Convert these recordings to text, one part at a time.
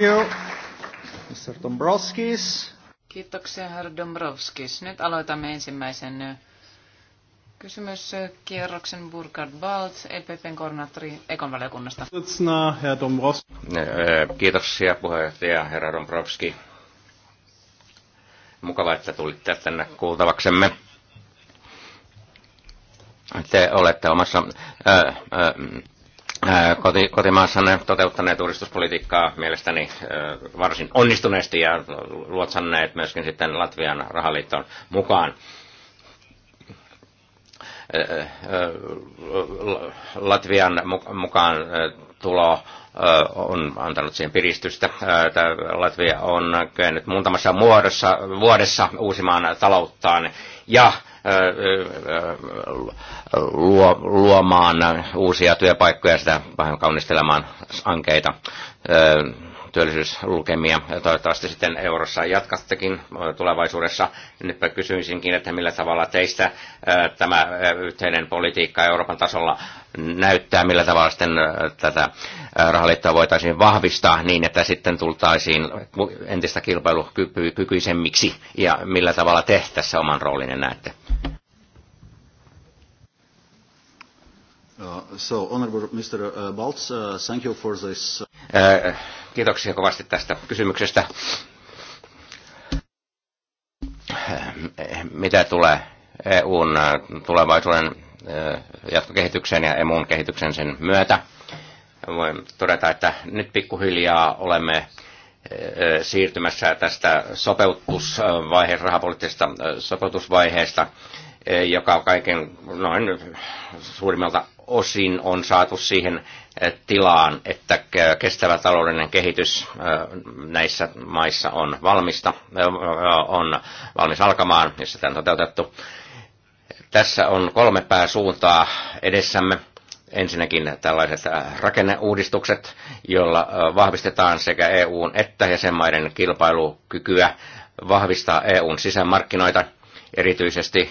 you, Mr. Dombrovskis. Kiitoksia, herra Dombrovskis. Nyt aloitamme ensimmäisen kysymyskierroksen Burkhard Balz, EPPn koordinaattori Ekon valiokunnasta. Kiitoksia puheenjohtaja, herra Dombrovski. Mukava, että tulitte tänne kuultavaksemme te olette omassa ää, ää, koti, kotimaassanne toteuttaneet uudistuspolitiikkaa mielestäni varsin onnistuneesti ja luotsanneet myöskin sitten Latvian rahaliiton mukaan. Latvian mukaan tulo on antanut siihen piristystä. Latvia on kyennyt muutamassa muodossa, vuodessa uusimaan talouttaan ja luo, luomaan uusia työpaikkoja sitä vähän kaunistelemaan ankeita työllisyyslukemia. Toivottavasti sitten eurossa jatkattekin äh, tulevaisuudessa. Nyt kysyisinkin, että millä tavalla teistä äh, tämä äh, yhteinen politiikka Euroopan tasolla näyttää, millä tavalla sitten tätä rahaliittoa voitaisiin vahvistaa niin, että sitten tultaisiin entistä kilpailukykyisemmiksi ja millä tavalla te tässä oman roolinne näette? Uh, so, Honorable Mr. Uh, Baltz, uh, thank you for this. Kiitoksia kovasti tästä kysymyksestä. Mitä tulee EUn tulevaisuuden eh, jatkokehitykseen ja EMUn kehityksen sen myötä? Voin todeta, että nyt pikkuhiljaa olemme eh, siirtymässä tästä eh, sopeutusvaiheesta, rahapoliittisesta sopeutusvaiheesta, joka kaiken noin suurimmalta osin on saatu siihen eh, tilaan, että eh, kestävä taloudellinen kehitys eh, näissä maissa on valmista, on valmis alkamaan, ja sitä on toteutettu. Tässä on kolme pääsuuntaa edessämme. Ensinnäkin tällaiset rakenneuudistukset, joilla vahvistetaan sekä EUn että jäsenmaiden kilpailukykyä, vahvistaa EUn sisämarkkinoita, erityisesti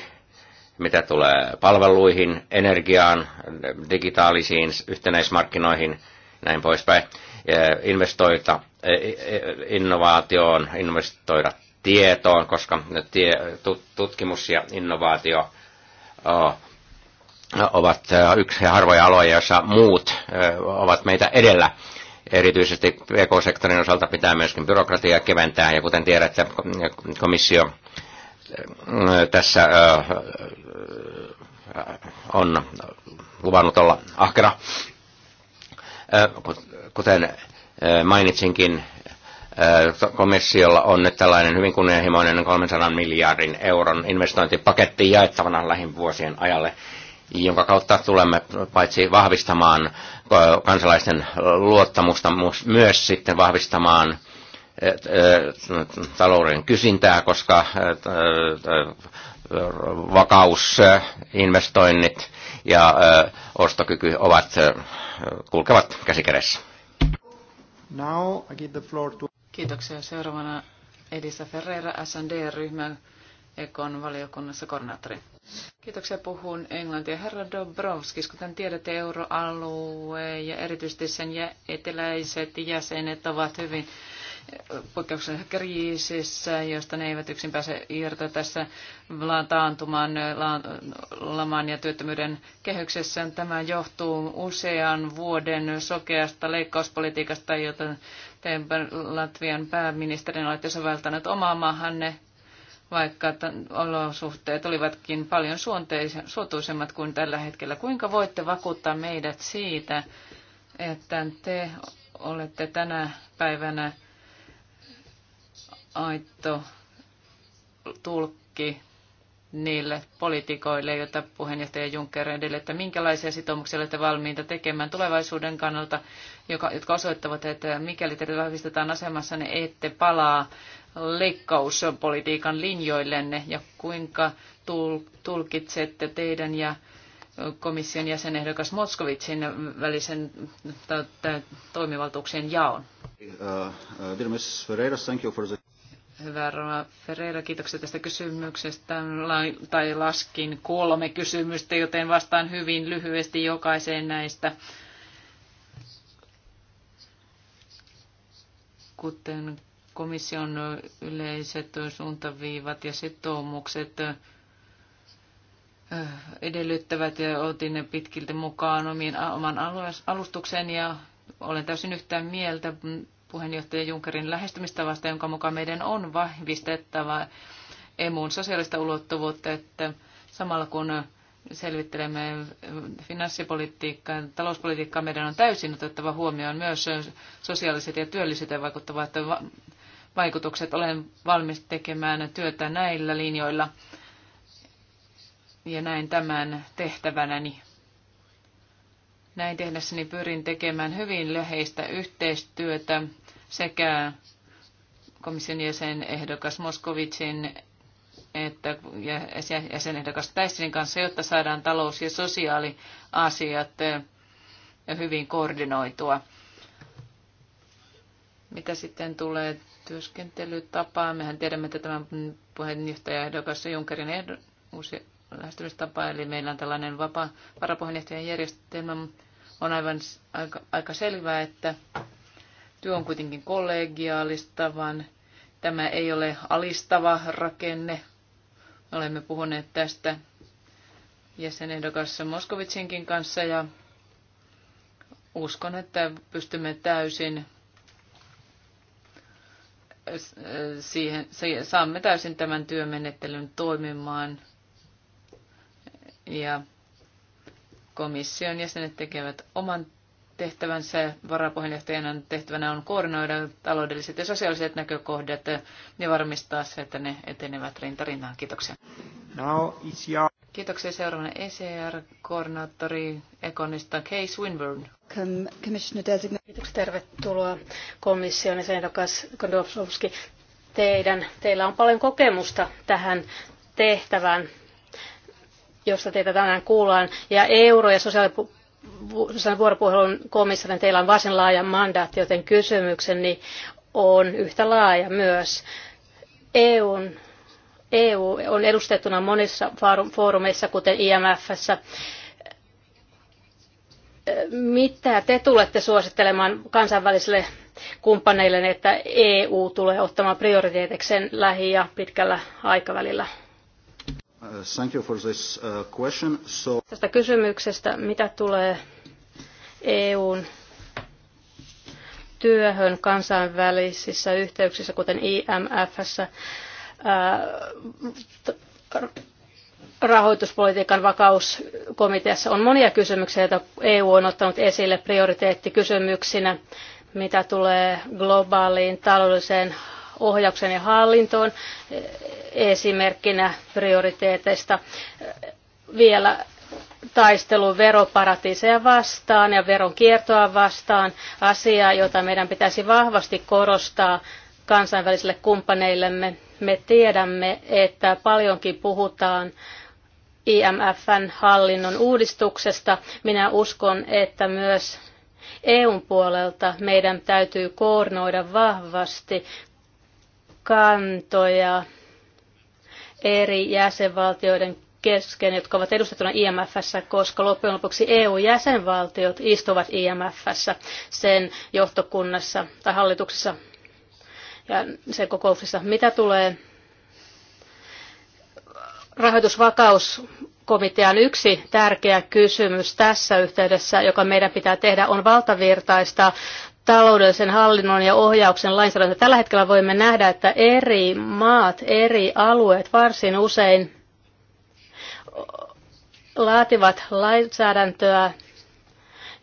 mitä tulee palveluihin, energiaan, digitaalisiin yhtenäismarkkinoihin, näin poispäin, investoita e, e, innovaatioon, investoida tietoon, koska tie, tutkimus ja innovaatio ovat e, yksi harvoja aloja, joissa muut ovat meitä edellä. Erityisesti PK-sektorin osalta pitää myöskin byrokratiaa keventää, ja kuten tiedätte, komissio tässä on luvannut olla ahkera. Kuten mainitsinkin, komissiolla on nyt tällainen hyvin kunnianhimoinen 300 miljardin euron investointipaketti jaettavana lähivuosien ajalle, jonka kautta tulemme paitsi vahvistamaan kansalaisten luottamusta myös sitten vahvistamaan talouden kysyntää, koska vakaus, investoinnit ja e, ostokyky ovat, e, kulkevat käsikädessä. Now I give the floor to... Kiitoksia. Seuraavana Edisa Ferreira, SND-ryhmän Ekon valiokunnassa koordinaattori. Kiitoksia. Puhun englantia. Herra Dobrovskis, kuten tiedätte, euroalue ja erityisesti sen eteläiset jäsenet ovat hyvin poikkeuksellisessa kriisissä, josta ne eivät yksin pääse irto tässä taantuman, laman ja työttömyyden kehyksessä. Tämä johtuu usean vuoden sokeasta leikkauspolitiikasta, jota te Latvian pääministerin olette soveltaneet omaa maahanne vaikka olosuhteet olivatkin paljon suotuisemmat kuin tällä hetkellä. Kuinka voitte vakuuttaa meidät siitä, että te olette tänä päivänä aito tulkki niille poliitikoille, joita puheenjohtaja Juncker edellyttää, että minkälaisia sitoumuksia olette valmiita tekemään tulevaisuuden kannalta, joka, jotka osoittavat, että mikäli teitä vahvistetaan asemassa, ne niin ette palaa leikkauspolitiikan linjoillenne ja kuinka tulkitsette teidän ja komission jäsenehdokas Moskovitsin välisen toimivaltuuksien jaon. Uh, uh, Hyvä Roma Ferreira, kiitoksia tästä kysymyksestä. Tai laskin kolme kysymystä, joten vastaan hyvin lyhyesti jokaiseen näistä. Kuten komission yleiset suuntaviivat ja sitoumukset eh, edellyttävät ja otin ne pitkiltä mukaan omiin, oman alustuksen ja olen täysin yhtään mieltä puheenjohtaja Junckerin lähestymistavasta, jonka mukaan meidän on vahvistettava emun sosiaalista ulottuvuutta, että samalla kun selvittelemme finanssipolitiikkaa, talouspolitiikkaa, meidän on täysin otettava huomioon myös sosiaaliset ja työllisyyteen vaikuttavat vaikutukset. Olen valmis tekemään työtä näillä linjoilla ja näin tämän tehtävänäni. Näin tehdessäni pyrin tekemään hyvin läheistä yhteistyötä sekä komission jäsen ehdokas Moskovitsin että jäsen ehdokas Täissinin kanssa, jotta saadaan talous- ja sosiaaliasiat eh, hyvin koordinoitua. Mitä sitten tulee työskentelytapaan? Mehän tiedämme, että tämän ehdokas Junckerin ehdo, uusi lähestymistapa, eli meillä on tällainen vapa, varapuheenjohtajan järjestelmä, on aivan aika, aika selvää, että työ on kuitenkin kollegiaalista, vaan tämä ei ole alistava rakenne. Olemme puhuneet tästä jäsenehdokassa Moskovitsinkin kanssa ja uskon, että pystymme täysin siihen, saamme täysin tämän työmenettelyn toimimaan ja Komission jäsenet tekevät oman tehtävänsä. Varapuheenjohtajana tehtävänä on koordinoida taloudelliset ja sosiaaliset näkökohdat ja varmistaa se, että ne etenevät rinta rintaan. Kiitoksia. Now it's your... Kiitoksia seuraavana ECR-koordinaattori Ekonista Kay Swinburne. Kiitoksia, tervetuloa komission ehdokas Kondopsovski. Teidän, teillä on paljon kokemusta tähän tehtävään josta teitä tänään kuullaan. Ja euro- ja sosiaalisen vuoropuhelun komissarin teillä on varsin laaja mandaatti, joten kysymykseni on yhtä laaja myös. EUn EU on edustettuna monissa foorumeissa, kuten IMFssä. Mitä te tulette suosittelemaan kansainvälisille kumppaneille, että EU tulee ottamaan prioriteetikseen lähi- ja pitkällä aikavälillä? Uh, thank you for this uh, question. So... Tästä kysymyksestä, mitä tulee EUn työhön kansainvälisissä yhteyksissä, kuten IMFssä, uh, rahoituspolitiikan vakauskomiteassa on monia kysymyksiä, joita EU on ottanut esille prioriteettikysymyksinä, mitä tulee globaaliin taloudelliseen ohjaukseen ja hallintoon esimerkkinä prioriteeteista vielä taistelu veroparatiiseja vastaan ja veronkiertoa vastaan, asiaa, jota meidän pitäisi vahvasti korostaa kansainvälisille kumppaneillemme. Me tiedämme, että paljonkin puhutaan IMFn hallinnon uudistuksesta. Minä uskon, että myös EUn puolelta meidän täytyy koordinoida vahvasti kantoja eri jäsenvaltioiden kesken, jotka ovat edustettuna IMFssä, koska loppujen lopuksi EU-jäsenvaltiot istuvat IMFssä sen johtokunnassa tai hallituksessa ja sen kokouksissa. Mitä tulee rahoitusvakauskomitean yksi tärkeä kysymys tässä yhteydessä, joka meidän pitää tehdä, on valtavirtaista taloudellisen hallinnon ja ohjauksen lainsäädäntö. Tällä hetkellä voimme nähdä, että eri maat, eri alueet varsin usein laativat lainsäädäntöä,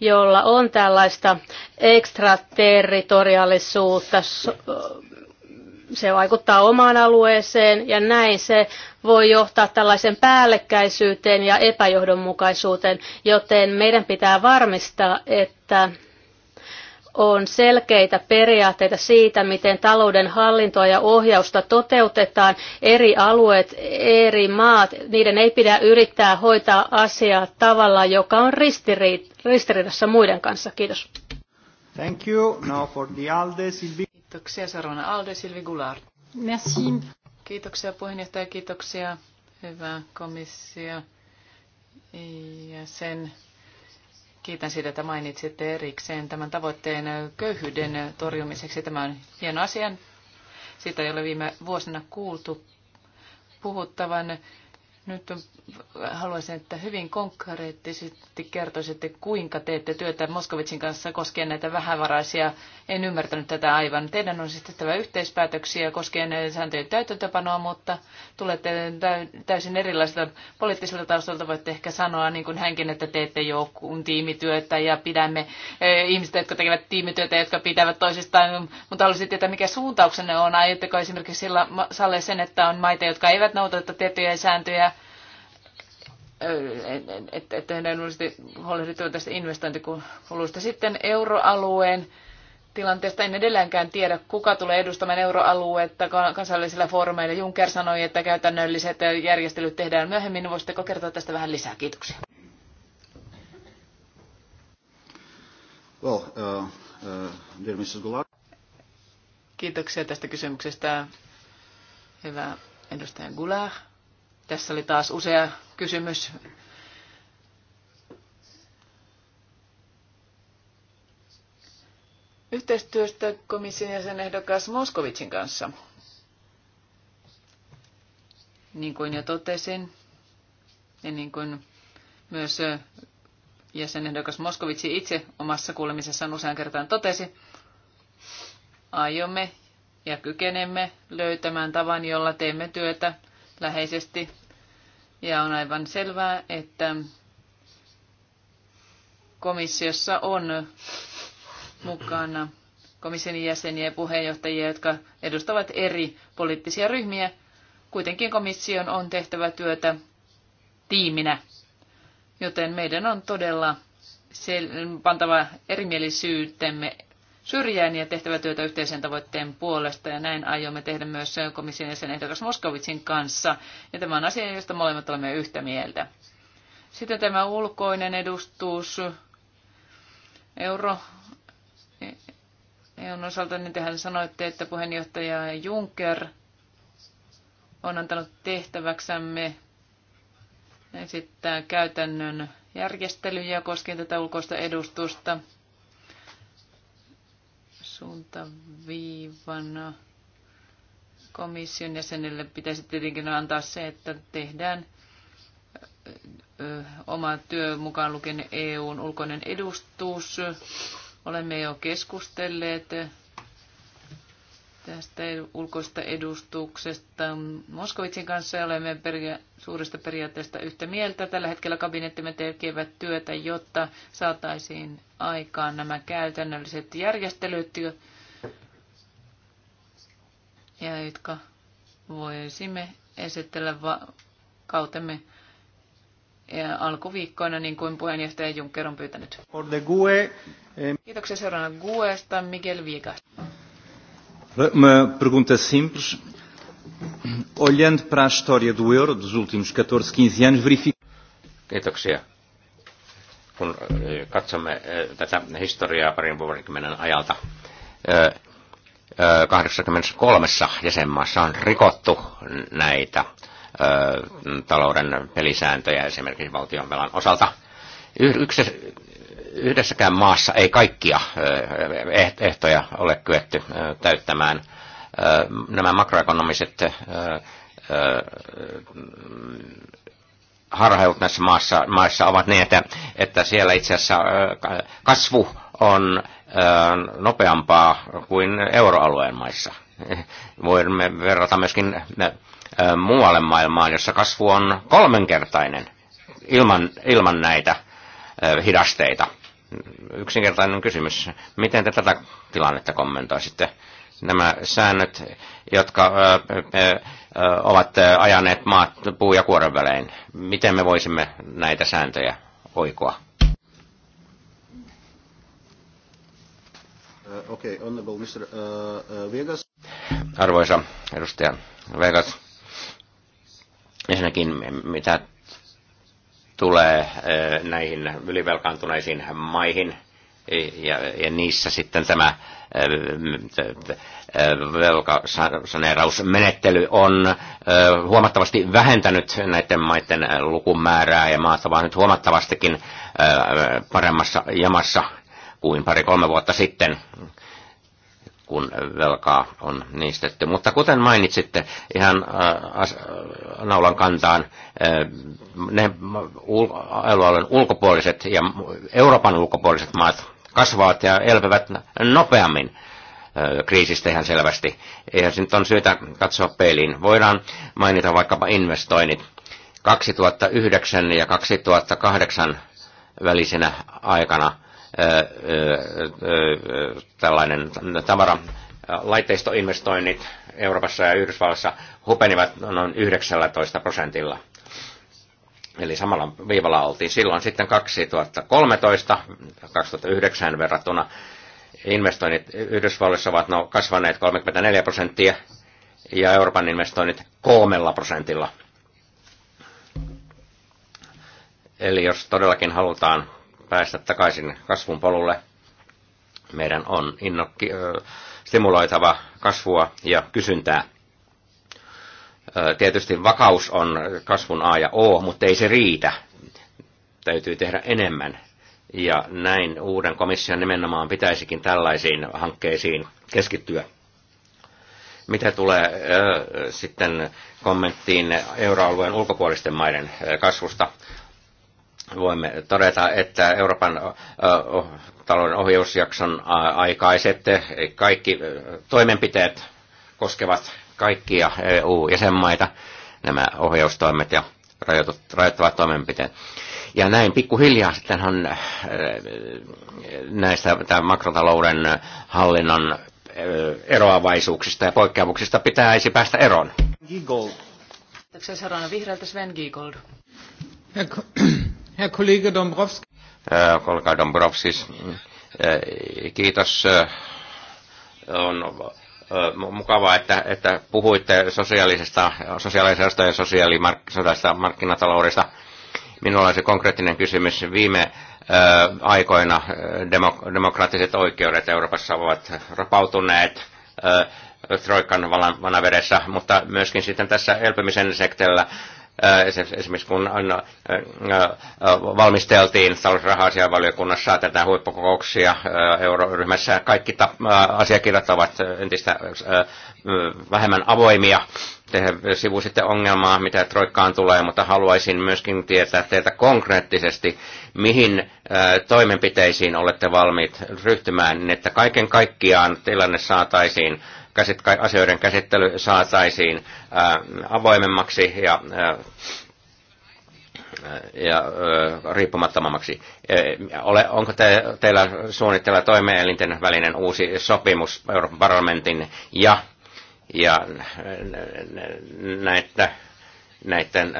jolla on tällaista ekstraterritoriaalisuutta. Se vaikuttaa omaan alueeseen ja näin se voi johtaa tällaisen päällekkäisyyteen ja epäjohdonmukaisuuteen, joten meidän pitää varmistaa, että on selkeitä periaatteita siitä, miten talouden hallintoa ja ohjausta toteutetaan. Eri alueet, eri maat, niiden ei pidä yrittää hoitaa asiaa tavalla, joka on ristiriidassa muiden kanssa. Kiitos. Thank you. Now for the Alde, Silvi. Kiitoksia Sarvana Alde, Silvi Goulart. Merci. Kiitoksia puheenjohtaja, kiitoksia hyvä komissio ja sen Kiitän siitä, että mainitsitte erikseen tämän tavoitteen köyhyyden torjumiseksi. Tämä on hieno asia. Siitä ei ole viime vuosina kuultu puhuttavan. Nyt on, haluaisin, että hyvin konkreettisesti kertoisitte, kuinka teette työtä Moskovitsin kanssa koskien näitä vähävaraisia. En ymmärtänyt tätä aivan. Teidän on siis tehtävä yhteispäätöksiä koskien sääntöjen täytäntöpanoa, mutta tulette täysin erilaisilta poliittisilta taustalta. Voitte ehkä sanoa, niin kuin hänkin, että teette jo tiimityötä ja pidämme e, ihmistä, jotka tekevät tiimityötä, jotka pitävät toisistaan. Mutta haluaisin tietää, mikä suuntauksenne on. Aiotteko esimerkiksi sillä salle sen, että on maita, jotka eivät noudata tiettyjä sääntöjä, että, että heidän olisi huolehdittu tästä investointikulusta. Sitten euroalueen tilanteesta en edelleenkään tiedä, kuka tulee edustamaan euroaluetta kansallisilla foorumeilla. Juncker sanoi, että käytännölliset järjestelyt tehdään myöhemmin. Voisitteko kertoa tästä vähän lisää? Kiitoksia. Well, uh, uh, Kiitoksia tästä kysymyksestä, hyvä edustaja Goulart. Tässä oli taas usea kysymys. Yhteistyöstä komission ehdokas Moskovitsin kanssa. Niin kuin jo totesin, ja niin kuin myös jäsenehdokas Moskovitsi itse omassa kuulemisessaan usean kertaan totesi, aiomme ja kykenemme löytämään tavan, jolla teemme työtä läheisesti ja on aivan selvää, että komissiossa on mukana komission jäseniä ja puheenjohtajia, jotka edustavat eri poliittisia ryhmiä. Kuitenkin komission on tehtävä työtä tiiminä, joten meidän on todella pantava erimielisyytemme syrjään ja tehtävä työtä yhteisen tavoitteen puolesta ja näin aiomme tehdä myös komission ehdokas Moskovitsin kanssa. Ja tämä on asia, josta molemmat olemme yhtä mieltä. Sitten tämä ulkoinen edustus euro EUn osalta, niin tehän sanoitte, että puheenjohtaja Juncker on antanut tehtäväksämme esittää käytännön järjestelyjä koskien tätä ulkoista edustusta suuntaviivana komission jäsenelle pitäisi tietenkin antaa se, että tehdään oma työ mukaan lukien EUn ulkoinen edustus. Olemme jo keskustelleet tästä ulkoista edustuksesta. Moskovitsin kanssa olemme peria- suurista periaatteista yhtä mieltä. Tällä hetkellä kabinettimme tekevät työtä, jotta saataisiin aikaan nämä käytännölliset järjestelyt, ja jotka voisimme esitellä va- kautemme ja alkuviikkoina, niin kuin puheenjohtaja Juncker on pyytänyt. Eh, Kiitoksia seuraavana GUEsta, Miguel Vigas. Uma pergunta simples. Olhando para a história do euro dos últimos 14, 15 anos, verifica... Kiitoksia. Kun eh, katsomme eh, tätä historiaa parin vuosikymmenen ajalta, 83 eh, jäsenmaassa on rikottu näitä talouden pelisääntöjä esimerkiksi valtionvelan osalta. Yksi yhdessäkään maassa ei kaikkia eh, ehtoja ole kyetty täyttämään. Nämä makroekonomiset harhaut näissä maassa, maissa ovat niin, että, että siellä itse asiassa kasvu on nopeampaa kuin euroalueen maissa. Voimme verrata myöskin muualle maailmaan, jossa kasvu on kolmenkertainen ilman, ilman näitä hidasteita yksinkertainen kysymys. Miten te tätä tilannetta kommentoisitte? Nämä säännöt, jotka ovat ajaneet maat puu- ja kuoren välein. Miten me voisimme näitä sääntöjä oikoa? Okay, honorable Mr. Vegas. Arvoisa edustaja Vegas, ensinnäkin mitä tulee eh, näihin ylivelkaantuneisiin maihin, eh, ja, ja niissä sitten tämä eh, velkasaneerausmenettely on huomattavasti vähentänyt näiden maiden lukumäärää ja maat ovat nyt huomattavastikin paremmassa jamassa kuin pari-kolme vuotta sitten kun velkaa on niistetty. Mutta kuten mainitsitte ihan äh, naulan kantaan, äh, ne alueen ulkopuoliset ja Euroopan ulkopuoliset maat kasvavat ja elpyvät nopeammin äh, kriisistä ihan selvästi. Ja nyt on syytä katsoa peiliin. Voidaan mainita vaikkapa investoinnit. 2009 ja 2008 välisenä aikana – tällainen tavara laitteistoinvestoinnit Euroopassa ja Yhdysvalloissa hupenivat noin 19 prosentilla. Eli samalla viivalla oltiin silloin sitten 2013, 2009 verrattuna. Investoinnit Yhdysvalloissa ovat no, kasvaneet 34 prosenttia ja Euroopan investoinnit kolmella prosentilla. Eli jos todellakin halutaan päästä takaisin kasvun polulle. Meidän on innokki, stimuloitava kasvua ja kysyntää. Tietysti vakaus on kasvun A ja O, mutta ei se riitä. Täytyy tehdä enemmän. Ja näin uuden komission nimenomaan pitäisikin tällaisiin hankkeisiin keskittyä. Mitä tulee äh, sitten kommenttiin euroalueen ulkopuolisten maiden kasvusta, voimme todeta, että Euroopan talouden ohjausjakson aikaiset e, kaikki toimenpiteet koskevat kaikkia EU-jäsenmaita, nämä ohjaustoimet ja rajoittavat toimenpiteet. Ja näin pikkuhiljaa on näistä tämän makrotalouden hallinnon eroavaisuuksista ja poikkeavuuksista pitäisi päästä eroon. Giegold. Seuraavana vihreältä Sven Giegold. Herr Kollege Dombrovskis. Äh, kollega Dombrovskis, äh, kiitos. Äh, on mukavaa, että, että puhuitte sosiaalisesta, sosiaalisesta ja sosiaalisesta markkinataloudesta. Minulla on se konkreettinen kysymys. Viime aikoina demok- demokraattiset oikeudet Euroopassa ovat rapautuneet Troikan vanavedessä, mutta myöskin sitten tässä elpymisen sektellä esimerkiksi kun valmisteltiin talousraha-asiavaliokunnassa tätä huippukokouksia euroryhmässä, kaikki asiakirjat ovat entistä vähemmän avoimia. sivu sitten ongelmaa, mitä Troikkaan tulee, mutta haluaisin myöskin tietää teiltä konkreettisesti, mihin toimenpiteisiin olette valmiit ryhtymään, että kaiken kaikkiaan tilanne saataisiin asioiden käsittely saataisiin avoimemmaksi ja ja riippumattomammaksi. E, onko te, teillä suunnitteilla toimeelinten välinen uusi sopimus Euroopan parlamentin ja, ja näitä, näiden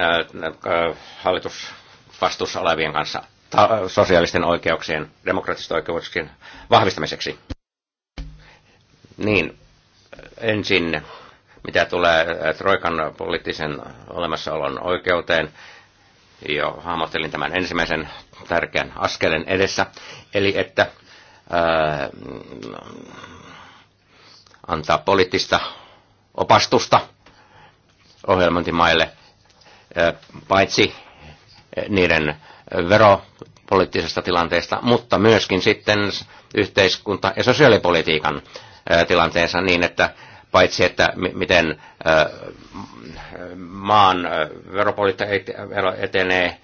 hallitusvastuussa olevien kanssa ta- sosiaalisten oikeuksien, demokraattisten oikeuksien vahvistamiseksi? Niin, Ensin, mitä tulee Troikan poliittisen olemassaolon oikeuteen, jo hahmottelin tämän ensimmäisen tärkeän askelen edessä, eli että ää, antaa poliittista opastusta ohjelmointimaille, ää, paitsi niiden veropoliittisesta tilanteesta, mutta myöskin sitten yhteiskunta- ja sosiaalipolitiikan tilanteensa niin, että paitsi että miten maan veropolitiikka etenee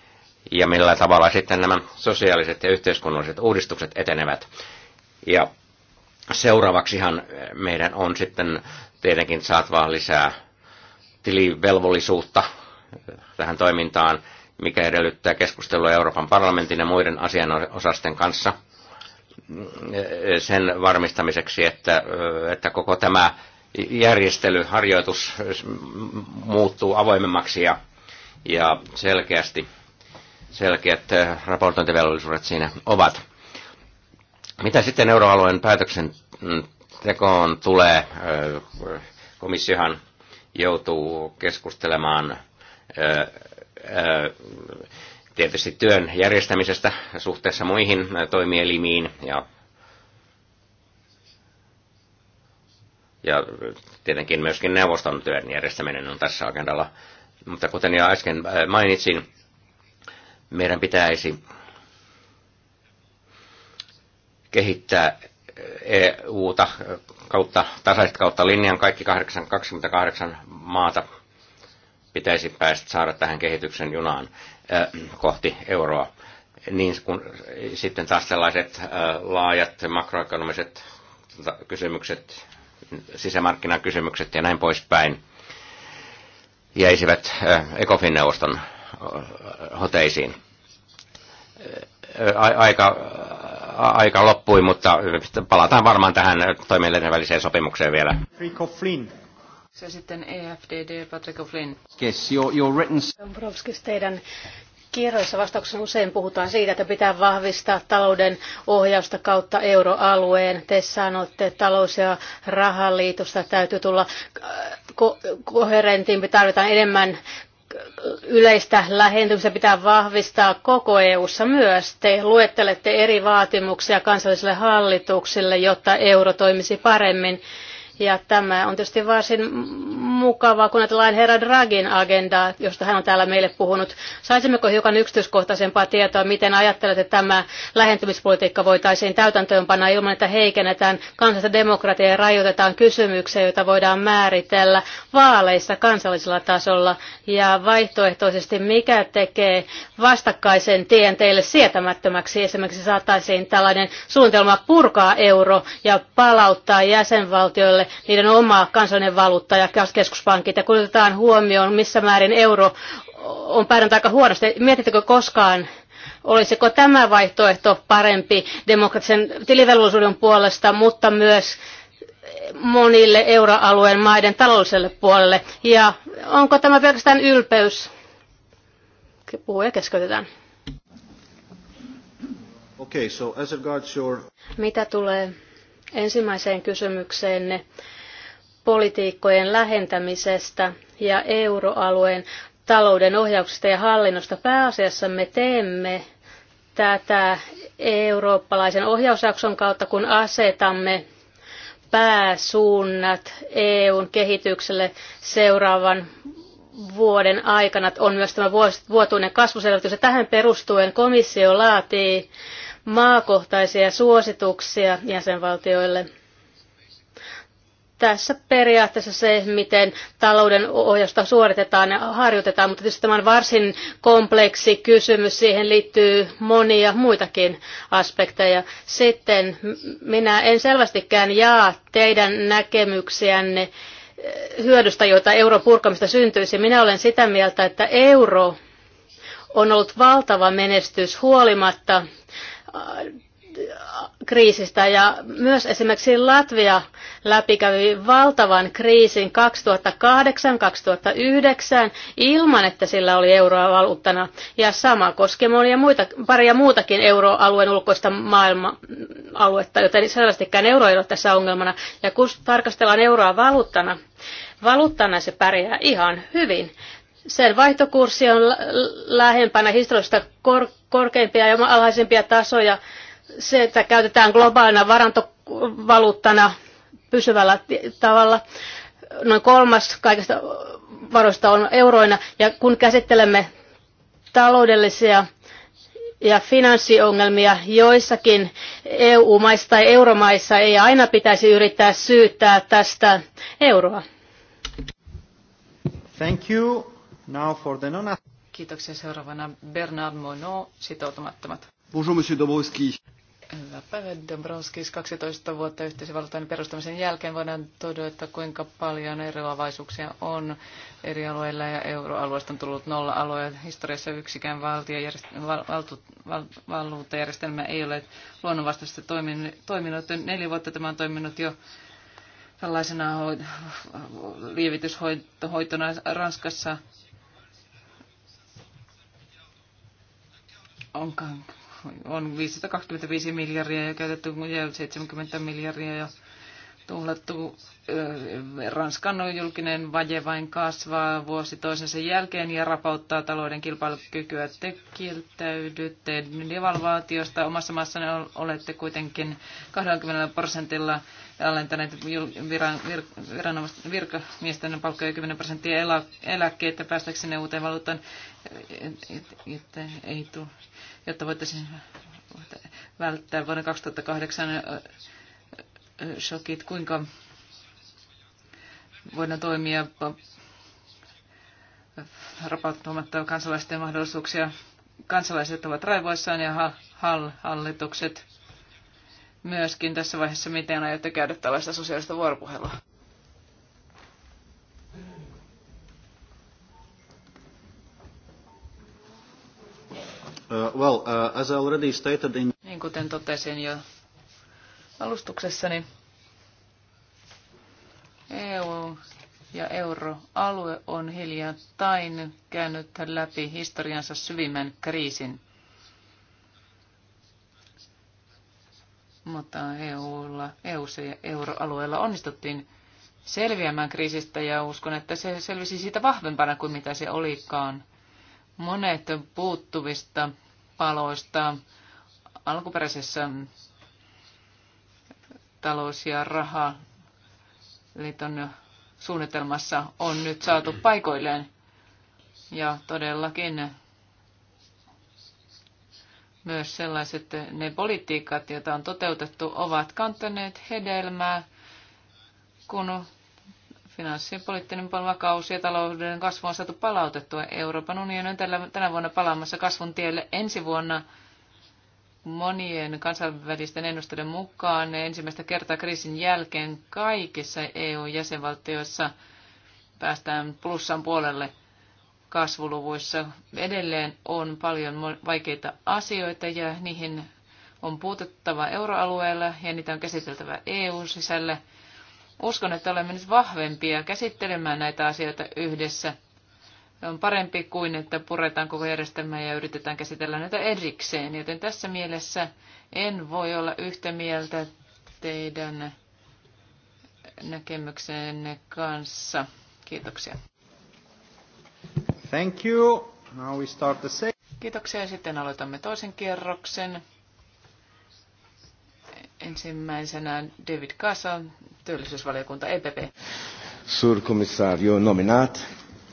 ja millä tavalla sitten nämä sosiaaliset ja yhteiskunnalliset uudistukset etenevät. Ja seuraavaksihan meidän on sitten tietenkin saatava lisää tilivelvollisuutta tähän toimintaan, mikä edellyttää keskustelua Euroopan parlamentin ja muiden asianosasten kanssa – sen varmistamiseksi, että, että koko tämä järjestelyharjoitus muuttuu avoimemmaksi ja, ja selkeästi selkeät raportointivelvollisuudet siinä ovat. Mitä sitten euroalueen päätöksentekoon tulee? Komissiohan joutuu keskustelemaan tietysti työn järjestämisestä suhteessa muihin äh, toimielimiin ja, ja tietenkin myöskin neuvoston työn järjestäminen on tässä agendalla. Mutta kuten jo äsken äh, mainitsin, meidän pitäisi kehittää äh, EUta kautta, tasaiset kautta linjan kaikki 8, 28 maata pitäisi päästä saada tähän kehityksen junaan kohti euroa. Niin kun sitten taas sellaiset laajat makroekonomiset tota, kysymykset, sisämarkkinakysymykset ja näin poispäin jäisivät ECOFIN-neuvoston hoteisiin. Aika, aika loppui, mutta palataan varmaan tähän toimijoiden väliseen sopimukseen vielä. Rico Flynn. Se sitten EFDD, Patrick Yes, your, your written... Dombrovskis, teidän kirjoissa vastauksessa usein puhutaan siitä, että pitää vahvistaa talouden ohjausta kautta euroalueen. Te sanotte, että talous- ja rahaliitosta täytyy tulla äh, ko- koherentimpi, tarvitaan enemmän yleistä lähentymistä pitää vahvistaa koko EU:ssa myös. Te luettelette eri vaatimuksia kansallisille hallituksille, jotta euro toimisi paremmin ja tämä on tietysti varsin mukavaa, kun ajatellaan herra Dragin agendaa, josta hän on täällä meille puhunut. Saisimmeko hiukan yksityiskohtaisempaa tietoa, miten ajattelet, että tämä lähentymispolitiikka voitaisiin täytäntöönpanna ilman, että heikennetään kansallista demokratiaa ja rajoitetaan kysymyksiä, joita voidaan määritellä vaaleissa kansallisella tasolla ja vaihtoehtoisesti mikä tekee vastakkaisen tien teille sietämättömäksi. Esimerkiksi saataisiin tällainen suunnitelma purkaa euro ja palauttaa jäsenvaltioille niiden oma kansallinen valuutta ja keskuspankit. Ja kun otetaan huomioon, missä määrin euro on pärjännyt aika huonosti, mietittekö koskaan, olisiko tämä vaihtoehto parempi demokratisen tilivelvollisuuden puolesta, mutta myös monille euroalueen maiden taloudelliselle puolelle. Ja onko tämä pelkästään ylpeys? Puhuja keskeytetään. Okay, so as regards your... Mitä tulee ensimmäiseen kysymykseenne politiikkojen lähentämisestä ja euroalueen talouden ohjauksesta ja hallinnosta. Pääasiassa me teemme tätä eurooppalaisen ohjausjakson kautta, kun asetamme pääsuunnat EUn kehitykselle seuraavan vuoden aikana. On myös tämä vuotuinen kasvuselvitys ja tähän perustuen komissio laatii maakohtaisia suosituksia jäsenvaltioille. Tässä periaatteessa se, miten talouden ohjausta suoritetaan ja harjoitetaan, mutta tietysti tämä on varsin kompleksi kysymys. Siihen liittyy monia muitakin aspekteja. Sitten minä en selvästikään jaa teidän näkemyksiänne hyödystä, joita euron purkamista syntyisi. Minä olen sitä mieltä, että euro on ollut valtava menestys huolimatta kriisistä ja myös esimerkiksi Latvia läpikävi valtavan kriisin 2008-2009 ilman, että sillä oli euroa valuuttana. Ja sama koski monia muita, paria muutakin euroalueen ulkoista maailma-aluetta, joten selvästikään euro ei ole tässä ongelmana. Ja kun tarkastellaan euroa valuuttana, valuuttana se pärjää ihan hyvin. Sen vaihtokurssi on lähempänä historiallista kor- korkeimpia ja alhaisempia tasoja. Se, että käytetään globaalina varantovaluuttana pysyvällä tavalla. Noin kolmas kaikista varoista on euroina. Ja kun käsittelemme taloudellisia ja finanssiongelmia joissakin EU-maissa tai euromaissa ei aina pitäisi yrittää syyttää tästä euroa. Thank you. Now for the non Kiitoksia seuraavana Bernard Monod, sitoutumattomat. Bonjour, monsieur Dobrowski. Hyvä päivä, Dobrowski, 12 vuotta yhteisvaluutan perustamisen jälkeen voidaan todeta, kuinka paljon eroavaisuuksia on eri alueilla ja euroalueesta on tullut nolla alue. Historiassa yksikään valtiojärjestelmä, val, val, valuuttajärjestelmä ei ole luonnonvastaisesti toiminut. Neljä vuotta tämä on toiminut jo tällaisena lievityshoitona Ranskassa onkaan, on 525 miljardia ja käytetty ja 70 miljardia ja tuhlattu. Ranskan julkinen vaje vain kasvaa vuosi toisensa jälkeen ja rapauttaa talouden kilpailukykyä. Te kieltäydytte devalvaatiosta. Omassa maassanne olette kuitenkin 20 prosentilla alentaneet viran, vir, viran, virkamiesten palkkoja 10 prosenttia eläkkeitä päästäksenne uuteen valuuttaan. Ei tule jotta voitaisiin välttää vuonna 2008 shokit, kuinka voidaan toimia rapauttamatta kansalaisten mahdollisuuksia. Kansalaiset ovat raivoissaan ja hallitukset myöskin tässä vaiheessa, miten aiotte käydä tällaista sosiaalista vuoropuhelua. Uh, well, uh, as I already stated in... Niin kuten totesin jo alustuksessani, EU ja euroalue on hiljattain käynyt läpi historiansa syvimmän kriisin. Mutta EUlla, EUssa ja euroalueella onnistuttiin selviämään kriisistä ja uskon, että se selvisi siitä vahvempana kuin mitä se olikaan – Monet puuttuvista paloista alkuperäisessä talous- ja rahaliiton suunnitelmassa on nyt saatu paikoilleen. Ja todellakin myös sellaiset ne politiikat, joita on toteutettu, ovat kantaneet hedelmää, kun finanssipoliittinen vakaus ja talouden kasvu on saatu palautettua. Euroopan unioni on tällä, tänä vuonna palaamassa kasvun tielle ensi vuonna monien kansainvälisten ennusteiden mukaan ensimmäistä kertaa kriisin jälkeen kaikissa EU-jäsenvaltioissa päästään plussan puolelle kasvuluvuissa. Edelleen on paljon vaikeita asioita ja niihin on puututtava euroalueella ja niitä on käsiteltävä EU-sisällä. Uskon, että olemme nyt vahvempia käsittelemään näitä asioita yhdessä. Se on parempi kuin, että puretaan koko järjestelmää ja yritetään käsitellä näitä erikseen. Joten tässä mielessä en voi olla yhtä mieltä teidän näkemyksenne kanssa. Kiitoksia. Thank you. Now we start the second. Kiitoksia. Sitten aloitamme toisen kierroksen. Ensimmäisenä David Kasa työllisyysvaliokunta, EPP. Suurkomissaario nominaat.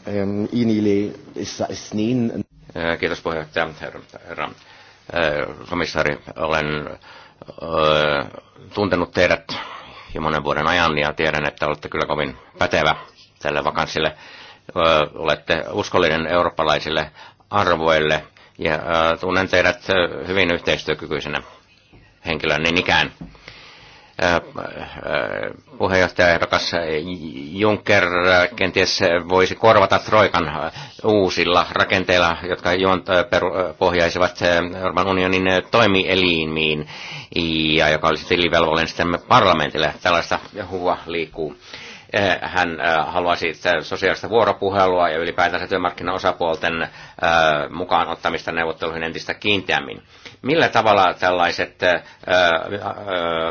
Ähm, Inili Snin. Äh, kiitos puheenjohtaja, herra, herra äh, komissaari. Olen äh, tuntenut teidät jo monen vuoden ajan ja tiedän, että olette kyllä kovin pätevä tälle vakanssille. olette uskollinen eurooppalaisille arvoille ja tunnen teidät hyvin yhteistyökykyisenä henkilön niin ikään. Äh, äh, puheenjohtajaehdokas Juncker kenties voisi korvata Troikan uusilla rakenteilla, jotka äh, pohjaisivat Euroopan unionin toimielimiin, ja joka olisi tilivelvollinen sitten parlamentille. Tällaista huhua liikkuu. Eh, hän eh, haluaisi sosiaalista vuoropuhelua ja ylipäätänsä työmarkkinaosapuolten eh, mukaan ottamista neuvotteluihin entistä kiinteämmin. Millä tavalla tällaiset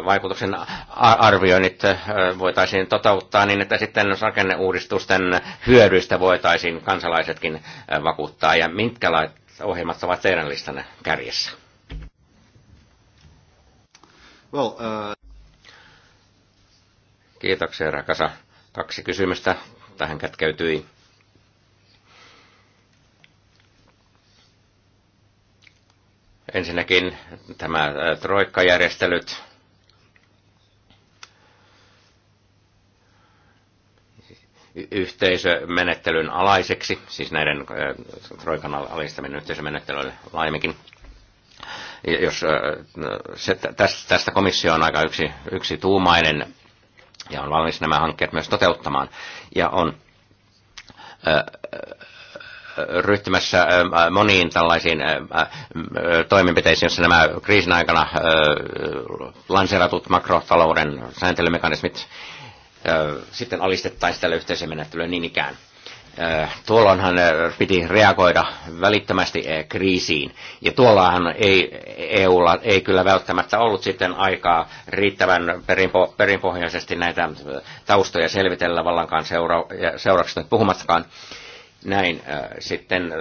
vaikutuksen arvioinnit voitaisiin toteuttaa niin, että sitten rakenneuudistusten hyödyistä voitaisiin kansalaisetkin vakuuttaa ja mitkä ohjelmat ovat teidän listanne kärjessä? Well, uh... Kiitoksia, rakasa Kaksi kysymystä tähän kätkeytyi. Ensinnäkin tämä troikkajärjestelyt. yhteisömenettelyn alaiseksi, siis näiden Troikan alistaminen yhteisömenettelylle laimikin. Jos, se, tästä komissio on aika yksi, yksi tuumainen ja on valmis nämä hankkeet myös toteuttamaan ja on ryhtymässä moniin tällaisiin toimenpiteisiin, joissa nämä kriisin aikana lanseeratut makrotalouden sääntelymekanismit sitten alistettaisiin tälle yhteisömenettelylle niin ikään. Äh, tuolloinhan äh, piti reagoida välittömästi äh, kriisiin, ja tuollahan ei, EUlla ei kyllä välttämättä ollut sitten aikaa riittävän perinpo, perinpohjaisesti näitä taustoja selvitellä vallankaan seura, seurauksesta nyt puhumattakaan. Näin sitten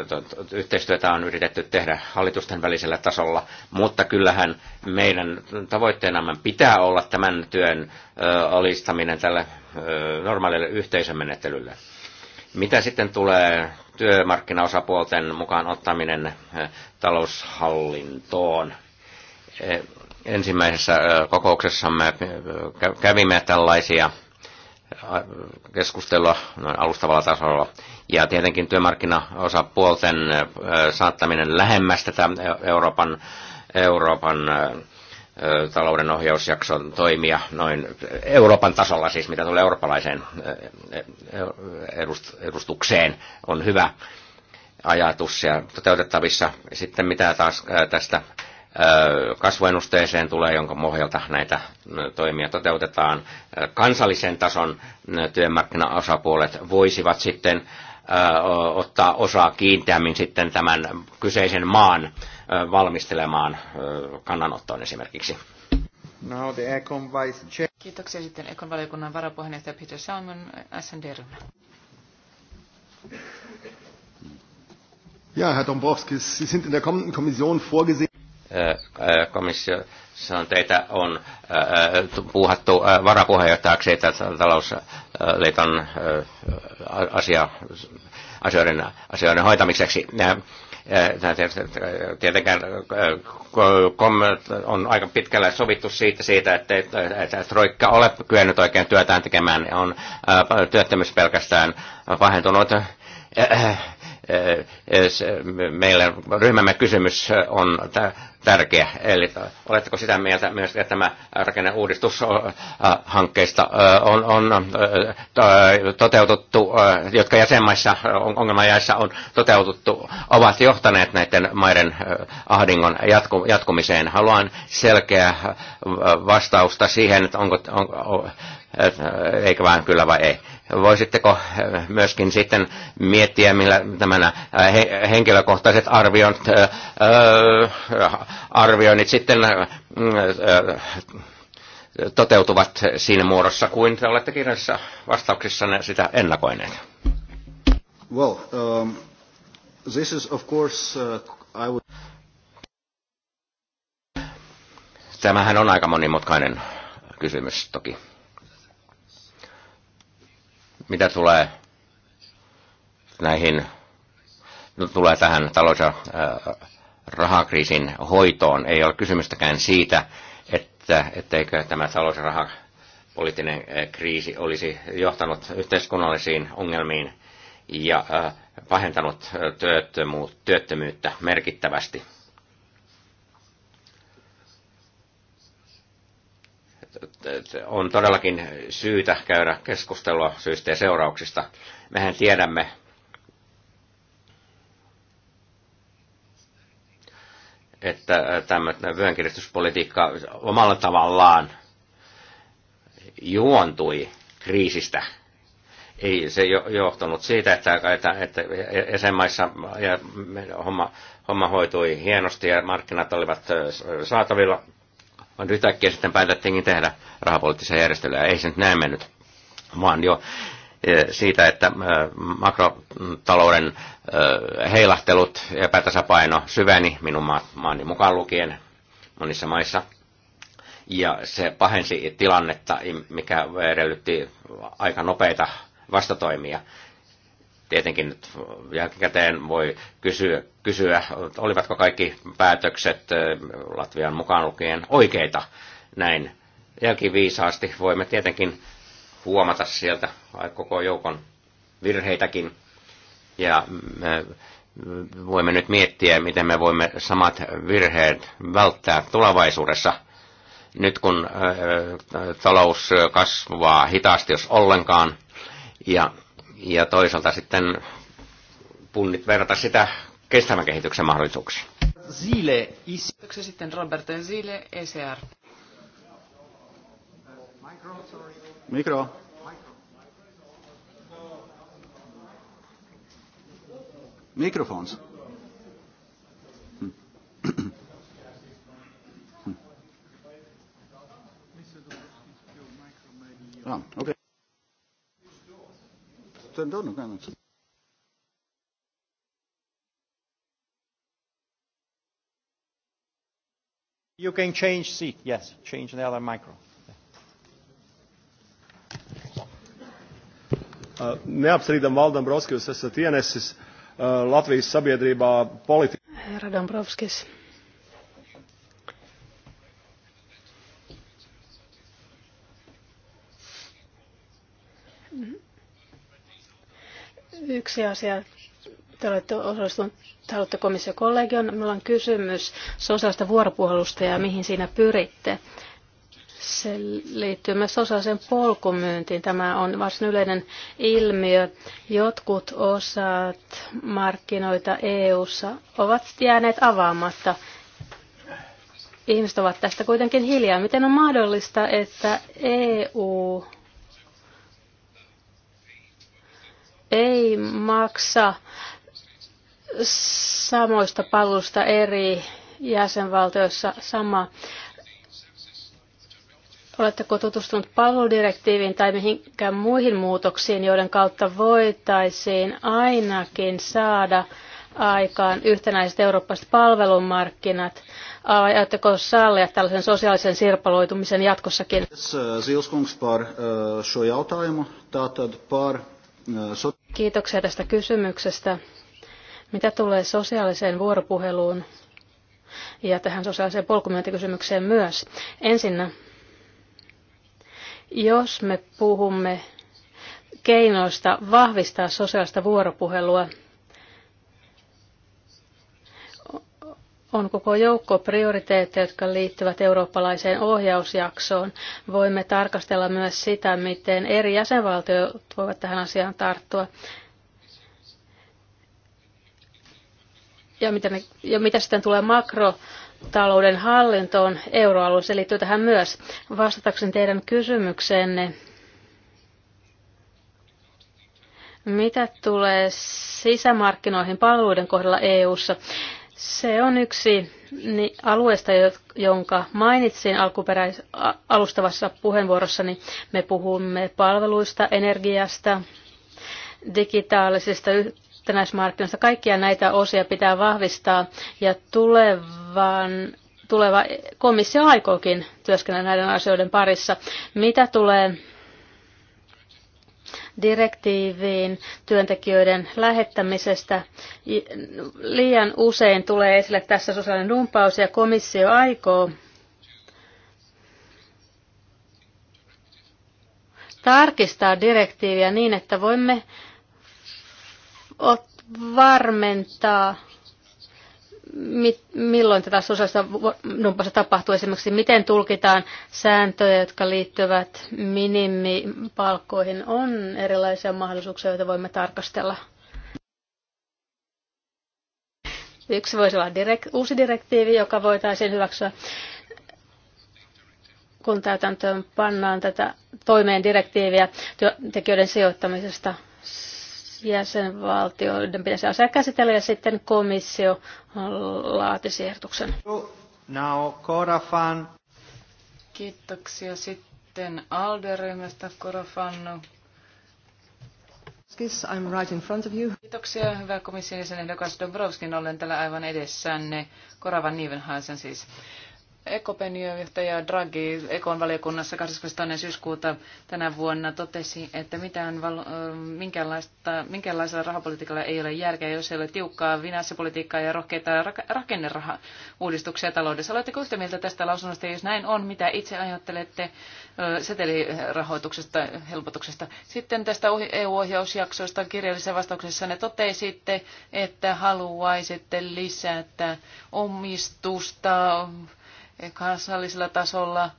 yhteistyötä on yritetty tehdä hallitusten välisellä tasolla, mutta kyllähän meidän tavoitteenamme pitää olla tämän työn alistaminen tälle normaalille yhteisömenettelylle mitä sitten tulee työmarkkinaosapuolten mukaan ottaminen eh, taloushallintoon? Eh, ensimmäisessä eh, kokouksessamme kävimme tällaisia keskustelua alustavalla tasolla. Ja tietenkin työmarkkinaosapuolten saattaminen lähemmäs tätä Euroopan, Euroopan talouden ohjausjakson toimia noin Euroopan tasolla, siis mitä tulee eurooppalaiseen e, e, edustukseen, on hyvä ajatus ja toteutettavissa. Sitten mitä taas tästä kasvuennusteeseen tulee, jonka mohjalta näitä toimia toteutetaan. Kansallisen tason työmarkkinaosapuolet voisivat sitten ottaa osaa kiinteämmin sitten tämän kyseisen maan valmistelemaan kannanottoon esimerkiksi. Now the Econ Vice Chair. Kiitoksia sitten Ekon valiokunnan varapuheenjohtaja Peter Salmon, SND-ryhmä. Ja, Herr Dombrovskis, Sie sind in der kommenden Kommission vorgesehen. Komissio, on teitä on puuhattu varapuheenjohtajaksi talousliiton asia, asioiden, asioiden hoitamiseksi. Tietenkään on aika pitkällä sovittu siitä, siitä että, että Troikka ole kyennyt oikein työtään tekemään, on työttömyys pelkästään vahentunut. meillä ryhmämme kysymys on tärkeä. Eli äh, oletteko sitä mieltä myös, että tämä rakenneuudistushankkeista äh, äh, on, on toteutettu, jotka jäsenmaissa ongelmajaissa on toteutettu, ovat johtaneet näiden maiden ahdingon jatku, jatkumiseen? Haluan selkeää vastausta siihen, että onko, on, eikä vaan kyllä vai ei. Voisitteko myöskin sitten miettiä, millä tämän henkilökohtaiset arviot arvioinnit sitten äh, äh, toteutuvat siinä muodossa kuin te olette kirjallisissa vastauksissanne sitä ennakoineet? Well, um, this is of course, uh, I would... Tämähän on aika monimutkainen kysymys toki. Mitä tulee näihin, no, tulee tähän talous- ja äh, rahakriisin hoitoon. Ei ole kysymystäkään siitä, että, etteikö tämä talous- ja rahapoliittinen eh, kriisi olisi johtanut yhteiskunnallisiin ongelmiin ja eh, pahentanut eh, työttömyyttä merkittävästi. On todellakin syytä käydä keskustelua syistä ja seurauksista. Mehän tiedämme, että äh, tämmöinen vyönkiristyspolitiikka omalla tavallaan juontui kriisistä. Ei se johtunut siitä, että, että, että jäsenmaissa homma, homma hoitui hienosti ja markkinat olivat äh, saatavilla, vaan yhtäkkiä sitten päätettiinkin tehdä rahapoliittisia järjestelyjä. Ei se nyt näin mennyt, vaan jo Eh, siitä, että eh, makrotalouden eh, heilahtelut ja epätasapaino syveni minun maani mukaan lukien monissa maissa. Ja se pahensi tilannetta, mikä edellytti aika nopeita vastatoimia. Tietenkin nyt jälkikäteen voi kysyä, kysyä, olivatko kaikki päätökset Latvian mukaan lukien oikeita näin jälkiviisaasti voimme tietenkin huomata sieltä koko joukon virheitäkin. Ja me mm, äh, mm, voimme nyt miettiä, miten me voimme samat virheet välttää tulevaisuudessa. Nyt kun äh, äh, talous kasvaa hitaasti, jos ollenkaan, ja, ja toisaalta sitten punnit verrata sitä kestävän kehityksen mahdollisuuksiin. Zile, is... sitten Robert Zile, ECR. Microsoft. Mikro. Mikrofons. Ah, You can change seat, yes, change the other micro. Neapstrīdam Valdam Broskis esat ienesis Latvijas sabiedrībā politiku. Radam Broskis. Yksi asia. Te olette osallistunut taloutta komission kollegion. Minulla on kysymys sosiaalista vuoropuhelusta ja mihin siinä pyritte. Se liittyy myös osaisen polkumyyntiin. Tämä on varsin yleinen ilmiö. Jotkut osat markkinoita EU:ssa ovat jääneet avaamatta. Ihmiset ovat tästä kuitenkin hiljaa. Miten on mahdollista, että EU ei maksa samoista palusta eri jäsenvaltioissa sama Oletteko tutustunut palveludirektiiviin tai mihinkään muihin muutoksiin, joiden kautta voitaisiin ainakin saada aikaan yhtenäiset eurooppalaiset palvelumarkkinat? Oletteko sallia tällaisen sosiaalisen sirpaloitumisen jatkossakin? Eh, eh, eh, Kiitoksia tästä kysymyksestä. Mitä tulee sosiaaliseen vuoropuheluun ja tähän sosiaaliseen polkumyöntikysymykseen myös? Ensinnä jos me puhumme keinoista vahvistaa sosiaalista vuoropuhelua, on koko joukko prioriteetteja, jotka liittyvät eurooppalaiseen ohjausjaksoon. Voimme tarkastella myös sitä, miten eri jäsenvaltiot voivat tähän asiaan tarttua. Ja mitä, ne, ja mitä sitten tulee makro talouden hallintoon euroalueessa, se liittyy tähän myös. Vastatakseni teidän kysymykseenne, mitä tulee sisämarkkinoihin palveluiden kohdalla EU:ssa? Se on yksi alueesta, jonka mainitsin alkuperäis- alustavassa puheenvuorossani. Me puhumme palveluista, energiasta, digitaalisista yhtenäismarkkinoista. Kaikkia näitä osia pitää vahvistaa ja tulevan tuleva komissio aikookin työskennellä näiden asioiden parissa. Mitä tulee direktiiviin työntekijöiden lähettämisestä. Liian usein tulee esille tässä sosiaalinen dumpaus ja komissio aikoo tarkistaa direktiiviä niin, että voimme Ot varmentaa, mit, milloin tätä sosiaalista dumpausta tapahtuu. Esimerkiksi miten tulkitaan sääntöjä, jotka liittyvät minimipalkkoihin. On erilaisia mahdollisuuksia, joita voimme tarkastella. Yksi voisi olla direk- uusi direktiivi, joka voitaisiin hyväksyä, kun täytäntöön pannaan tätä toimeen direktiiviä työntekijöiden sijoittamisesta jäsenvaltioiden pitäisi asia käsitellä ja sitten komissio laatisi ehdotuksen. Kiitoksia sitten Alderyhmästä Korofanno. I'm right in front of you. Kiitoksia, hyvä komission jäsen ehdokas Dombrovskin. Olen täällä aivan edessänne. Korava Nivenhaisen siis. EKPn johtaja Draghi Ekon valiokunnassa 22. syyskuuta tänä vuonna totesi, että mitään val- minkäänlaista, minkäänlaisella rahapolitiikalla ei ole järkeä, jos ei ole tiukkaa finanssipolitiikkaa ja rohkeita rakenneraha-uudistuksia taloudessa. Oletteko yhtä mieltä tästä lausunnosta, jos näin on, mitä itse ajattelette setelirahoituksesta helpotuksesta? Sitten tästä EU-ohjausjaksosta kirjallisessa vastauksessa ne totesitte, että haluaisitte lisätä omistusta kansallisella tasolla.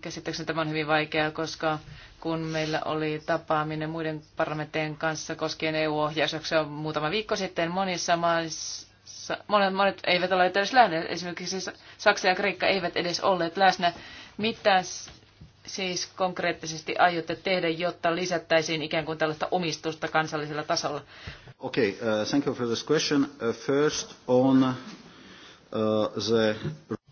Käsittääkseni tämä on hyvin vaikeaa, koska kun meillä oli tapaaminen muiden parlamenttien kanssa koskien EU-ohjausjaksoa muutama viikko sitten, monissa maissa, monet, monet eivät ole edes läsnä, esimerkiksi Saksa ja Kreikka eivät edes olleet läsnä. Mitä siis konkreettisesti aiotte tehdä, jotta lisättäisiin ikään kuin tällaista omistusta kansallisella tasolla? Okay, uh, thank you for this question. Uh, first on uh, the...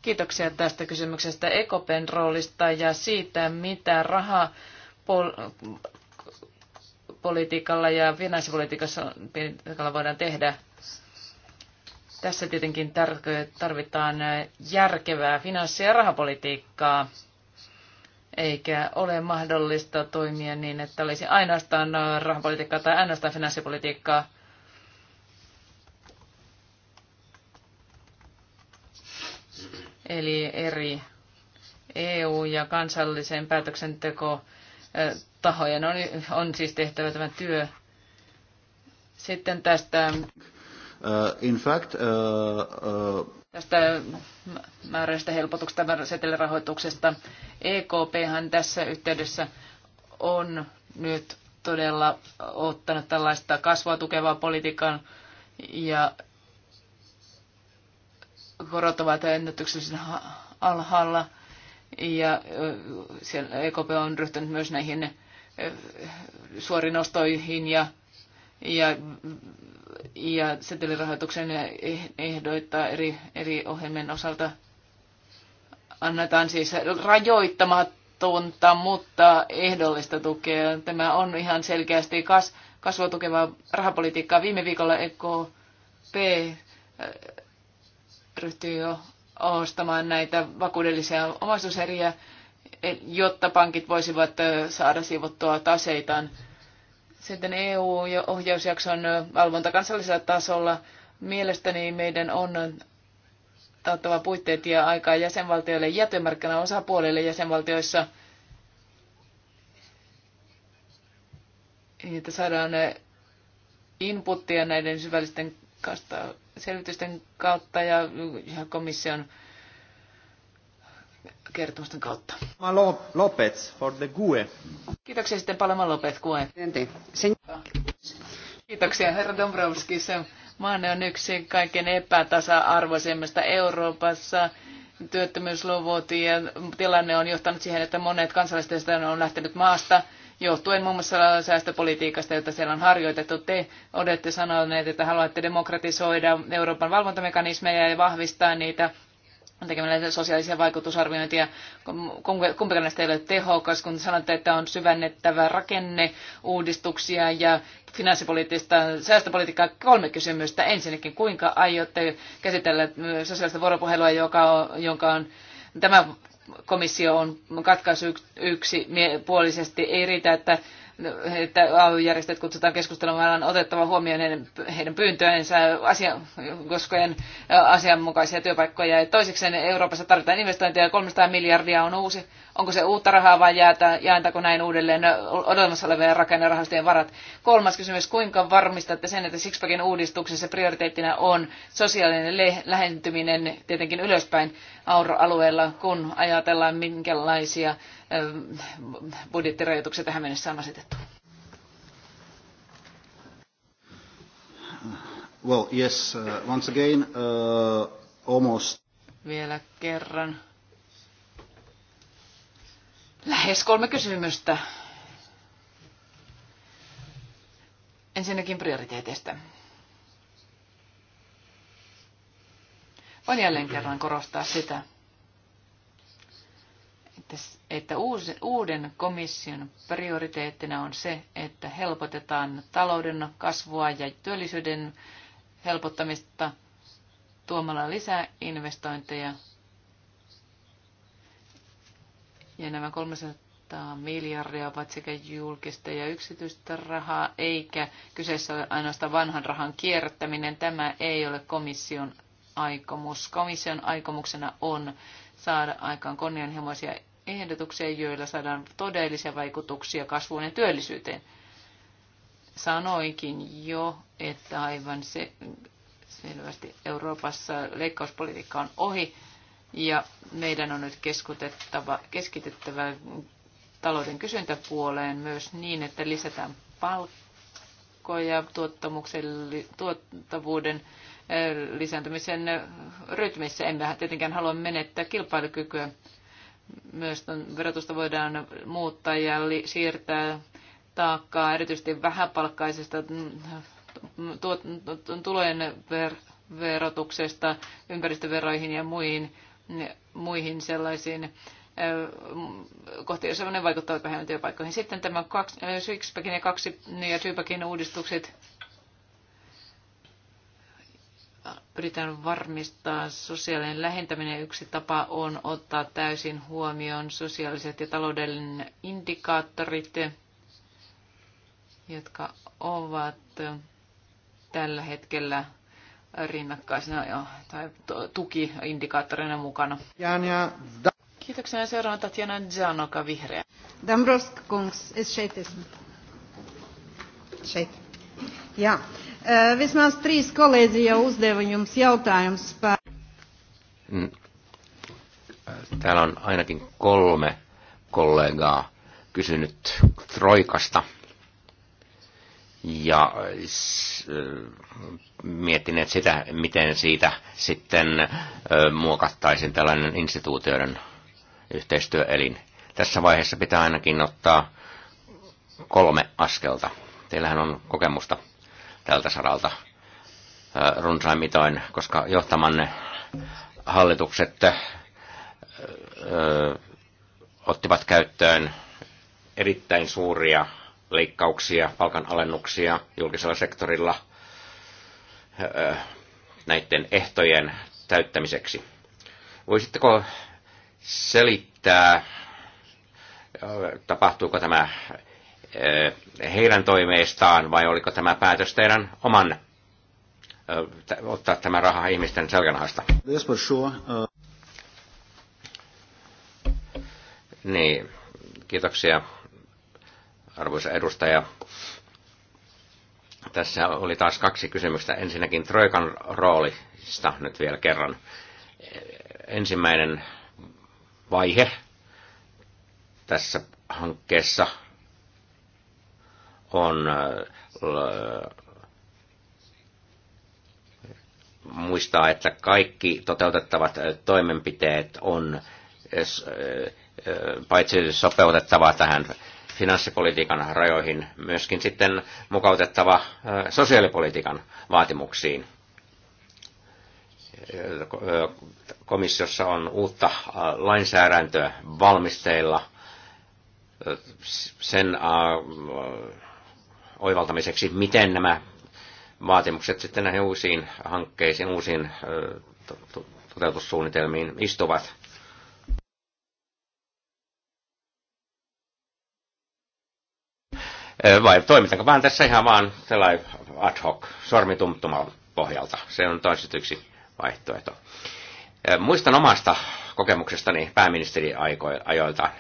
Kiitoksia tästä kysymyksestä Ekopen roolista ja siitä, mitä rahapolitiikalla ja finanssipolitiikalla voidaan tehdä. Tässä tietenkin tarvitaan järkevää finanssi- ja rahapolitiikkaa, eikä ole mahdollista toimia niin, että olisi ainoastaan rahapolitiikkaa tai ainoastaan finanssipolitiikkaa. eli eri EU- ja kansallisen päätöksenteko tahojen on, on siis tehtävä tämä työ. Sitten tästä, uh, in fact, uh, uh, tästä määräistä helpotuksesta setelirahoituksesta. EKPhan tässä yhteydessä on nyt todella ottanut tällaista kasvua tukevaa politiikan ja korot ovat ennätyksellisen alhaalla ja siellä EKP on ryhtynyt myös näihin suorinostoihin ja, ja, ja setelirahoituksen ehdoittaa eri, eri ohjelmien osalta annetaan siis rajoittamatonta, mutta ehdollista tukea. Tämä on ihan selkeästi kas, kasvua tukevaa rahapolitiikkaa. Viime viikolla EKP ryhtyy jo ostamaan näitä vakuudellisia omaisuuseriä, jotta pankit voisivat saada siivottua taseitaan. Sitten EU-ohjausjakson valvonta kansallisella tasolla. Mielestäni meidän on ottava puitteet ja aikaa jäsenvaltioille ja osapuolille jäsenvaltioissa, että saadaan inputtia näiden syvällisten selvitysten kautta ja, ja komission kertomusten kautta. Malo Lopez for the GUE. Kiitoksia sitten Palma Lopez GUE. Kiitoksia herra Se Maanne on yksi kaiken epätasa-arvoisemmasta Euroopassa työttömyysluvut ja tilanne on johtanut siihen, että monet kansalaisista on lähtenyt maasta johtuen muun muassa säästöpolitiikasta, jota siellä on harjoitettu. Te olette sanoneet, että haluatte demokratisoida Euroopan valvontamekanismeja ja vahvistaa niitä tekemällä sosiaalisia vaikutusarviointia. Kumpikaan näistä ei ole tehokas, kun sanotte, että on syvennettävä rakenneuudistuksia ja finanssipoliittista säästöpolitiikkaa. Kolme kysymystä. Ensinnäkin, kuinka aiotte käsitellä sosiaalista vuoropuhelua, joka on, jonka on tämä komissio on katkaisu yksi puolisesti. Ei riitä, että että AY-järjestöt kutsutaan keskustelemaan, on otettava huomioon heidän, heidän pyyntöönsä asia, koskien asianmukaisia työpaikkoja. Ja toisekseen Euroopassa tarvitaan investointeja, 300 miljardia on uusi. Onko se uutta rahaa vai jäätä, näin uudelleen olemassa olevien rakennerahastojen varat? Kolmas kysymys, kuinka varmistatte sen, että Sixpackin uudistuksessa prioriteettina on sosiaalinen le- lähentyminen tietenkin ylöspäin euroalueella, kun ajatellaan minkälaisia budjettirajoituksia tähän mennessä on asetettu? Well, yes, uh, once again, uh, almost. Vielä kerran. Lähes kolme kysymystä. Ensinnäkin prioriteeteista. Voin jälleen kerran korostaa sitä, että, että uuden komission prioriteettina on se, että helpotetaan talouden kasvua ja työllisyyden helpottamista tuomalla lisää investointeja. Ja nämä 300 miljardia ovat sekä julkista ja yksityistä rahaa, eikä kyseessä ole ainoastaan vanhan rahan kierrättäminen. Tämä ei ole komission aikomus. Komission aikomuksena on saada aikaan kunnianhimoisia ehdotuksia, joilla saadaan todellisia vaikutuksia kasvuun ja työllisyyteen. Sanoinkin jo, että aivan se, selvästi Euroopassa leikkauspolitiikka on ohi ja meidän on nyt keskutettava, talouden kysyntäpuoleen myös niin, että lisätään palkkoja tuottavuuden eh, lisääntymisen eh, rytmissä. Emme tietenkään halua menettää kilpailukykyä myös verotusta voidaan muuttaa ja li- siirtää taakkaa erityisesti vähäpalkkaisesta mm, mm, tulojen ver- verotuksesta ympäristöveroihin ja muihin, muihin sellaisiin mm, kohti, jos ne vaikuttavat vähemmän työpaikkoihin. Sitten tämä kaksi, ja kaksi ja uudistukset pyritään varmistaa sosiaalinen lähentäminen. Yksi tapa on ottaa täysin huomioon sosiaaliset ja taloudellinen indikaattorit, jotka ovat tällä hetkellä rinnakkaisena jo, tai tukiindikaattorina mukana. Janja, da- Kiitoksia Tatjana Dzanoka, vihreä. Dambrovsk kungs, es šeit Šeit. Ja. Eh, vismaz trīs kolēģi jau uzdeva jums jautājumus par. Mm. Täällä on ainakin kolme kollegaa kysynyt Troikasta ja eh, miettineet sitä, miten siitä sitten eh, muokattaisiin tällainen instituutioiden yhteistyöelin. Tässä vaiheessa pitää ainakin ottaa kolme askelta. Teillähän on kokemusta tältä saralta runsaimitoin, koska johtamanne hallitukset ottivat käyttöön erittäin suuria leikkauksia, palkanalennuksia julkisella sektorilla näiden ehtojen täyttämiseksi. Voisitteko selittää, tapahtuuko tämä heidän toimeistaan vai oliko tämä päätös teidän oman ottaa tämä raha ihmisten selkänahasta? sure. uh... Niin, kiitoksia arvoisa edustaja. Tässä oli taas kaksi kysymystä. Ensinnäkin Troikan roolista nyt vielä kerran. Ensimmäinen vaihe tässä hankkeessa on äh, muistaa, että kaikki toteutettavat äh, toimenpiteet on äh, paitsi sopeutettava tähän finanssipolitiikan rajoihin, myöskin sitten mukautettava sosiaalipolitiikan vaatimuksiin. Komissiossa on uutta lainsäädäntöä valmisteilla. Sen oivaltamiseksi, miten nämä vaatimukset sitten näihin uusiin hankkeisiin, uusiin toteutussuunnitelmiin istuvat. Vai toimitanko vaan tässä ihan vaan sellainen ad hoc, sormitumtuman pohjalta. Se on toiset yksi vaihtoehto. Muistan omasta kokemuksestani pääministeri ajoilta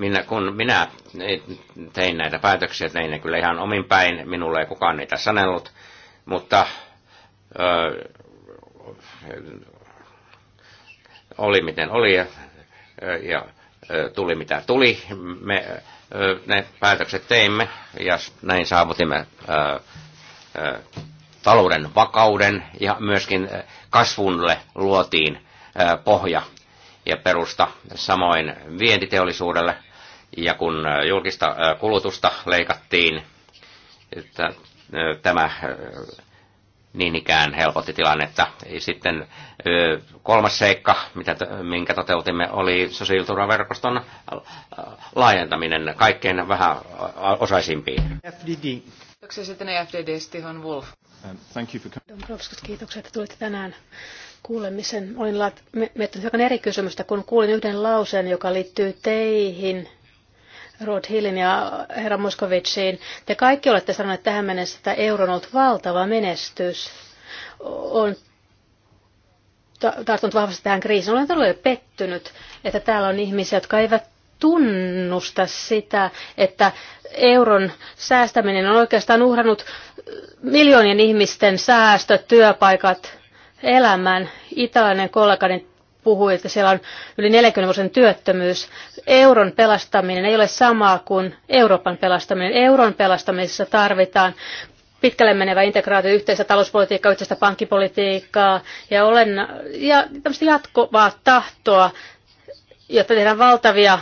minä, kun minä tein näitä päätöksiä, tein ne kyllä ihan omin päin, minulle ei kukaan niitä sanellut, mutta ö, oli miten oli ja, ja tuli mitä tuli. Me ne päätökset teimme ja näin saavutimme ö, ö, talouden vakauden ja myöskin kasvunle luotiin ö, pohja ja perusta, samoin vientiteollisuudelle – ja kun äh, julkista äh, kulutusta leikattiin, että äh, tämä niin ikään helpotti tilannetta. Sitten kolmas seikka, mitä, minkä toteutimme, oli sosiaaliturvaverkoston laajentaminen kaikkein vähän osaisimpiin. FDD. Kiitoksia sitten FDD Stihan Wolf. Thank you for... Dombrovskis, kiitoksia, että tulitte tänään kuulemisen. Olin laittanut hiukan eri kysymystä, kun kuulin yhden lauseen, joka liittyy teihin Rod Hillin ja herra Moskovitsiin. Te kaikki olette sanoneet tähän mennessä, että euro on ollut valtava menestys. On tartunut vahvasti tähän kriisiin. Olen todella pettynyt, että täällä on ihmisiä, jotka eivät tunnusta sitä, että euron säästäminen on oikeastaan uhrannut miljoonien ihmisten säästöt, työpaikat, elämän. Italainen kollegani puhui, että siellä on yli 40 prosentin työttömyys. Euron pelastaminen ei ole samaa kuin Euroopan pelastaminen. Euron pelastamisessa tarvitaan pitkälle menevä integraatio, yhteistä talouspolitiikkaa, yhteistä pankkipolitiikkaa ja, olen, ja tämmöistä jatkuvaa tahtoa, jotta tehdään valtavia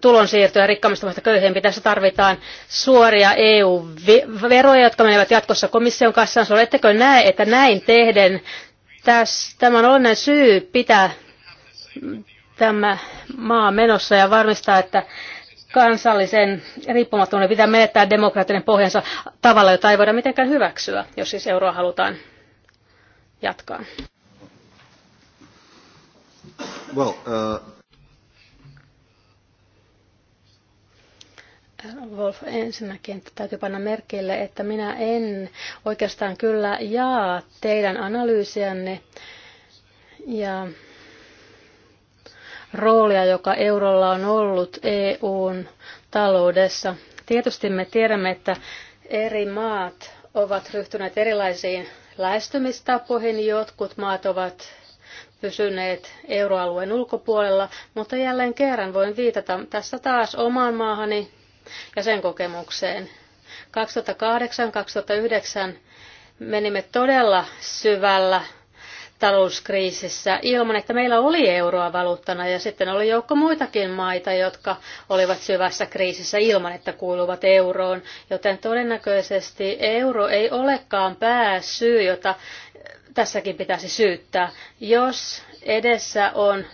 tulonsiirtoja rikkaammista maista köyhempiin. Tässä tarvitaan suoria EU-veroja, jotka menevät jatkossa komission kassaan. Oletteko näe, että näin tehden Täs, tämä on olennainen syy pitää tämä maa menossa ja varmistaa, että kansallisen riippumattomuuden pitää menettää demokraattinen pohjansa tavalla, jota ei voida mitenkään hyväksyä, jos siis euroa halutaan jatkaa. Well, uh, Wolf, ensinnäkin täytyy panna merkille, että minä en oikeastaan kyllä jaa teidän analyysianne ja roolia, joka eurolla on ollut EUn taloudessa. Tietysti me tiedämme, että eri maat ovat ryhtyneet erilaisiin lähestymistapoihin. Jotkut maat ovat pysyneet euroalueen ulkopuolella, mutta jälleen kerran voin viitata tässä taas omaan maahani, ja sen kokemukseen. 2008-2009 menimme todella syvällä talouskriisissä ilman, että meillä oli euroa valuuttana ja sitten oli joukko muitakin maita, jotka olivat syvässä kriisissä ilman, että kuuluvat euroon, joten todennäköisesti euro ei olekaan pääsyy, jota tässäkin pitäisi syyttää. Jos edessä on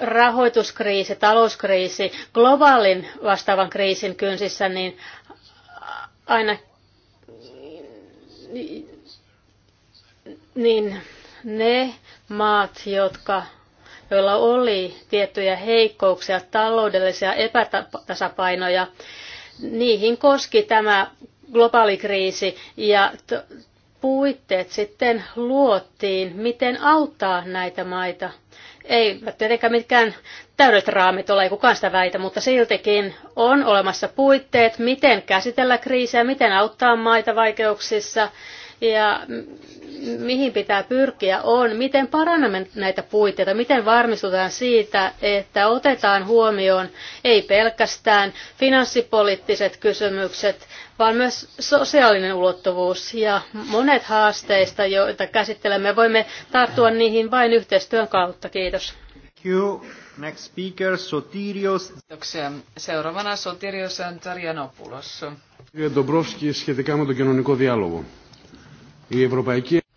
rahoituskriisi, talouskriisi, globaalin vastaavan kriisin kynsissä, niin aina niin ne maat, jotka, joilla oli tiettyjä heikkouksia, taloudellisia epätasapainoja, niihin koski tämä globaali kriisi ja puitteet sitten luotiin, miten auttaa näitä maita ei tietenkään mitkään täydet raamit ole, ei kukaan sitä väitä, mutta siltikin on olemassa puitteet, miten käsitellä kriisejä, miten auttaa maita vaikeuksissa ja mihin pitää pyrkiä on, miten parannamme näitä puitteita, miten varmistutaan siitä, että otetaan huomioon ei pelkästään finanssipoliittiset kysymykset, vaan myös sosiaalinen ulottuvuus ja monet haasteista, joita käsittelemme, voimme tarttua niihin vain yhteistyön kautta. Kiitos. Next speaker, Sotirios. Kiitoksia. Seuraavana Sotirios Antarianopoulos. Κύριε Ντομπρόφσκι, σχετικά με τον κοινωνικό διάλογο.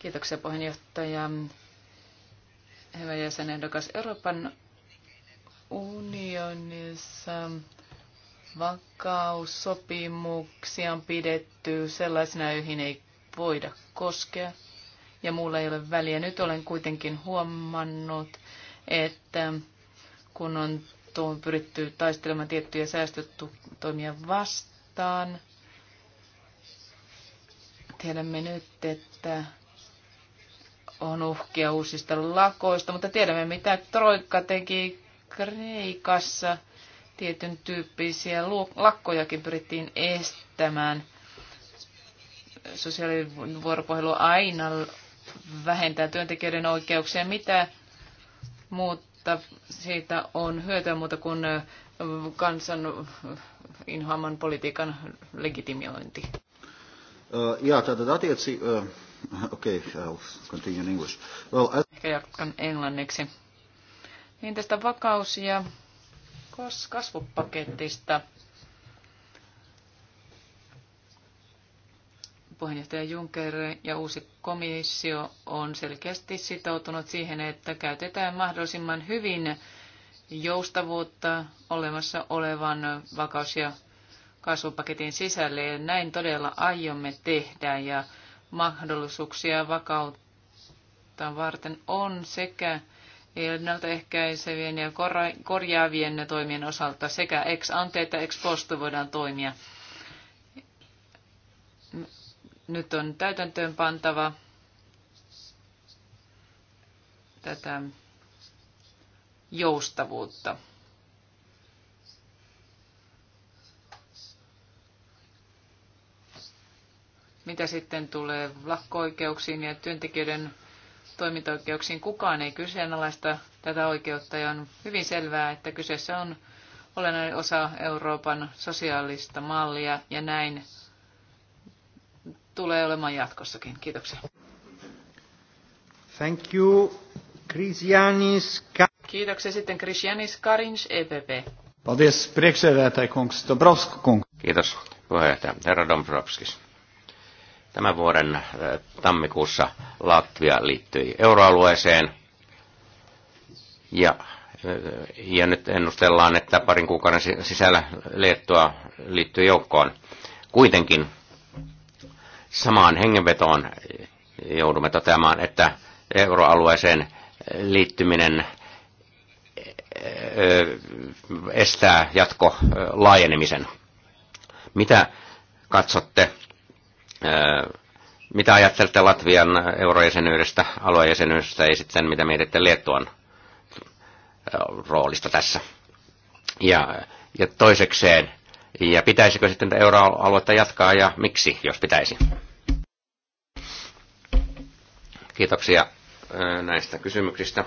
Kiitoksia puheenjohtaja. Hyvä jäsenehdokas Euroopan unionissa vakaussopimuksia on pidetty sellaisina, joihin ei voida koskea ja muulla ei ole väliä. Nyt olen kuitenkin huomannut, että kun on pyritty taistelemaan tiettyjä säästötoimia vastaan, Tiedämme nyt, että on uhkia uusista lakoista, mutta tiedämme, mitä Troikka teki Kreikassa. Tietyn tyyppisiä lakkojakin pyrittiin estämään. Sosiaalivuoropuhelu aina vähentää työntekijöiden oikeuksia. Mitä muuta siitä on hyötyä muuta kuin kansan inhoaman politiikan legitimointi? Uh, jā, tātad Uh, I'll continue in English. Well, as... Ehkä jatkan englanniksi. Niin tästä vakaus- ja kasvupaketista. Puheenjohtaja Juncker ja uusi komissio on selkeästi sitoutunut siihen, että käytetään mahdollisimman hyvin joustavuutta olemassa olevan vakaus- ja kasvupaketin sisälle. Ja näin todella aiomme tehdä ja mahdollisuuksia vakautta varten on sekä ennaltaehkäisevien ja korjaavien toimien osalta sekä ex ante että ex post voidaan toimia. Nyt on täytäntöön pantava tätä joustavuutta. Mitä sitten tulee lakko-oikeuksiin ja työntekijöiden toimintaoikeuksiin, kukaan ei kyseenalaista tätä oikeutta ja on hyvin selvää, että kyseessä on olennainen osa Euroopan sosiaalista mallia ja näin tulee olemaan jatkossakin. Kiitoksia. Thank you. Kristianis Kiitoksia sitten Krisjanis Karins, EPP. Paldies, Kiitos, puheenjohtaja, herra Dombrovskis. Tämän vuoden tammikuussa Latvia liittyi euroalueeseen ja, ja nyt ennustellaan, että parin kuukauden sisällä Liettua liittyy joukkoon. Kuitenkin samaan hengenvetoon joudumme toteamaan, että euroalueeseen liittyminen estää jatko laajenemisen. Mitä katsotte mitä ajattelette Latvian eurojäsenyydestä, aluejäsenyydestä ja sitten mitä mietitte Liettuan roolista tässä? Ja, ja toisekseen, ja pitäisikö sitten euroaluetta jatkaa ja miksi, jos pitäisi? Kiitoksia näistä kysymyksistä,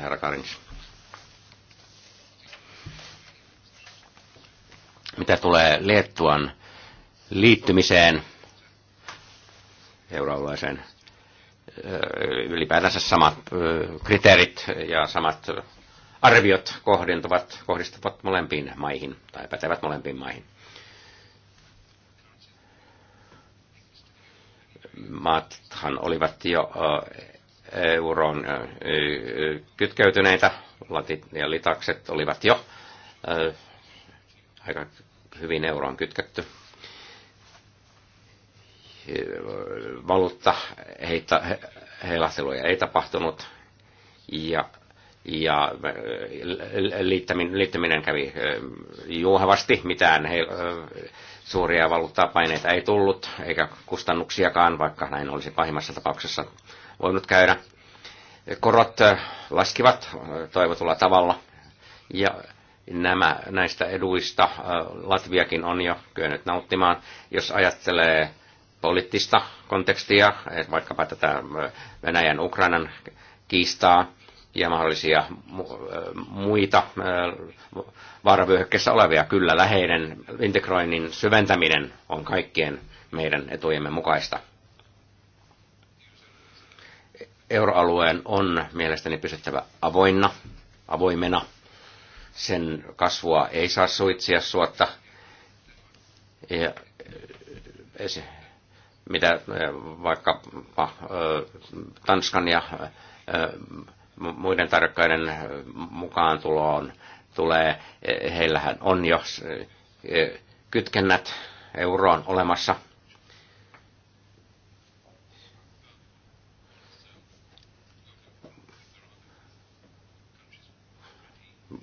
herra Karins. Mitä tulee Liettuan liittymiseen – euroalueeseen ylipäätänsä samat kriteerit ja samat arviot kohdentuvat, kohdistuvat molempiin maihin tai pätevät molempiin maihin. Maathan olivat jo euroon kytkeytyneitä, latit ja litakset olivat jo aika hyvin euroon kytketty valuutta heitä, heilahteluja ei tapahtunut ja, ja äh, liittäminen, liittäminen kävi äh, juohavasti, mitään he, äh, suuria valuuttapaineita ei tullut, eikä kustannuksiakaan, vaikka näin olisi pahimmassa tapauksessa voinut käydä. Korot laskivat toivotulla tavalla ja nämä näistä eduista Latviakin on jo kyennyt nauttimaan. Jos ajattelee poliittista kontekstia, vaikkapa tätä äh, Venäjän Ukrainan kiistaa ja mahdollisia äh, muita äh, vaaravyöhykkeessä olevia. Kyllä läheinen integroinnin syventäminen on kaikkien meidän etujemme mukaista. Euroalueen on mielestäni pysyttävä avoinna, avoimena. Sen kasvua ei saa suitsia suotta. Ja mitä vaikka Tanskan ja muiden tarkkaiden mukaan tuloon tulee, e, heillähän on jo kytkennät euroon olemassa.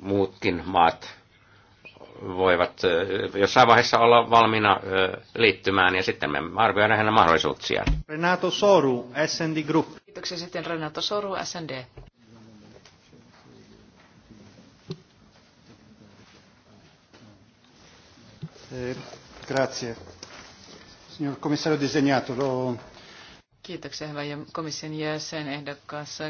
Muutkin maat voivat jossain vaiheessa olla valmiina liittymään ja sitten me arvioidaan heidän mahdollisuuksiaan. Renato Soru, SND Group. Kiitoksia sitten Renato Soru, SND. Eh, grazie. Signor commissario designato, lo... Kiitoksia hyvä komission jäsen ehdokkaassa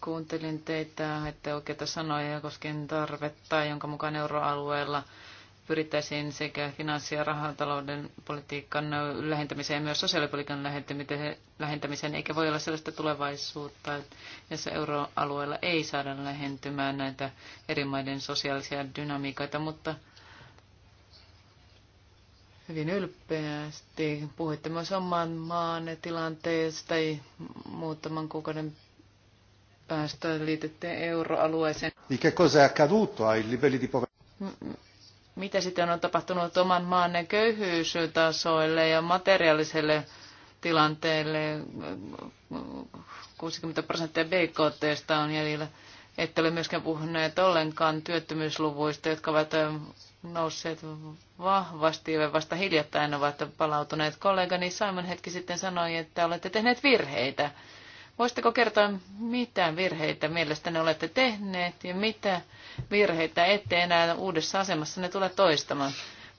kuuntelin teitä, että oikeita sanoja koskien tarvetta, jonka mukaan euroalueella pyrittäisiin sekä finanssi- ja rahatalouden politiikan lähentämiseen ja myös sosiaalipolitiikan lähentämiseen, eikä voi olla sellaista tulevaisuutta, jossa euroalueella ei saada lähentymään näitä eri maiden sosiaalisia dynamiikoita, mutta hyvin ylpeästi puhuitte myös oman maan tilanteesta muutaman kuukauden päästä liitettiin euroalueeseen. Mikä cosa è accaduto ai livelli di Mitä sitten on tapahtunut oman maanne köyhyystasoille ja materiaaliselle tilanteelle? 60 prosenttia BKTstä on jäljellä. Ette ole myöskään puhuneet ollenkaan työttömyysluvuista, jotka ovat nousseet vahvasti ja vasta hiljattain ovat palautuneet. Kollegani Simon hetki sitten sanoi, että olette tehneet virheitä Voisitteko kertoa, mitä virheitä mielestäni olette tehneet ja mitä virheitä ette enää uudessa asemassa ne tule toistamaan?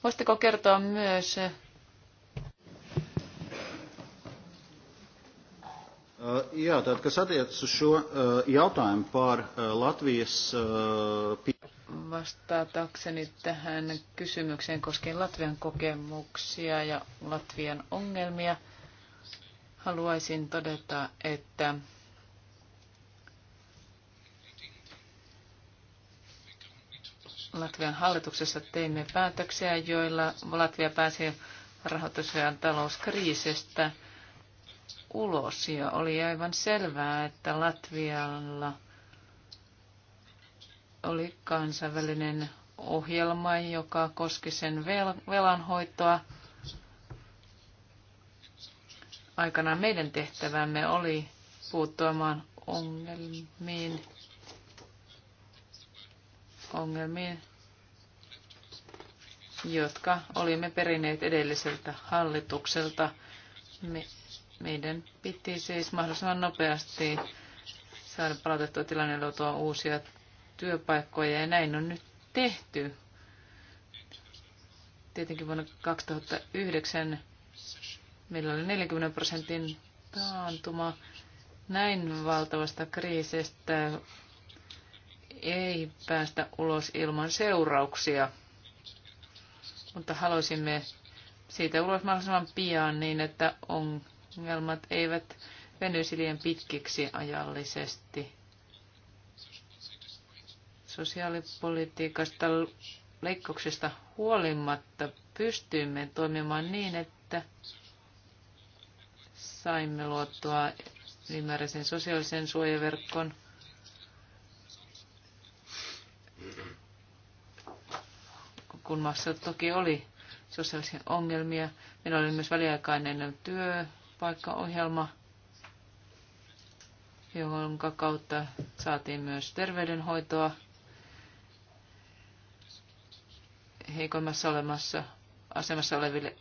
Voisitteko kertoa myös... Eh, eh, jā, tad, kas attiecas uz šo eh, jautājumu par Latvijas... Vastaatakseni tähän kysymykseen koskien Latvian kokemuksia ja Latvian ongelmia – haluaisin todeta, että Latvian hallituksessa teimme päätöksiä, joilla Latvia pääsi rahoitusajan talouskriisistä ulos. Ja oli aivan selvää, että Latvialla oli kansainvälinen ohjelma, joka koski sen velanhoitoa aikana meidän tehtävämme oli puuttua maan ongelmiin, ongelmiin, jotka olimme perineet edelliseltä hallitukselta. Me, meidän piti siis mahdollisimman nopeasti saada palautettua tilanne luotua uusia työpaikkoja ja näin on nyt tehty. Tietenkin vuonna 2009 Meillä oli 40 prosentin taantuma. Näin valtavasta kriisistä ei päästä ulos ilman seurauksia, mutta haluaisimme siitä ulos mahdollisimman pian niin, että ongelmat eivät venyisi liian pitkiksi ajallisesti. Sosiaalipolitiikasta leikkauksista huolimatta pystymme toimimaan niin, että saimme luottua ylimääräisen sosiaalisen suojaverkon. Kun maassa toki oli sosiaalisia ongelmia. Meillä oli myös väliaikainen työpaikkaohjelma, jonka kautta saatiin myös terveydenhoitoa heikoimmassa olemassa, asemassa oleville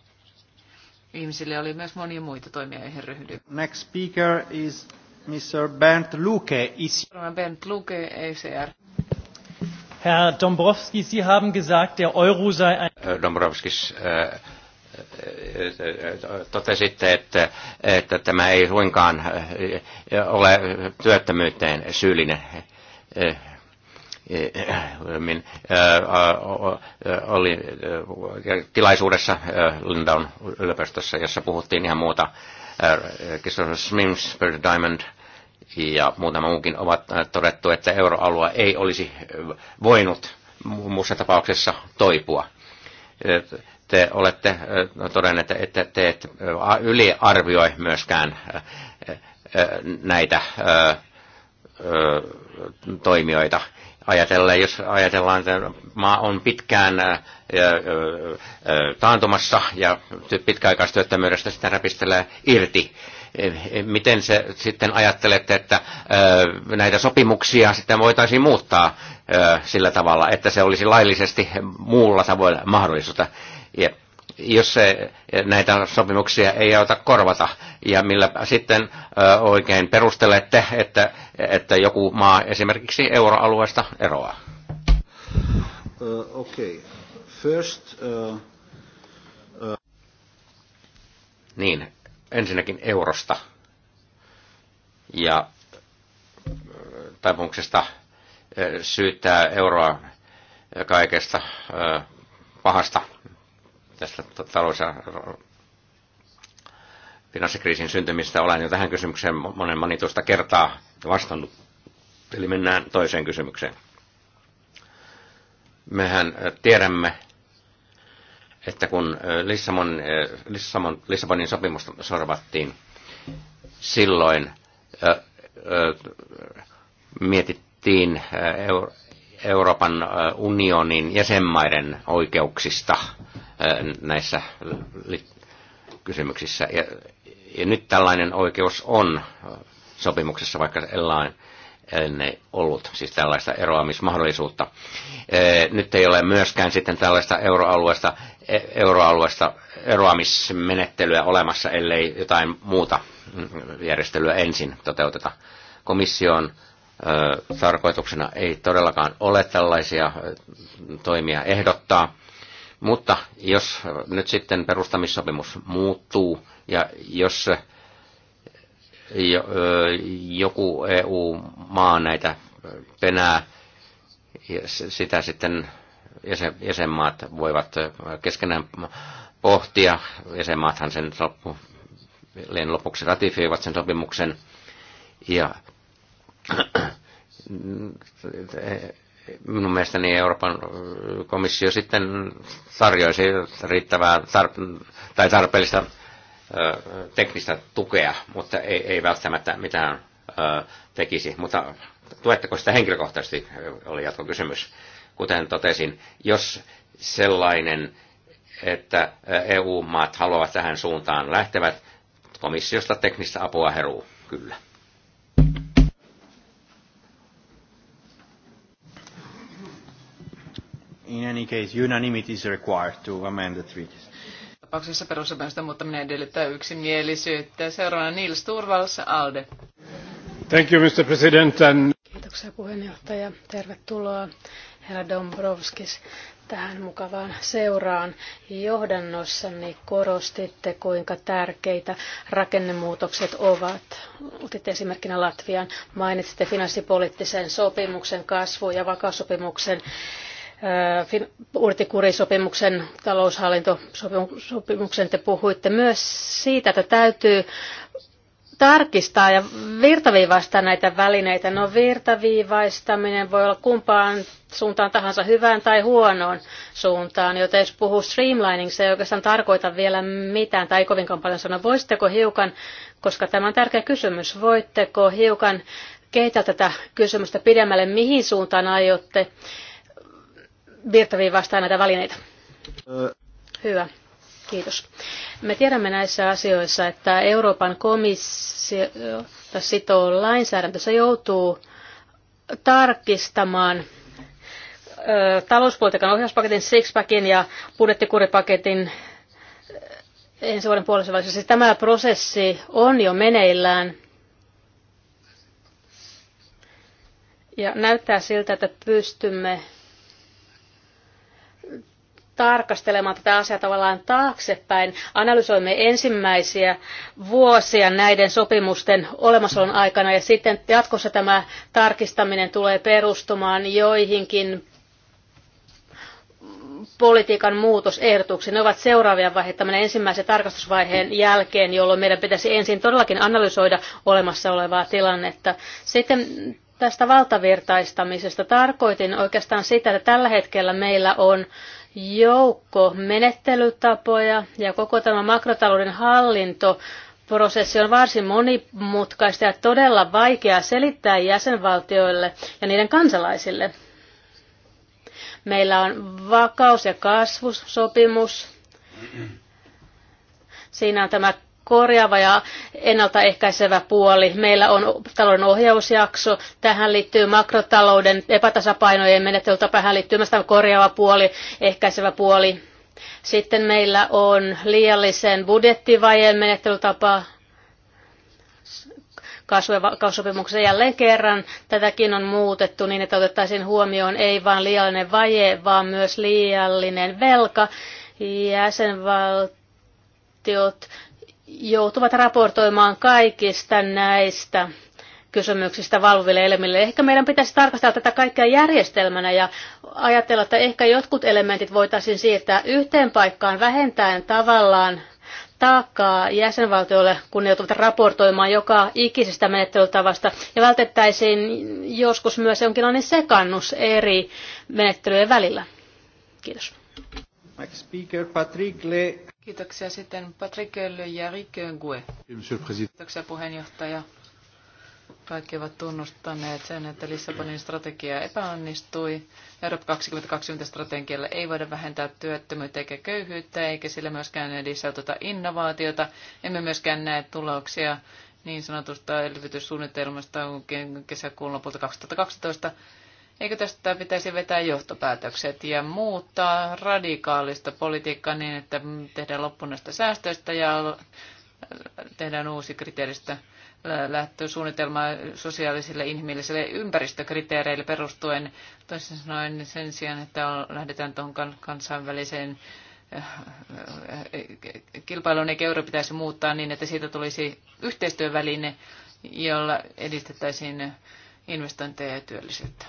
ihmisille oli myös monia muita toimia, joihin ryhdyin. Next speaker is Mr. Bernd Luke. Is... Bernd Luke, ECR. Herr Dombrovski, Sie haben gesagt, der Euro sei ein... Dombrovskis, äh, äh, äh, äh, totesitte, että, että tämä ei suinkaan ole työttömyyteen syyllinen min äh, oli äh, tilaisuudessa äh, Lindown yliopistossa, jossa puhuttiin ihan muuta. Smims, Bird Diamond ja muutama muukin ovat todettu, että euroalue ei olisi voinut muussa tapauksessa toipua. Te olette todenneet, että te et yliarvioi myöskään näitä toimijoita ajatella, jos ajatellaan, että maa on pitkään äh, äh, äh, taantumassa ja pitkäaikaistyöttömyydestä sitä räpistelee irti. Eh, miten se sitten ajattelette, että näitä sopimuksia sitten voitaisiin muuttaa sillä tavalla, että se olisi laillisesti muulla tavoin mahdollista? Yep jos näitä sopimuksia ei auta korvata. Ja millä sitten oikein perustelette, että, että joku maa esimerkiksi euroalueesta eroaa? Uh, okay. First, uh, uh... Niin, ensinnäkin eurosta ja taipumuksesta syyttää euroa kaikesta pahasta tästä talous- ja finanssikriisin syntymistä. Olen jo tähän kysymykseen monen monitoista kertaa vastannut. Eli mennään toiseen kysymykseen. Mehän tiedämme, että kun Lissabon, Lissabon, Lissabonin sopimus sorvattiin, silloin mietittiin Euroopan unionin jäsenmaiden oikeuksista näissä kysymyksissä. Ja, ja nyt tällainen oikeus on sopimuksessa, vaikka ellain ei ollut siis tällaista eroamismahdollisuutta. Nyt ei ole myöskään sitten tällaista euroalueesta, e, euroalueesta eroamismenettelyä olemassa, ellei jotain muuta mm, järjestelyä ensin toteuteta. on tarkoituksena ei todellakaan ole tällaisia toimia ehdottaa. Mutta jos nyt sitten perustamissopimus muuttuu ja jos joku EU-maa näitä penää, sitä sitten jäsenmaat voivat keskenään pohtia. Jäsenmaathan sen loppu, lopuksi ratifioivat sen sopimuksen. Ja minun mielestäni Euroopan komissio sitten tarjoisi riittävää tar- tai tarpeellista teknistä tukea, mutta ei, ei välttämättä mitään tekisi. Mutta tuetteko sitä henkilökohtaisesti, oli jatkokysymys. Kuten totesin, jos sellainen, että EU-maat haluavat tähän suuntaan lähtevät, komissiosta teknistä apua heruu, kyllä. in any case, unanimity is required to amend the treaties. Tapauksessa perussopimusten muuttaminen edellyttää yksimielisyyttä. Seuraavana Nils Turvals, ALDE. Thank you, Mr. President. And... Kiitoksia puheenjohtaja. Tervetuloa herra Dombrovskis tähän mukavaan seuraan. Johdannossani korostitte, kuinka tärkeitä rakennemuutokset ovat. Otitte esimerkkinä Latvian. Mainitsitte finanssipoliittisen sopimuksen, kasvu- ja vakaussopimuksen budjettikurisopimuksen, äh, taloushallintosopimuksen te puhuitte myös siitä, että täytyy tarkistaa ja virtaviivaistaa näitä välineitä. No virtaviivaistaminen voi olla kumpaan suuntaan tahansa hyvään tai huonoon suuntaan, joten jos puhuu streamlining, se ei oikeastaan tarkoita vielä mitään tai ei kovinkaan paljon sanoa. Voisitteko hiukan, koska tämä on tärkeä kysymys, voitteko hiukan kehittää tätä kysymystä pidemmälle, mihin suuntaan aiotte virtaviivaistaa näitä välineitä. Hyvä. Kiitos. Me tiedämme näissä asioissa, että Euroopan komissio sitoo lainsäädäntö, se joutuu tarkistamaan talouspolitiikan ohjauspaketin, pakin ja budjettikuripaketin ensi vuoden puolessa välissä. Siis tämä prosessi on jo meneillään. Ja näyttää siltä, että pystymme tarkastelemaan tätä asiaa tavallaan taaksepäin. Analysoimme ensimmäisiä vuosia näiden sopimusten olemassaolon aikana ja sitten jatkossa tämä tarkistaminen tulee perustumaan joihinkin politiikan muutosehdotuksia. Ne ovat seuraavia vaiheita tämän ensimmäisen tarkastusvaiheen jälkeen, jolloin meidän pitäisi ensin todellakin analysoida olemassa olevaa tilannetta. Sitten tästä valtavirtaistamisesta tarkoitin oikeastaan sitä, että tällä hetkellä meillä on joukko menettelytapoja ja koko tämä makrotalouden hallinto prosessi on varsin monimutkaista ja todella vaikeaa selittää jäsenvaltioille ja niiden kansalaisille. Meillä on vakaus- ja kasvusopimus. Siinä on tämä korjaava ja ennaltaehkäisevä puoli. Meillä on talouden ohjausjakso, tähän liittyy makrotalouden epätasapainojen menettely, tähän liittyy myös korjaava puoli, ehkäisevä puoli. Sitten meillä on liiallisen budjettivajeen menettelytapa, kasvusopimuksen jälleen kerran. Tätäkin on muutettu niin, että otettaisiin huomioon ei vain liiallinen vaje, vaan myös liiallinen velka. Jäsenvaltiot joutuvat raportoimaan kaikista näistä kysymyksistä valvoville elimille. Ehkä meidän pitäisi tarkastella tätä kaikkea järjestelmänä ja ajatella, että ehkä jotkut elementit voitaisiin siirtää yhteen paikkaan vähentäen tavallaan taakkaa jäsenvaltioille, kun ne joutuvat raportoimaan joka ikisestä menettelytavasta. Ja vältettäisiin joskus myös jonkinlainen sekannus eri menettelyjen välillä. Kiitos. speaker, Patrick Le... Kiitoksia sitten Patrick ja Rikke Gue. Kiitoksia puheenjohtaja. Kaikki ovat tunnustaneet sen, että Lissabonin strategia epäonnistui. Eurooppa 2020 strategialla ei voida vähentää työttömyyttä eikä köyhyyttä, eikä sillä myöskään edistetä innovaatiota. Emme myöskään näe tuloksia niin sanotusta elvytyssuunnitelmasta kesäkuun lopulta 2012 Eikö tästä pitäisi vetää johtopäätökset ja muuttaa radikaalista politiikkaa niin, että tehdään loppu näistä säästöistä ja tehdään uusi kriteeristä lähtösuunnitelma sosiaalisille, inhimillisille ympäristökriteereille perustuen. Toisin sanoen sen sijaan, että lähdetään tuon kansainväliseen eh, kilpailuun, eikä euro pitäisi muuttaa niin, että siitä tulisi yhteistyöväline, jolla edistettäisiin investointeja ja työllisyyttä.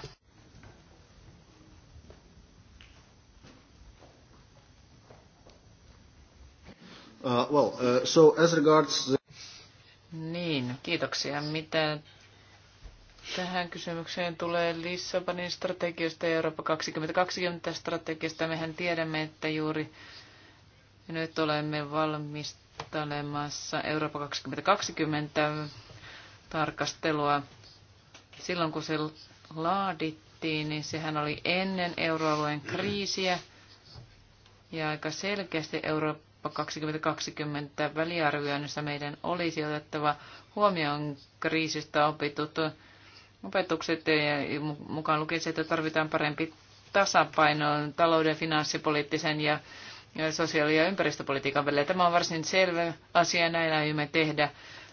Uh, well, uh, so as regards the... Niin, kiitoksia. Mitä tähän kysymykseen tulee Lissabonin strategiasta ja Eurooppa 2020 strategiasta? Mehän tiedämme, että juuri nyt olemme valmistelemassa Eurooppa 2020 tarkastelua. Silloin kun se laadittiin, niin sehän oli ennen euroalueen kriisiä ja aika selkeästi Eurooppa Eurooppa 2020 väliarvioinnissa meidän olisi otettava huomioon kriisistä opitut opetukset ja mukaan lukien se, että tarvitaan parempi tasapaino talouden, finanssipoliittisen ja sosiaali- ja ympäristöpolitiikan välillä. Tämä on varsin selvä asia, näin aiomme tehdä,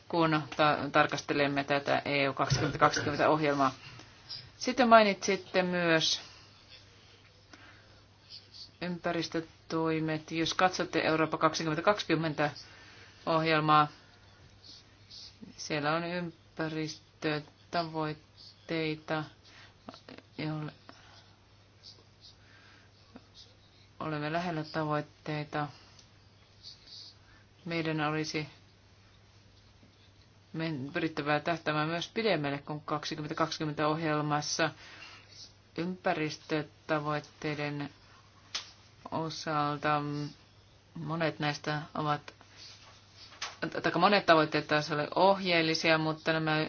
kun ta- tarkastelemme tätä EU 2020-ohjelmaa. Sitten mainitsitte myös ympäristöt toimet. Jos katsotte Eurooppa 2020 ohjelmaa, siellä on ympäristötavoitteita, jolle olemme lähellä tavoitteita. Meidän olisi pyrittävää tähtämään myös pidemmälle kuin 2020 ohjelmassa ympäristötavoitteiden osalta monet näistä ovat, tai monet tavoitteet taas ole ohjeellisia, mutta nämä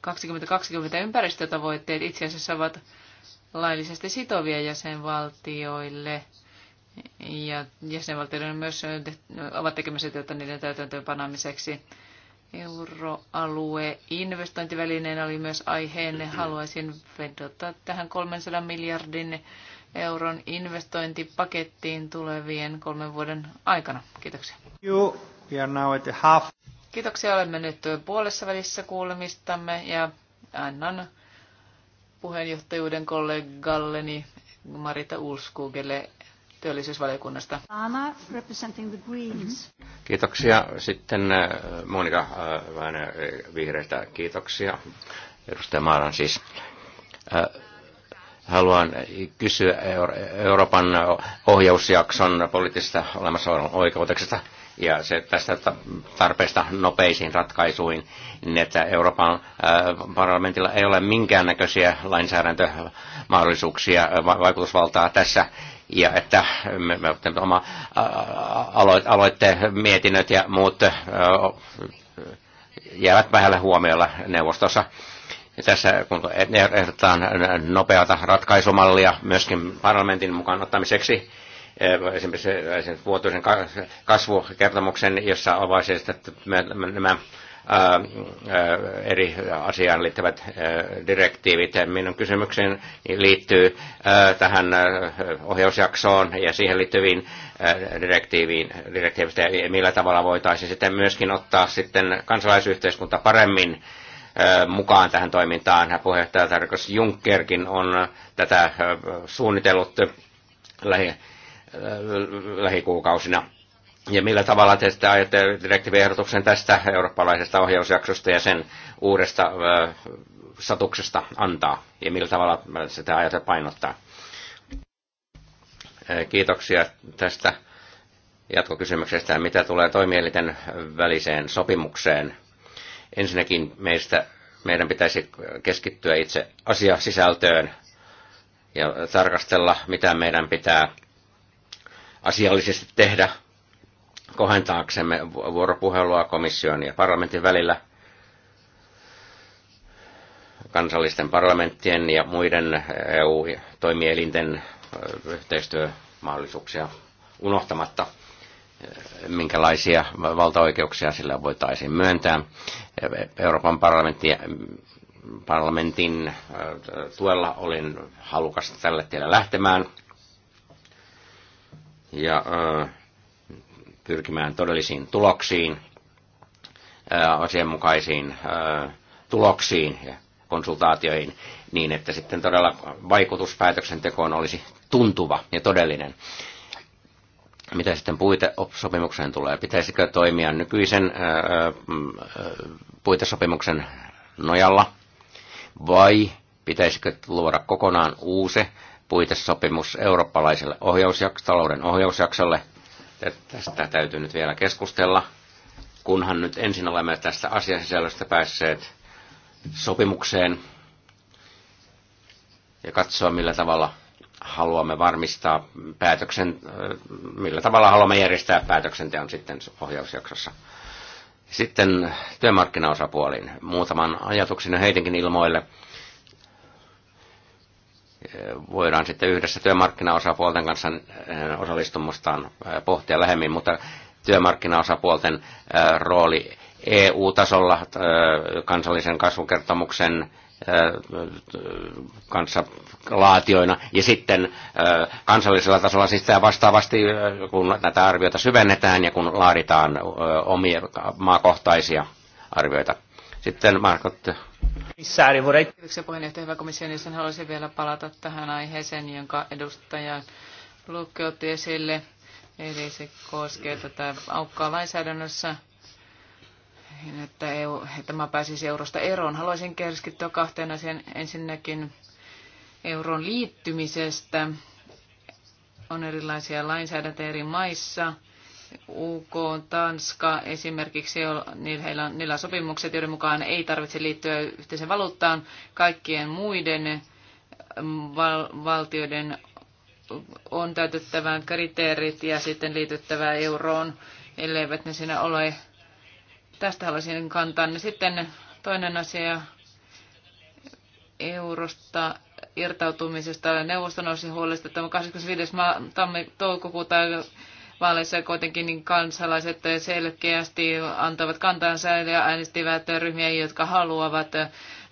2020 ympäristötavoitteet itse asiassa ovat laillisesti sitovia jäsenvaltioille. Ja jäsenvaltioiden myös ovat tekemässä työtä niiden täytäntöön panamiseksi. Euroalue investointivälineen oli myös aiheen. Haluaisin vedota tähän 300 miljardin euron investointipakettiin tulevien kolmen vuoden aikana. Kiitoksia. You, we are now at the half. Kiitoksia. Olemme nyt puolessa välissä kuulemistamme ja annan puheenjohtajuuden kollegalleni Marita Ulskugelle työllisyysvaliokunnasta. Anna, representing the Greens. Mhm. Kiitoksia. Sitten äh, Monika äh, Väinö äh, vihreistä. Kiitoksia. Edustaja Maaran siis haluan kysyä Euroopan ohjausjakson poliittisesta olemassaolon oikeutuksesta ja se tästä tarpeesta nopeisiin ratkaisuihin, niin että Euroopan äh, parlamentilla ei ole minkäännäköisiä lainsäädäntömahdollisuuksia, äh, vaikutusvaltaa tässä, ja että me, me oma äh, aloitteen mietinnöt ja muut jäävät vähällä huomiolla neuvostossa tässä kun ehdotetaan nopeata ratkaisumallia myöskin parlamentin mukaan ottamiseksi, eh, esimerkiksi, vuotuisen kasvukertomuksen, jossa avaisi nämä eri asiaan liittyvät direktiivit. Minun kysymykseni liittyy tähän ohjausjaksoon ja siihen liittyviin direktiiviin, direktiivistä, millä tavalla voitaisiin sitten myöskin ottaa sitten kansalaisyhteiskunta paremmin mukaan tähän toimintaan. Puheenjohtaja Tarkos Junckerkin on tätä suunnitellut lähi, lähikuukausina. Ja millä tavalla te sitten ajatte direktiiviehdotuksen tästä eurooppalaisesta ohjausjaksosta ja sen uudesta satuksesta antaa? Ja millä tavalla sitä ajatte painottaa? Kiitoksia tästä jatkokysymyksestä. Mitä tulee toimielinten väliseen sopimukseen? Ensinnäkin meistä, meidän pitäisi keskittyä itse asiasisältöön ja tarkastella, mitä meidän pitää asiallisesti tehdä kohentaaksemme vuoropuhelua komission ja parlamentin välillä – kansallisten parlamenttien ja muiden EU-toimielinten yhteistyömahdollisuuksia unohtamatta minkälaisia valtaoikeuksia sillä voitaisiin myöntää. Euroopan parlamentti, parlamentin äh, tuella olin halukas tälle tielle lähtemään ja äh, pyrkimään todellisiin tuloksiin, äh, asianmukaisiin tuloksiin ja konsultaatioihin niin, että sitten todella vaikutus päätöksentekoon olisi tuntuva ja todellinen mitä sitten puitesopimukseen tulee? Pitäisikö toimia nykyisen mm, puitesopimuksen nojalla vai pitäisikö luoda kokonaan uusi puitesopimus eurooppalaiselle ohjausjaks- talouden ohjausjaksolle? Tästä täytyy nyt vielä keskustella, kunhan nyt ensin olemme tästä asiasisällöstä päässeet sopimukseen ja katsoa millä tavalla haluamme varmistaa päätöksen, millä tavalla haluamme järjestää päätöksenteon sitten ohjausjaksossa. Sitten työmarkkinaosapuoliin. Muutaman ajatuksen heitinkin ilmoille. Voidaan sitten yhdessä työmarkkinaosapuolten kanssa osallistumustaan pohtia lähemmin, mutta työmarkkinaosapuolten rooli EU-tasolla kansallisen kasvukertomuksen Äh, kanssa laatioina ja sitten äh, kansallisella tasolla siis tämä vastaavasti, äh, kun näitä arvioita syvennetään ja kun laaditaan omia maakohtaisia arvioita. Sitten Marko. Missääri, vorrei... Kiitoksia puheenjohtaja, hyvä komission jäsen. Haluaisin vielä palata tähän aiheeseen, jonka edustaja Lukke otti esille. Eli se koskee tätä aukkaa lainsäädännössä että, EU, että mä pääsisin eurosta eroon. Haluaisin keskittyä kahteen asiaan. Ensinnäkin euron liittymisestä. On erilaisia lainsäädäntöjä eri maissa. UK, Tanska esimerkiksi, niillä niin on, niillä on sopimukset, joiden mukaan ei tarvitse liittyä yhteiseen valuuttaan. Kaikkien muiden mm, val- valtioiden on täytettävä kriteerit ja sitten liityttävä euroon, elleivät ne siinä ole Tästä haluaisin kantaa. Niin sitten toinen asia eurosta irtautumisesta. Neuvosto nousi huolesta, 25. tammi toukokuuta vaaleissa kuitenkin niin kansalaiset selkeästi antavat kantansa ja äänestivät ryhmiä, jotka haluavat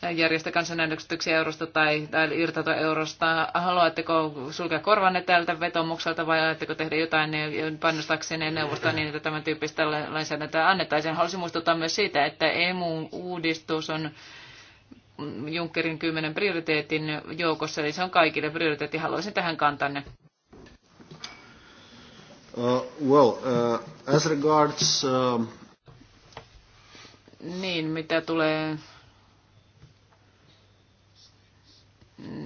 järjestä kansanäänestyksiä eurosta tai, tai irtautua eurosta. Haluatteko sulkea korvanne tältä vetomukselta vai ajatteko tehdä jotain painostakseen neuvosta niin, että tämän tyyppistä lainsäädäntöä annettaisiin? Haluaisin muistuttaa myös siitä, että EMU-uudistus on Junckerin kymmenen prioriteetin joukossa, eli se on kaikille prioriteetti. Haluaisin tähän kantanne. Uh, well, uh, as regards... Uh... Niin, mitä tulee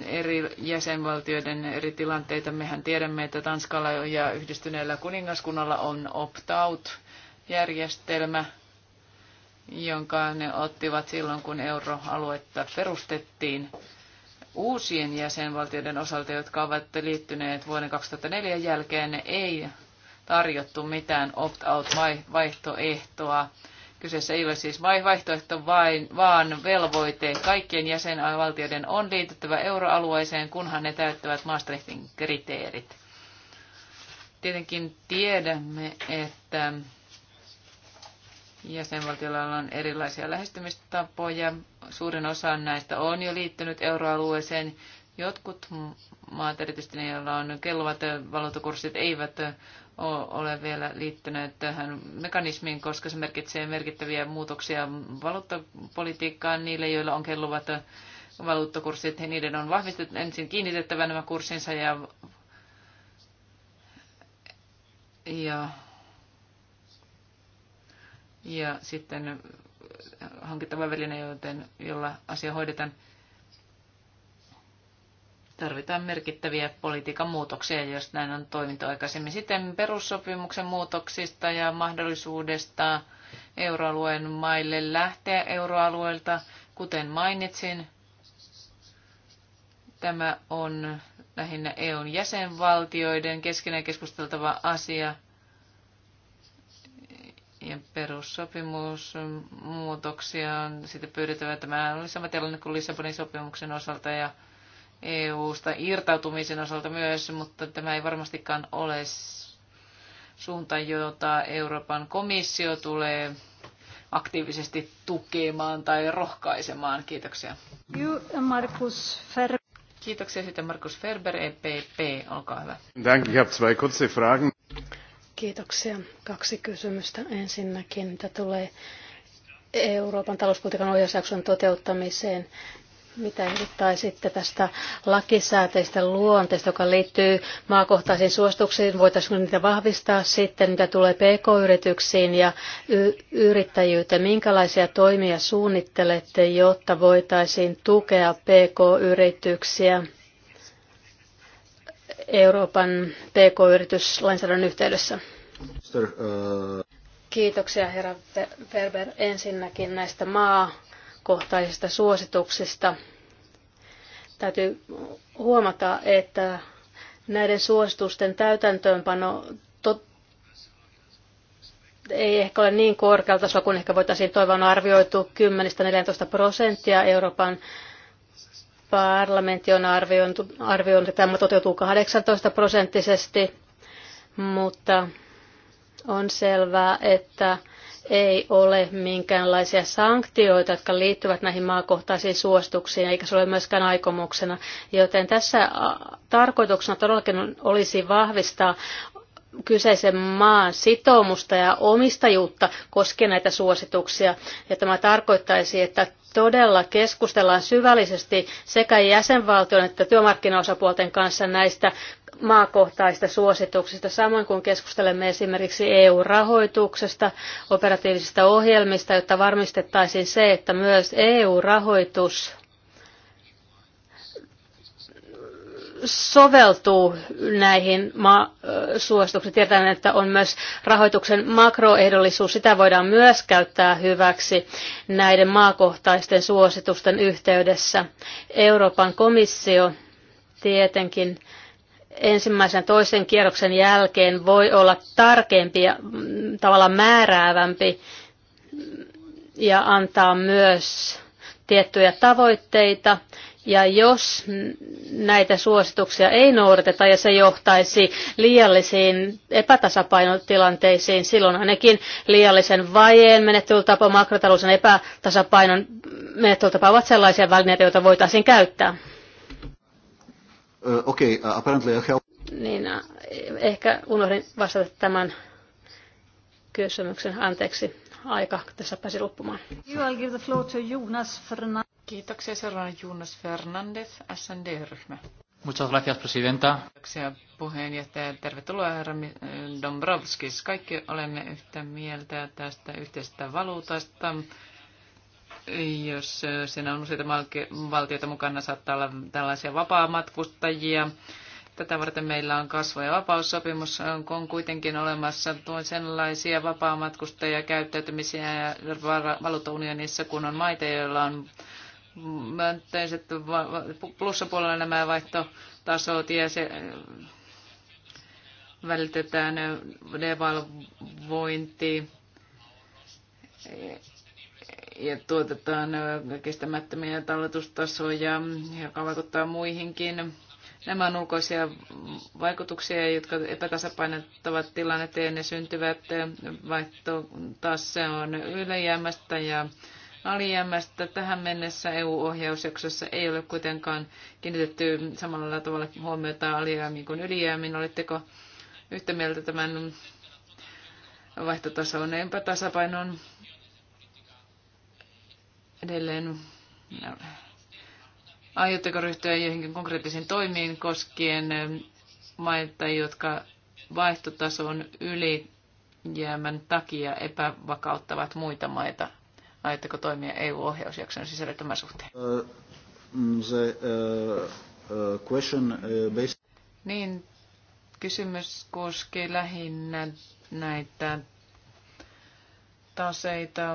eri jäsenvaltioiden eri tilanteita. Mehän tiedämme, että Tanskalla ja yhdistyneellä kuningaskunnalla on opt-out-järjestelmä, jonka ne ottivat silloin, kun euroaluetta perustettiin uusien jäsenvaltioiden osalta, jotka ovat liittyneet vuoden 2004 jälkeen, ei tarjottu mitään opt-out-vaihtoehtoa. -vai Kyseessä ei ole siis vaihtoehto, vain, vaan velvoite. Kaikkien jäsenvaltioiden on liitettävä euroalueeseen, kunhan ne täyttävät Maastrichtin kriteerit. Tietenkin tiedämme, että jäsenvaltioilla on erilaisia lähestymistapoja. Suurin osa näistä on jo liittynyt euroalueeseen. Jotkut maat, erityisesti ne, joilla on kelluvat valuutakurssit, eivät ole vielä liittyneet tähän mekanismiin, koska se merkitsee merkittäviä muutoksia valuuttapolitiikkaan niille, joilla on kelluvat valuuttakurssit. Niiden on vahvistettu ensin kiinnitettävä nämä kurssinsa ja, ja, ja sitten hankittava väline, joten, jolla asia hoidetaan tarvitaan merkittäviä politiikan muutoksia, jos näin on toimittu aikaisemmin. Sitten perussopimuksen muutoksista ja mahdollisuudesta euroalueen maille lähteä euroalueelta, kuten mainitsin, tämä on lähinnä EUn jäsenvaltioiden keskenään keskusteltava asia. Ja perussopimusmuutoksia on sitten pyydettävä. Tämä oli sama tilanne kuin Lissabonin sopimuksen osalta ja EU-sta irtautumisen osalta myös, mutta tämä ei varmastikaan ole suunta, jota Euroopan komissio tulee aktiivisesti tukemaan tai rohkaisemaan. Kiitoksia. Markus Ferber. Kiitoksia sitten Markus Ferber, EPP, olkaa hyvä. Danke, ich habe zwei kurze Fragen. Kiitoksia. Kaksi kysymystä ensinnäkin, mitä tulee Euroopan talouspolitiikan ohjausjakson toteuttamiseen mitä ehdottaisitte tästä lakisääteistä luonteesta, joka liittyy maakohtaisiin suosituksiin? Voitaisiinko niitä vahvistaa sitten, mitä tulee pk-yrityksiin ja y- yrittäjyyteen? Minkälaisia toimia suunnittelette, jotta voitaisiin tukea pk-yrityksiä Euroopan pk-yrityslainsäädännön yhteydessä? Äh, Kiitoksia herra Ferber ensinnäkin näistä maa kohtaisista suosituksista. Täytyy huomata, että näiden suositusten täytäntöönpano ei ehkä ole niin korkealla tasolla kuin ehkä voitaisiin toivoa. On arvioitu 10-14 prosenttia Euroopan parlamentti on arvioinut, arvioinut että tämä toteutuu 18 prosenttisesti, mutta on selvää, että ei ole minkäänlaisia sanktioita, jotka liittyvät näihin maakohtaisiin suostuksiin, eikä se ole myöskään aikomuksena. Joten tässä tarkoituksena todellakin olisi vahvistaa kyseisen maan sitoumusta ja omistajuutta koskien näitä suosituksia. Ja tämä tarkoittaisi, että todella keskustellaan syvällisesti sekä jäsenvaltion että työmarkkinaosapuolten kanssa näistä maakohtaisista suosituksista, samoin kuin keskustelemme esimerkiksi EU-rahoituksesta, operatiivisista ohjelmista, jotta varmistettaisiin se, että myös EU-rahoitus soveltuu näihin ma- suosituksiin. Tiedetään, että on myös rahoituksen makroehdollisuus. Sitä voidaan myös käyttää hyväksi näiden maakohtaisten suositusten yhteydessä. Euroopan komissio tietenkin ensimmäisen ja toisen kierroksen jälkeen voi olla tarkempi ja mm, tavallaan määräävämpi ja antaa myös tiettyjä tavoitteita ja jos näitä suosituksia ei noudateta ja se johtaisi liiallisiin epätasapainotilanteisiin, silloin ainakin liiallisen vajeen menettelytapa, makrotalouden epätasapainon menettelytapa ovat sellaisia välineitä, joita voitaisiin käyttää. Uh, okay, uh, apparently I have... Niin, ehkä unohdin vastata tämän kysymyksen. Anteeksi aika tässä pääsi loppumaan. Jonas Fernandez. Kiitoksia seuraavana Jonas Fernandez, SND-ryhmä. Muchas gracias, presidenta. Kiitoksia puheenjohtaja. Tervetuloa, herra Dombrovskis. Kaikki olemme yhtä mieltä tästä yhteisestä valuutasta. Jos äh, siinä on useita valtioita mukana, saattaa olla tällaisia vapaamatkustajia. matkustajia Tätä varten meillä on kasvo- ja vapaussopimus, on kuitenkin olemassa tuon sellaisia vapaamatkustajia käyttäytymisiä valuuttaunionissa, kun on maita, joilla on myönteiset plussapuolella nämä vaihtotasot ja se äh, välitetään äh, devalvointi äh, ja tuotetaan kestämättömiä talletustasoja, joka vaikuttaa muihinkin Nämä on ulkoisia vaikutuksia, jotka epätasapainottavat tilanteen ja syntyvät vaihto taas se on ylijäämästä ja alijäämästä. Tähän mennessä EU-ohjausjaksossa ei ole kuitenkaan kiinnitetty samalla tavalla huomiota alijäämiin kuin ylijäämiin. Oletteko yhtä mieltä tämän vaihtotason epätasapainon edelleen Aiotteko ryhtyä joihinkin konkreettisiin toimiin koskien eh, maita, jotka vaihtotason ylijäämän takia epävakauttavat muita maita? Aiotteko toimia EU-ohjausjakson sisällä tämän suhteen? Uh, the, mm, uh, uh, question, uh, based... Niin, kysymys koskee lähinnä näitä taseita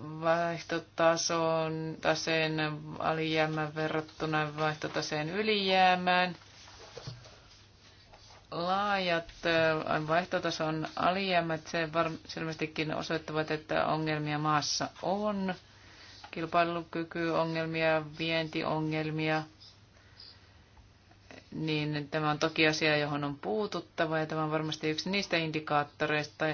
vaihtotasoon, taseen alijäämään verrattuna vaihtotaseen ylijäämään. Laajat äh, vaihtotason alijäämät se var- selvästikin osoittavat, että ongelmia maassa on. Kilpailukykyongelmia, vientiongelmia, niin tämä on toki asia, johon on puututtava ja tämä on varmasti yksi niistä indikaattoreista,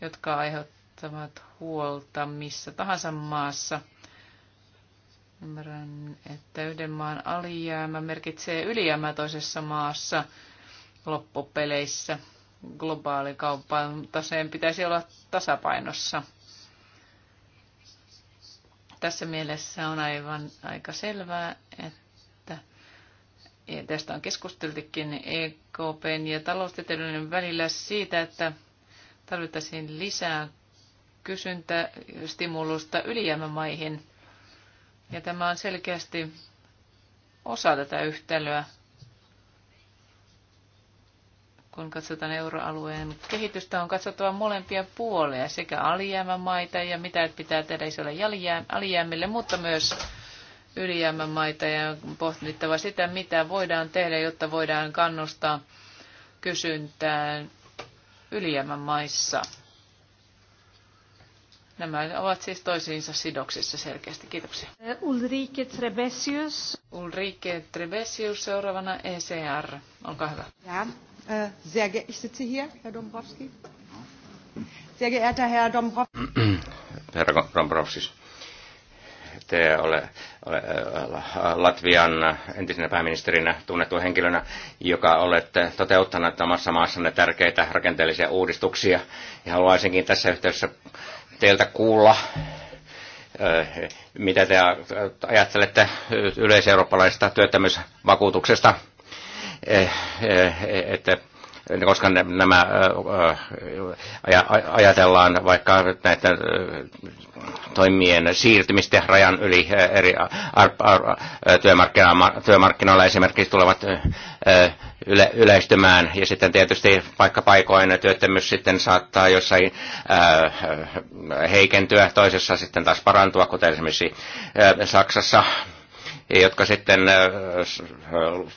jotka aiheuttavat kantavat huolta missä tahansa maassa. Ymmärrän, että yhden maan alijäämä merkitsee ylijäämä toisessa maassa loppupeleissä. Globaalikaupan taseen pitäisi olla tasapainossa. Tässä mielessä on aivan aika selvää, että ja tästä on keskusteltikin EKPn ja taloustieteellinen välillä siitä, että tarvittaisiin lisää kysyntästimulusta ylijäämämaihin. Ja tämä on selkeästi osa tätä yhtälöä, kun katsotaan euroalueen kehitystä, on katsottava molempia puolia, sekä alijäämämaita ja mitä pitää tehdä isolle alijäämille, mutta myös ylijäämämaita ja pohdittava sitä, mitä voidaan tehdä, jotta voidaan kannustaa kysyntään ylijäämämaissa. maissa. Nämä ovat siis toisiinsa sidoksissa selkeästi. Kiitoksia. Ulrike Trebesius. Ulrike Trebesius, seuraavana ECR. Olkaa hyvä. Ja, äh, sehr ge- hier, Herr Dombrovski. Sehr geehrter Herr Dombrovski. Herra Dombrovskis te ole, ole äh, Latvian entisenä pääministerinä tunnettu henkilönä, joka olette toteuttanut omassa maassanne tärkeitä rakenteellisia uudistuksia. Ja haluaisinkin tässä yhteydessä teiltä kuulla, mitä te ajattelette yleiseurooppalaisesta työttömyysvakuutuksesta, e, e, että koska nämä ajatellaan vaikka näiden toimien siirtymistä rajan yli e, eri työmarkkinoilla esimerkiksi tulevat yle, yleistymään. Ja sitten tietysti paikkapaikoin työttömyys sitten saattaa jossain ää, heikentyä, toisessa sitten taas parantua, kuten esimerkiksi ää, Saksassa jotka sitten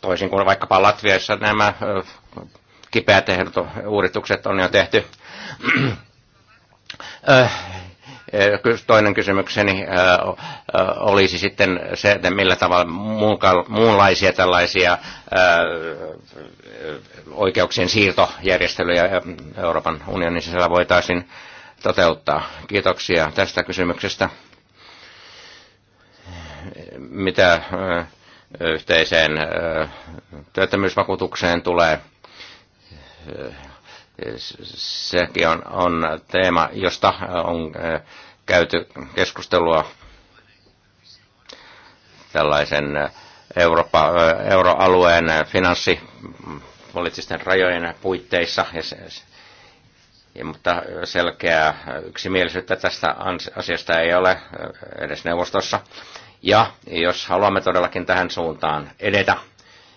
toisin kuin vaikkapa Latviassa nämä kipeät uudistukset on jo tehty Eh, toinen kysymykseni eh, eh, olisi sitten se, että millä tavalla muunlaisia tällaisia oikeuksien siirtojärjestelyjä Euroopan unionin sisällä voitaisiin toteuttaa. Kiitoksia tästä kysymyksestä. Mitä yhteiseen työttömyysvakuutukseen tulee, sekin on, on teema, josta on käyty keskustelua tällaisen äh, Eurooppa, äh, euroalueen äh, finanssipoliittisten rajojen puitteissa, ja se, ja, mutta selkeää yksimielisyyttä tästä asiasta ei ole edes neuvostossa. Ja jos haluamme todellakin tähän suuntaan edetä,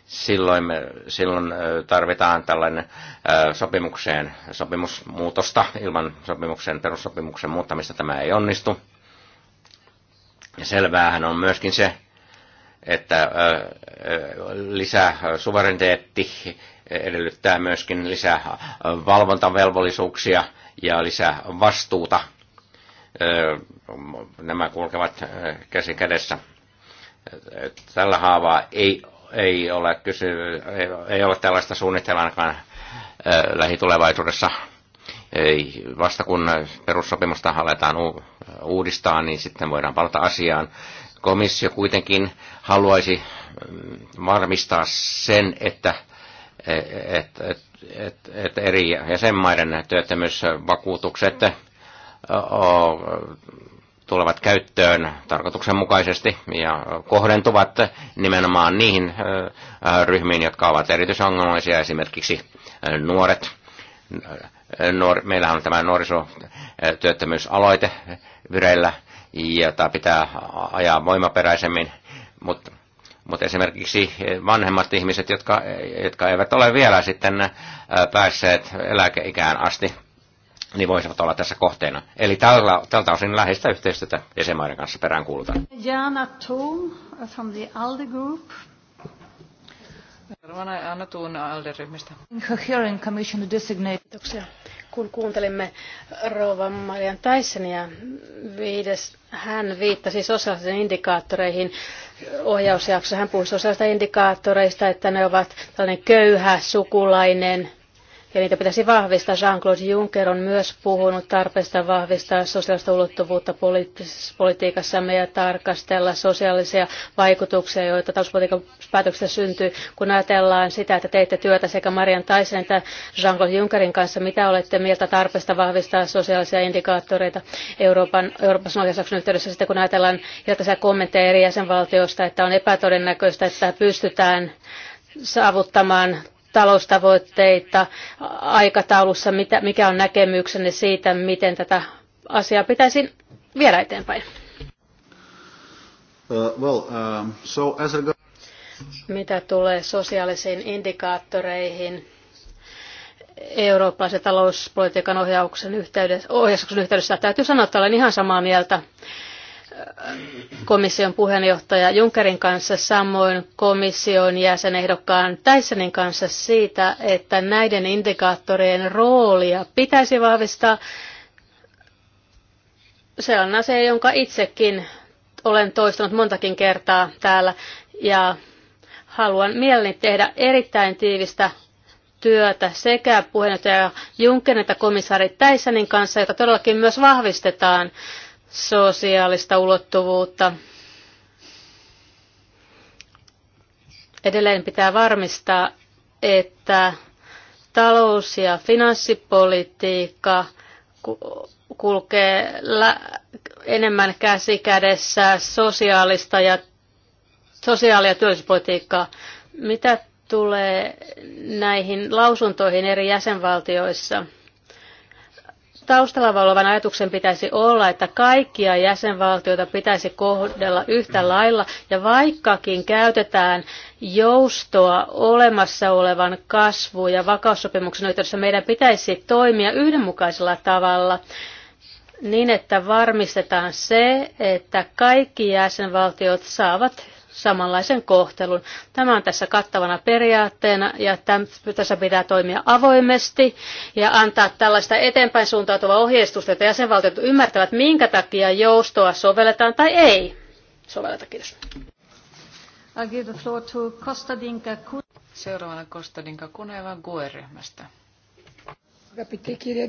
silloin, me, silloin tarvitaan tällainen sopimukseen, sopimusmuutosta ilman sopimuksen, perussopimuksen muuttamista tämä ei onnistu. Ja selväähän on myöskin se, että lisää suvereniteetti edellyttää myöskin lisää valvontavelvollisuuksia ja lisää vastuuta. Nämä kulkevat käsi kädessä. Tällä haavaa ei ei ole, kysy, ei, ei ole tällaista suunnitelmaa lähitulevaisuudessa. Ei, vasta kun perussopimusta aletaan uudistaa, niin sitten voidaan palata asiaan. Komissio kuitenkin haluaisi mm, varmistaa sen, että e, et, et, et, et eri jäsenmaiden työttömyysvakuutukset tulevat käyttöön tarkoituksenmukaisesti ja kohdentuvat nimenomaan niihin ryhmiin, jotka ovat erityisongelmaisia, esimerkiksi nuoret. meillä on tämä nuorisotyöttömyysaloite vireillä, jota pitää ajaa voimaperäisemmin, mutta mutta esimerkiksi vanhemmat ihmiset, jotka, jotka eivät ole vielä sitten päässeet eläkeikään asti, niin voisivat olla tässä kohteena. Eli tällä, tältä osin läheistä yhteistyötä jäsenmaiden kanssa peräänkuulutan. Jana Thun from the ALDE Group. Seuraavana Anna Thun alde ryhmistä. Hearing Commission Kiitoksia. Kun kuuntelimme Rova Marian Tyssonia, viides, hän viittasi sosiaalisiin indikaattoreihin ohjausjakso. Hän puhui sosiaalista indikaattoreista, että ne ovat tällainen köyhä sukulainen, ja niitä pitäisi vahvistaa. Jean-Claude Juncker on myös puhunut tarpeesta vahvistaa sosiaalista ulottuvuutta politiikassamme ja tarkastella sosiaalisia vaikutuksia, joita talouspolitiikan päätöksistä syntyy. Kun ajatellaan sitä, että teitte työtä sekä Marian Taisen että Jean-Claude Junckerin kanssa, mitä olette mieltä tarpeesta vahvistaa sosiaalisia indikaattoreita Euroopan, Euroopan ohjausjakson yhteydessä, sitten kun ajatellaan iltaisia kommentteja eri jäsenvaltioista, että on epätodennäköistä, että pystytään saavuttamaan taloustavoitteita aikataulussa, mikä on näkemyksenne siitä, miten tätä asiaa pitäisi viedä eteenpäin? Uh, well, um, so as a... Mitä tulee sosiaalisiin indikaattoreihin eurooppalaisen talouspolitiikan ohjauksen yhteydessä, ohjauksen yhteydessä, täytyy sanoa, että olen ihan samaa mieltä komission puheenjohtaja Junckerin kanssa, samoin komission jäsenehdokkaan Tysonin kanssa siitä, että näiden indikaattorien roolia pitäisi vahvistaa. Se on asia, jonka itsekin olen toistanut montakin kertaa täällä ja haluan mielelläni tehdä erittäin tiivistä työtä sekä puheenjohtaja Junckerin että komissaari Täisänin kanssa, jota todellakin myös vahvistetaan sosiaalista ulottuvuutta. Edelleen pitää varmistaa, että talous- ja finanssipolitiikka kulkee enemmän käsi kädessä sosiaalista ja, sosiaali- ja työllisyyspolitiikkaa. Mitä tulee näihin lausuntoihin eri jäsenvaltioissa – taustalla olevan ajatuksen pitäisi olla, että kaikkia jäsenvaltioita pitäisi kohdella yhtä lailla, ja vaikkakin käytetään joustoa olemassa olevan kasvu- ja vakaussopimuksen yhteydessä, meidän pitäisi toimia yhdenmukaisella tavalla niin, että varmistetaan se, että kaikki jäsenvaltiot saavat samanlaisen kohtelun. Tämä on tässä kattavana periaatteena ja tässä pitää toimia avoimesti ja antaa tällaista eteenpäin suuntautuvaa ohjeistusta, että jäsenvaltiot ymmärtävät, minkä takia joustoa sovelletaan tai ei sovelleta. Kiitos. Kun... Seuraavana Kostadinka Kuneva GUE-ryhmästä. Αγαπητέ κύριε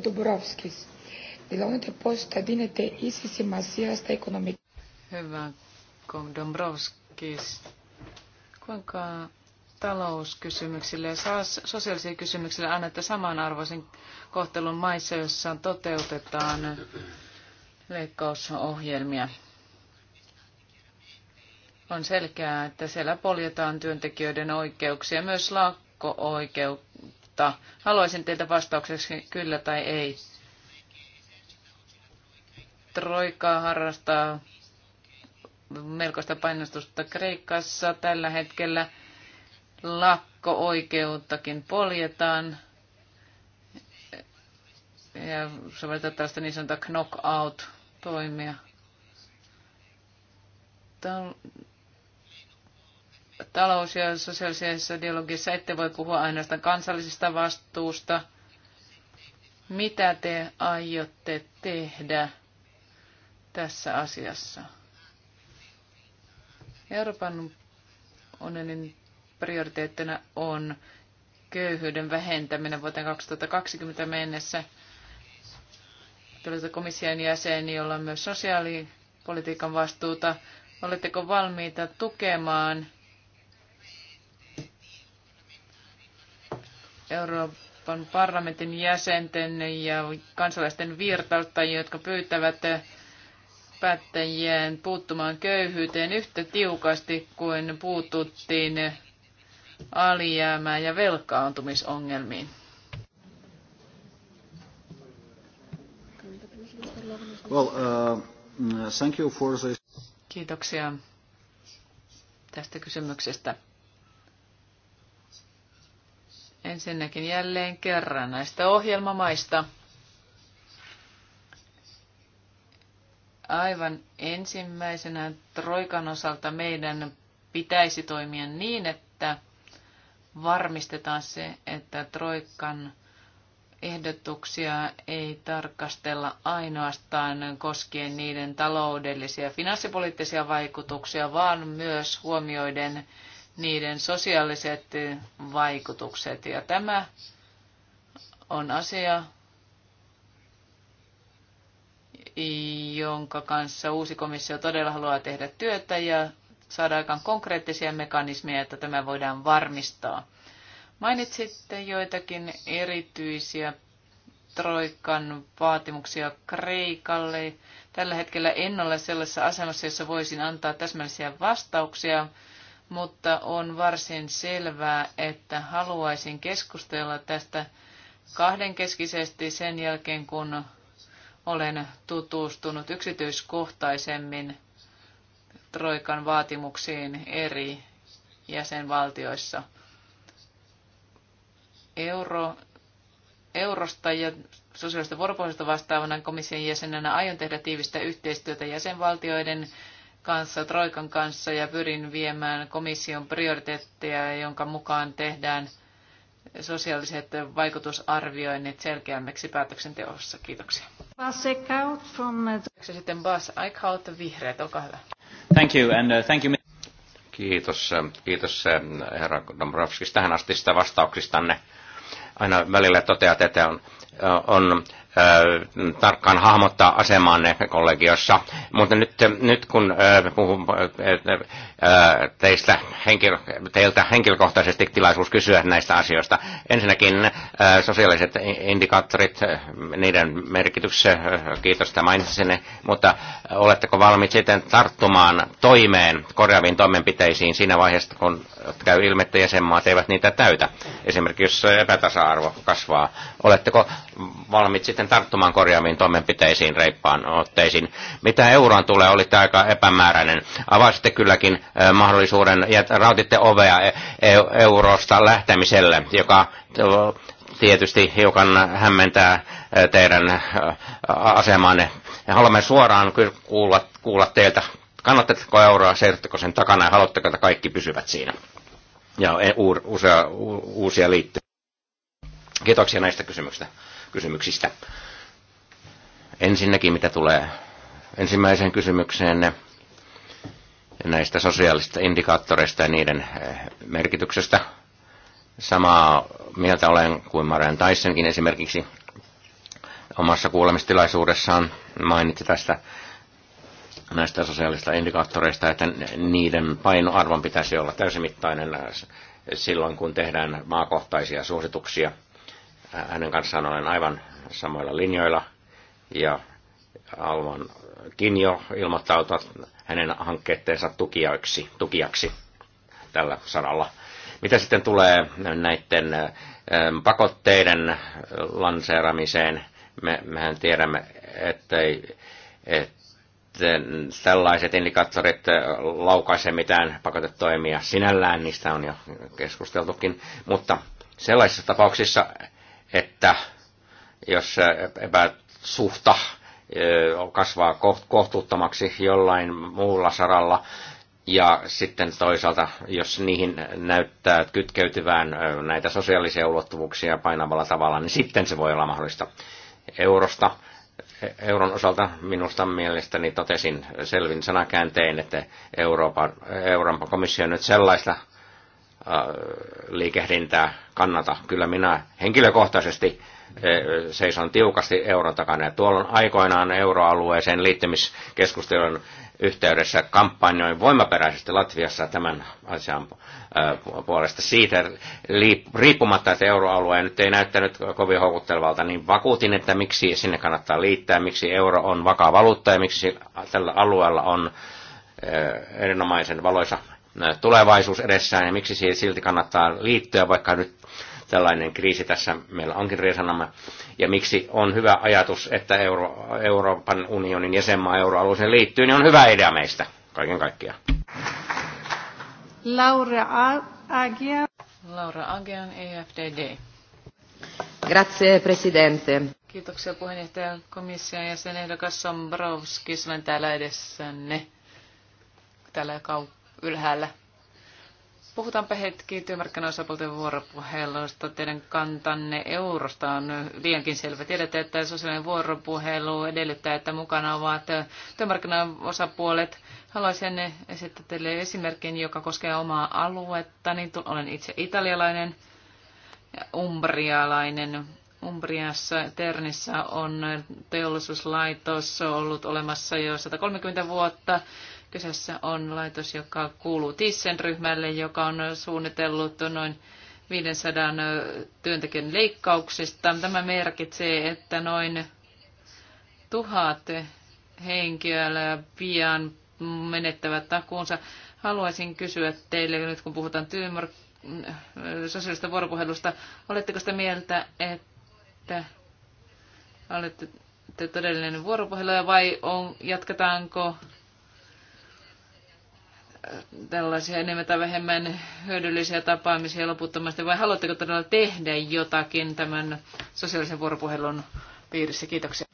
Hyvä Dombrovskis Paleckis, kuinka talouskysymyksille ja sosiaalisille kysymyksille annatte samanarvoisen kohtelun maissa, joissa toteutetaan leikkausohjelmia? On selkeää, että siellä poljetaan työntekijöiden oikeuksia, myös lakko-oikeutta. Haluaisin teiltä vastaukseksi kyllä tai ei. Troika harrastaa melkoista painostusta Kreikassa. Tällä hetkellä lakko-oikeuttakin poljetaan ja sovelletaan tällaista niin sanotaan knock-out-toimia. Talous- ja sosiaalisessa dialogissa ette voi puhua ainoastaan kansallisesta vastuusta. Mitä te aiotte tehdä tässä asiassa? Euroopan unionin prioriteettina on köyhyyden vähentäminen vuoteen 2020 mennessä. Tulette komission jäseni jolla on myös sosiaalipolitiikan vastuuta. Oletteko valmiita tukemaan Euroopan parlamentin jäsenten ja kansalaisten virtauttajia, jotka pyytävät päättäjien puuttumaan köyhyyteen yhtä tiukasti kuin puututtiin alijäämään ja velkaantumisongelmiin. Well, uh, thank you for this. Kiitoksia tästä kysymyksestä. Ensinnäkin jälleen kerran näistä ohjelmamaista – Aivan ensimmäisenä Troikan osalta meidän pitäisi toimia niin, että varmistetaan se, että Troikan ehdotuksia ei tarkastella ainoastaan koskien niiden taloudellisia ja finanssipoliittisia vaikutuksia, vaan myös huomioiden niiden sosiaaliset vaikutukset. Ja tämä on asia, jonka kanssa uusi komissio todella haluaa tehdä työtä ja saada aikaan konkreettisia mekanismeja, että tämä voidaan varmistaa. Mainitsitte joitakin erityisiä Troikan vaatimuksia Kreikalle. Tällä hetkellä en ole sellaisessa asemassa, jossa voisin antaa täsmällisiä vastauksia, mutta on varsin selvää, että haluaisin keskustella tästä kahdenkeskisesti sen jälkeen, kun olen tutustunut yksityiskohtaisemmin Troikan vaatimuksiin eri jäsenvaltioissa. Euro, eurosta ja sosiaalista vuoropuhelusta vastaavana komission jäsenenä aion tehdä tiivistä yhteistyötä jäsenvaltioiden kanssa, Troikan kanssa ja pyrin viemään komission prioriteetteja, jonka mukaan tehdään – sosiaaliset vaikutusarvioinnit selkeämmiksi päätöksenteossa. Uh, Kiitoksia. Sitten Bas vihreät, olkaa hyvä. Thank you and uh, thank you. Kiitos, uh, kiitos herra Dombrovskis tähän asti sitä vastauksistanne. Aina välillä toteat, että on, on tarkkaan hahmottaa asemaanne kollegiossa. Mutta nyt, nyt kun puhun teistä henkilö, teiltä henkilökohtaisesti tilaisuus kysyä näistä asioista. Ensinnäkin sosiaaliset indikaattorit, niiden merkitys, kiitos, että mainitsin mutta oletteko valmiit sitten tarttumaan toimeen, korjaaviin toimenpiteisiin siinä vaiheessa, kun käy ilme, että jäsenmaat eivät niitä täytä? Esimerkiksi jos epätasa-arvo kasvaa, oletteko valmiit sitten sitten tarttumaan korjaaviin toimenpiteisiin reippaan otteisiin. Mitä euroon tulee, tämä aika epämääräinen. Avasitte kylläkin mahdollisuuden ja rautitte ovea e, e, eurosta lähtemiselle, joka tietysti hiukan hämmentää teidän asemanne. Haluamme suoraan kuulla, kuulla teiltä, kannatteko euroa, seuratteko sen takana ja haluatteko, että kaikki pysyvät siinä. Ja e, uusia, uusia liittyy. Kiitoksia näistä kysymyksistä kysymyksistä. Ensinnäkin mitä tulee ensimmäiseen kysymykseen näistä sosiaalista indikaattoreista ja niiden eh, merkityksestä. Samaa mieltä olen kuin Marian Taissenkin esimerkiksi omassa kuulemistilaisuudessaan mainitsi tästä näistä sosiaalista indikaattoreista, että niiden painoarvon pitäisi olla täysimittainen eh, silloin, kun tehdään maakohtaisia suosituksia – hänen kanssaan olen aivan samoilla linjoilla ja Alman Kinjo ilmoittautua hänen hankkeetteensa tukijaksi, tukijaksi tällä saralla. Mitä sitten tulee näiden äh, pakotteiden lanseeramiseen, me, mehän tiedämme, että, että tällaiset indikaattorit laukaise mitään pakotetoimia sinällään, niistä on jo keskusteltukin, mutta sellaisissa tapauksissa että jos epäsuhta kasvaa kohtuuttomaksi jollain muulla saralla, ja sitten toisaalta, jos niihin näyttää kytkeytyvään näitä sosiaalisia ulottuvuuksia painavalla tavalla, niin sitten se voi olla mahdollista. Eurosta, e-, euron osalta minusta mielestäni totesin selvin sanakääntein, että Euroopan, Euroopan komissio nyt sellaista Äh, liikehdintää kannata. Kyllä minä henkilökohtaisesti äh, seison tiukasti euron takana. Ja tuolloin aikoinaan euroalueeseen liittymiskeskustelun yhteydessä kampanjoin voimaperäisesti Latviassa tämän asian äh, puolesta siitä riippumatta, että euroalue nyt ei näyttänyt kovin houkuttelevalta, niin vakuutin, että miksi sinne kannattaa liittää, miksi euro on vakaa valuutta ja miksi tällä alueella on erinomaisen valoisa tulevaisuus edessään ja miksi siihen silti kannattaa liittyä, vaikka nyt tällainen kriisi tässä meillä onkin riesanamme. Ja miksi on hyvä ajatus, että Euro- Euroopan unionin jäsenmaa euroalueeseen liittyy, niin on hyvä idea meistä kaiken kaikkiaan. Laura Agia. Laura Agian, EFDD. Grazie, Presidente. Kiitoksia puheenjohtaja komission jäsenehdokas Sombrovskis. Olen täällä edessänne. Täällä kau- ylhäällä. Puhutaanpa hetki työmarkkinaosapuolten vuoropuhelusta. Teidän kantanne eurosta on liiankin selvä. Tiedätte, että sosiaalinen vuoropuhelu edellyttää, että mukana ovat työmarkkinaosapuolet. Haluaisin esittää teille esimerkin, joka koskee omaa aluetta. Niin olen itse italialainen ja umbrialainen. Umbriassa Ternissä on teollisuuslaitos ollut olemassa jo 130 vuotta Kyseessä on laitos, joka kuuluu Thyssen-ryhmälle, joka on suunnitellut noin 500 työntekijän leikkauksista. Tämä merkitsee, että noin tuhat henkilöä pian menettävät takuunsa. Haluaisin kysyä teille, nyt kun puhutaan työmark- sosiaalista vuoropuhelusta, oletteko sitä mieltä, että olette todellinen vuoropuhelu vai on, jatketaanko tällaisia enemmän tai vähemmän hyödyllisiä tapaamisia loputtomasti, vai haluatteko todella tehdä jotakin tämän sosiaalisen vuoropuhelun piirissä? Kiitoksia.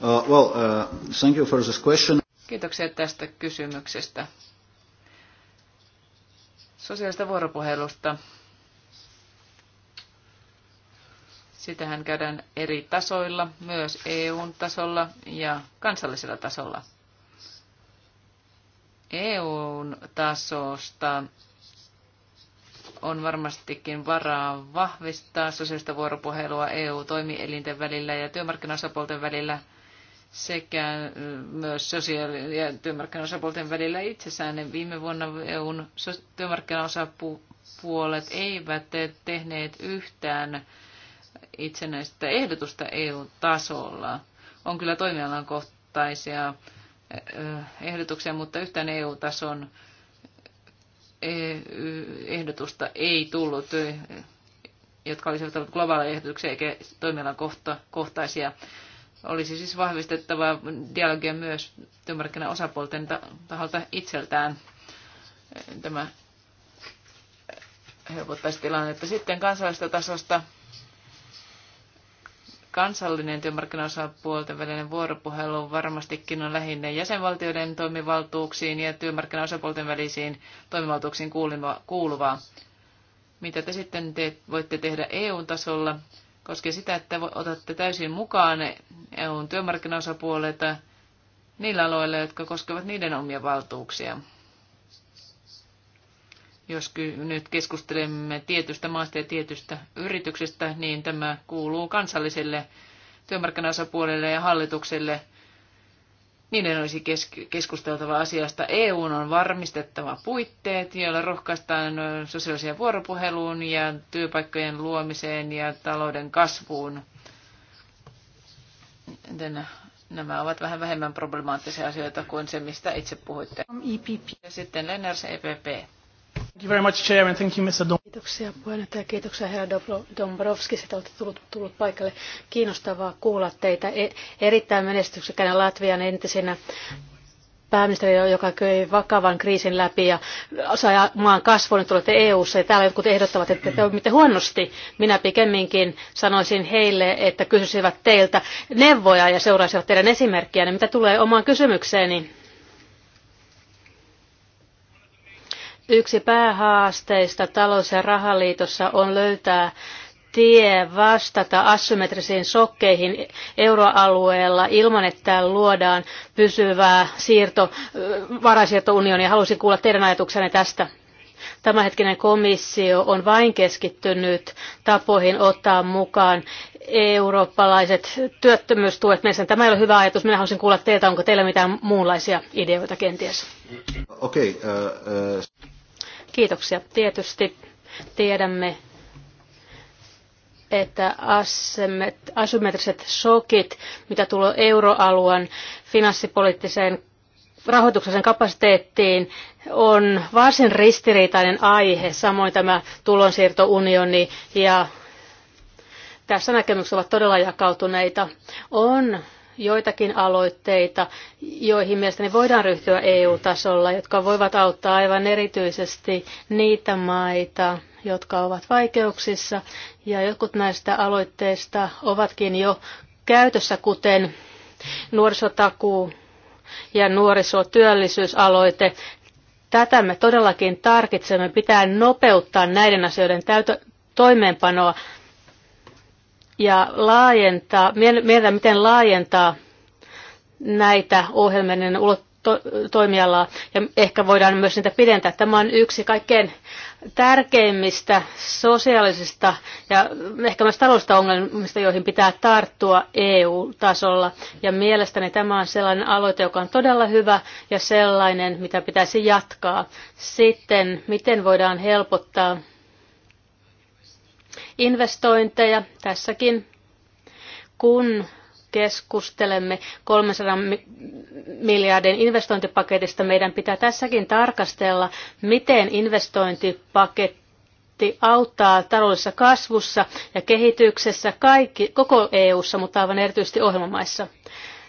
Uh, well, uh, thank you for this question. Kiitoksia tästä kysymyksestä. Sosiaalista vuoropuhelusta Sitähän käydään eri tasoilla, myös EUn tasolla ja kansallisella tasolla. EUn tasosta on varmastikin varaa vahvistaa sosiaalista vuoropuhelua EU-toimielinten välillä ja työmarkkinaosapuolten välillä sekä myös sosiaali- ja työmarkkinaosapuolten välillä itsessään. Viime vuonna EUn työmarkkinaosapuolet eivät tehneet yhtään itsenäistä ehdotusta EU-tasolla. On kyllä toimialan kohtaisia ehdotuksia, mutta yhtään EU-tason e, ehdotusta ei tullut, jotka olisivat olleet globaaleja ehdotuksia eikä toimialan kohtaisia. Olisi siis vahvistettava dialogia myös työmarkkinaosapuolten taholta itseltään. Tämä helpottaisi tilannetta. Sitten kansallisesta tasosta kansallinen työmarkkinaosapuolten välinen vuoropuhelu varmastikin on lähinnä jäsenvaltioiden toimivaltuuksiin ja työmarkkinaosapuolten välisiin toimivaltuuksiin kuuluvaa. Mitä te sitten te voitte tehdä EU-tasolla? Koskee sitä, että otatte täysin mukaan EUn työmarkkinaosapuolet niillä aloilla, jotka koskevat niiden omia valtuuksia. Jos nyt keskustelemme tietystä maasta ja tietystä yrityksestä, niin tämä kuuluu kansalliselle työmarkkinaosapuolelle ja hallitukselle. Niiden olisi keskusteltava asiasta. EU on varmistettava puitteet, joilla rohkaistaan sosiaaliseen vuoropuheluun ja työpaikkojen luomiseen ja talouden kasvuun. Nämä ovat vähän vähemmän problemaattisia asioita kuin se, mistä itse puhuitte. E ja sitten Lenners EPP kiitoksia puheenjohtaja, kiitoksia herra Dombrovski, että olette tullut, tullut paikalle. Kiinnostavaa kuulla teitä e- erittäin menestyksekkäinen Latvian entisenä pääministeri, joka köi vakavan kriisin läpi ja sai maan kasvun, nyt olette eu ja täällä jotkut ehdottavat, että te olette huonosti. Minä pikemminkin sanoisin heille, että kysyisivät teiltä neuvoja ja seuraisivat teidän esimerkkiä. mitä tulee omaan kysymykseeni, Yksi päähaasteista talous- ja rahaliitossa on löytää tie vastata asymmetrisiin sokkeihin euroalueella ilman, että luodaan pysyvää siirto, varainsiirtounionia. Haluaisin kuulla teidän ajatuksenne tästä. Tämänhetkinen komissio on vain keskittynyt tapoihin ottaa mukaan eurooppalaiset työttömyystuet. Mielestäni tämä ei ole hyvä ajatus. Minä haluaisin kuulla teiltä, onko teillä mitään muunlaisia ideoita kenties. Okei. Okay, uh, äh, uh... Äh, Kiitoksia. Tietysti tiedämme, että asymmetriset shokit, mitä tulee euroalueen finanssipoliittiseen rahoituksen kapasiteettiin on varsin ristiriitainen aihe, samoin tämä tulonsiirtounioni ja tässä näkemykset ovat todella jakautuneita. On joitakin aloitteita, joihin mielestäni voidaan ryhtyä EU-tasolla, jotka voivat auttaa aivan erityisesti niitä maita, jotka ovat vaikeuksissa. Ja jotkut näistä aloitteista ovatkin jo käytössä, kuten nuorisotakuu ja nuorisotyöllisyysaloite. Tätä me todellakin tarkitsemme. Pitää nopeuttaa näiden asioiden täytö- toimeenpanoa ja laajentaa, mietitään miten laajentaa näitä ohjelmien toimialaa ja ehkä voidaan myös niitä pidentää. Tämä on yksi kaikkein tärkeimmistä sosiaalisista ja ehkä myös taloudellisista ongelmista, joihin pitää tarttua EU-tasolla. Ja mielestäni tämä on sellainen aloite, joka on todella hyvä ja sellainen, mitä pitäisi jatkaa. Sitten, miten voidaan helpottaa investointeja tässäkin, kun keskustelemme 300 miljardin investointipaketista, meidän pitää tässäkin tarkastella, miten investointipaketti auttaa taloudellisessa kasvussa ja kehityksessä kaikki, koko EU-ssa, mutta aivan erityisesti ohjelmamaissa.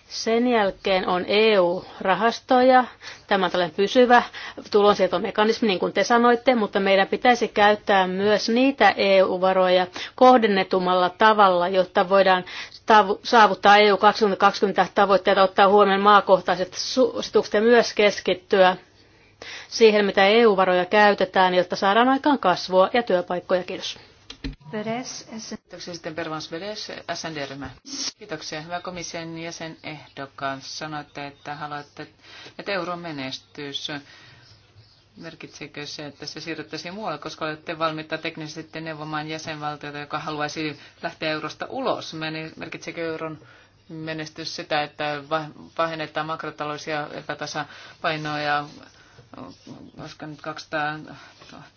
Sen jälkeen on EU-rahastoja. Tämä on tällainen pysyvä tulonsiirtomekanismi, niin kuin te sanoitte, mutta meidän pitäisi käyttää myös niitä EU-varoja kohdennetumalla tavalla, jotta voidaan saavuttaa EU 2020 tavoitteita, ottaa huomioon maakohtaiset suositukset ja myös keskittyä siihen, mitä EU-varoja käytetään, jotta saadaan aikaan kasvua ja työpaikkoja. Kiitos. Kiitoksia sitten Pervans Veres, SND-ryhmä. Kiitoksia. Hyvä komission jäsen ehdokas. Sanoitte, että haluatte, että euro menestys. Merkitsekö se, että se siirryttäisiin muualle, koska olette valmiita teknisesti neuvomaan jäsenvaltiota, joka haluaisi lähteä eurosta ulos? Merkitsekö euron menestys sitä, että vähennetään makrotaloudellisia epätasapainoja koska nyt 200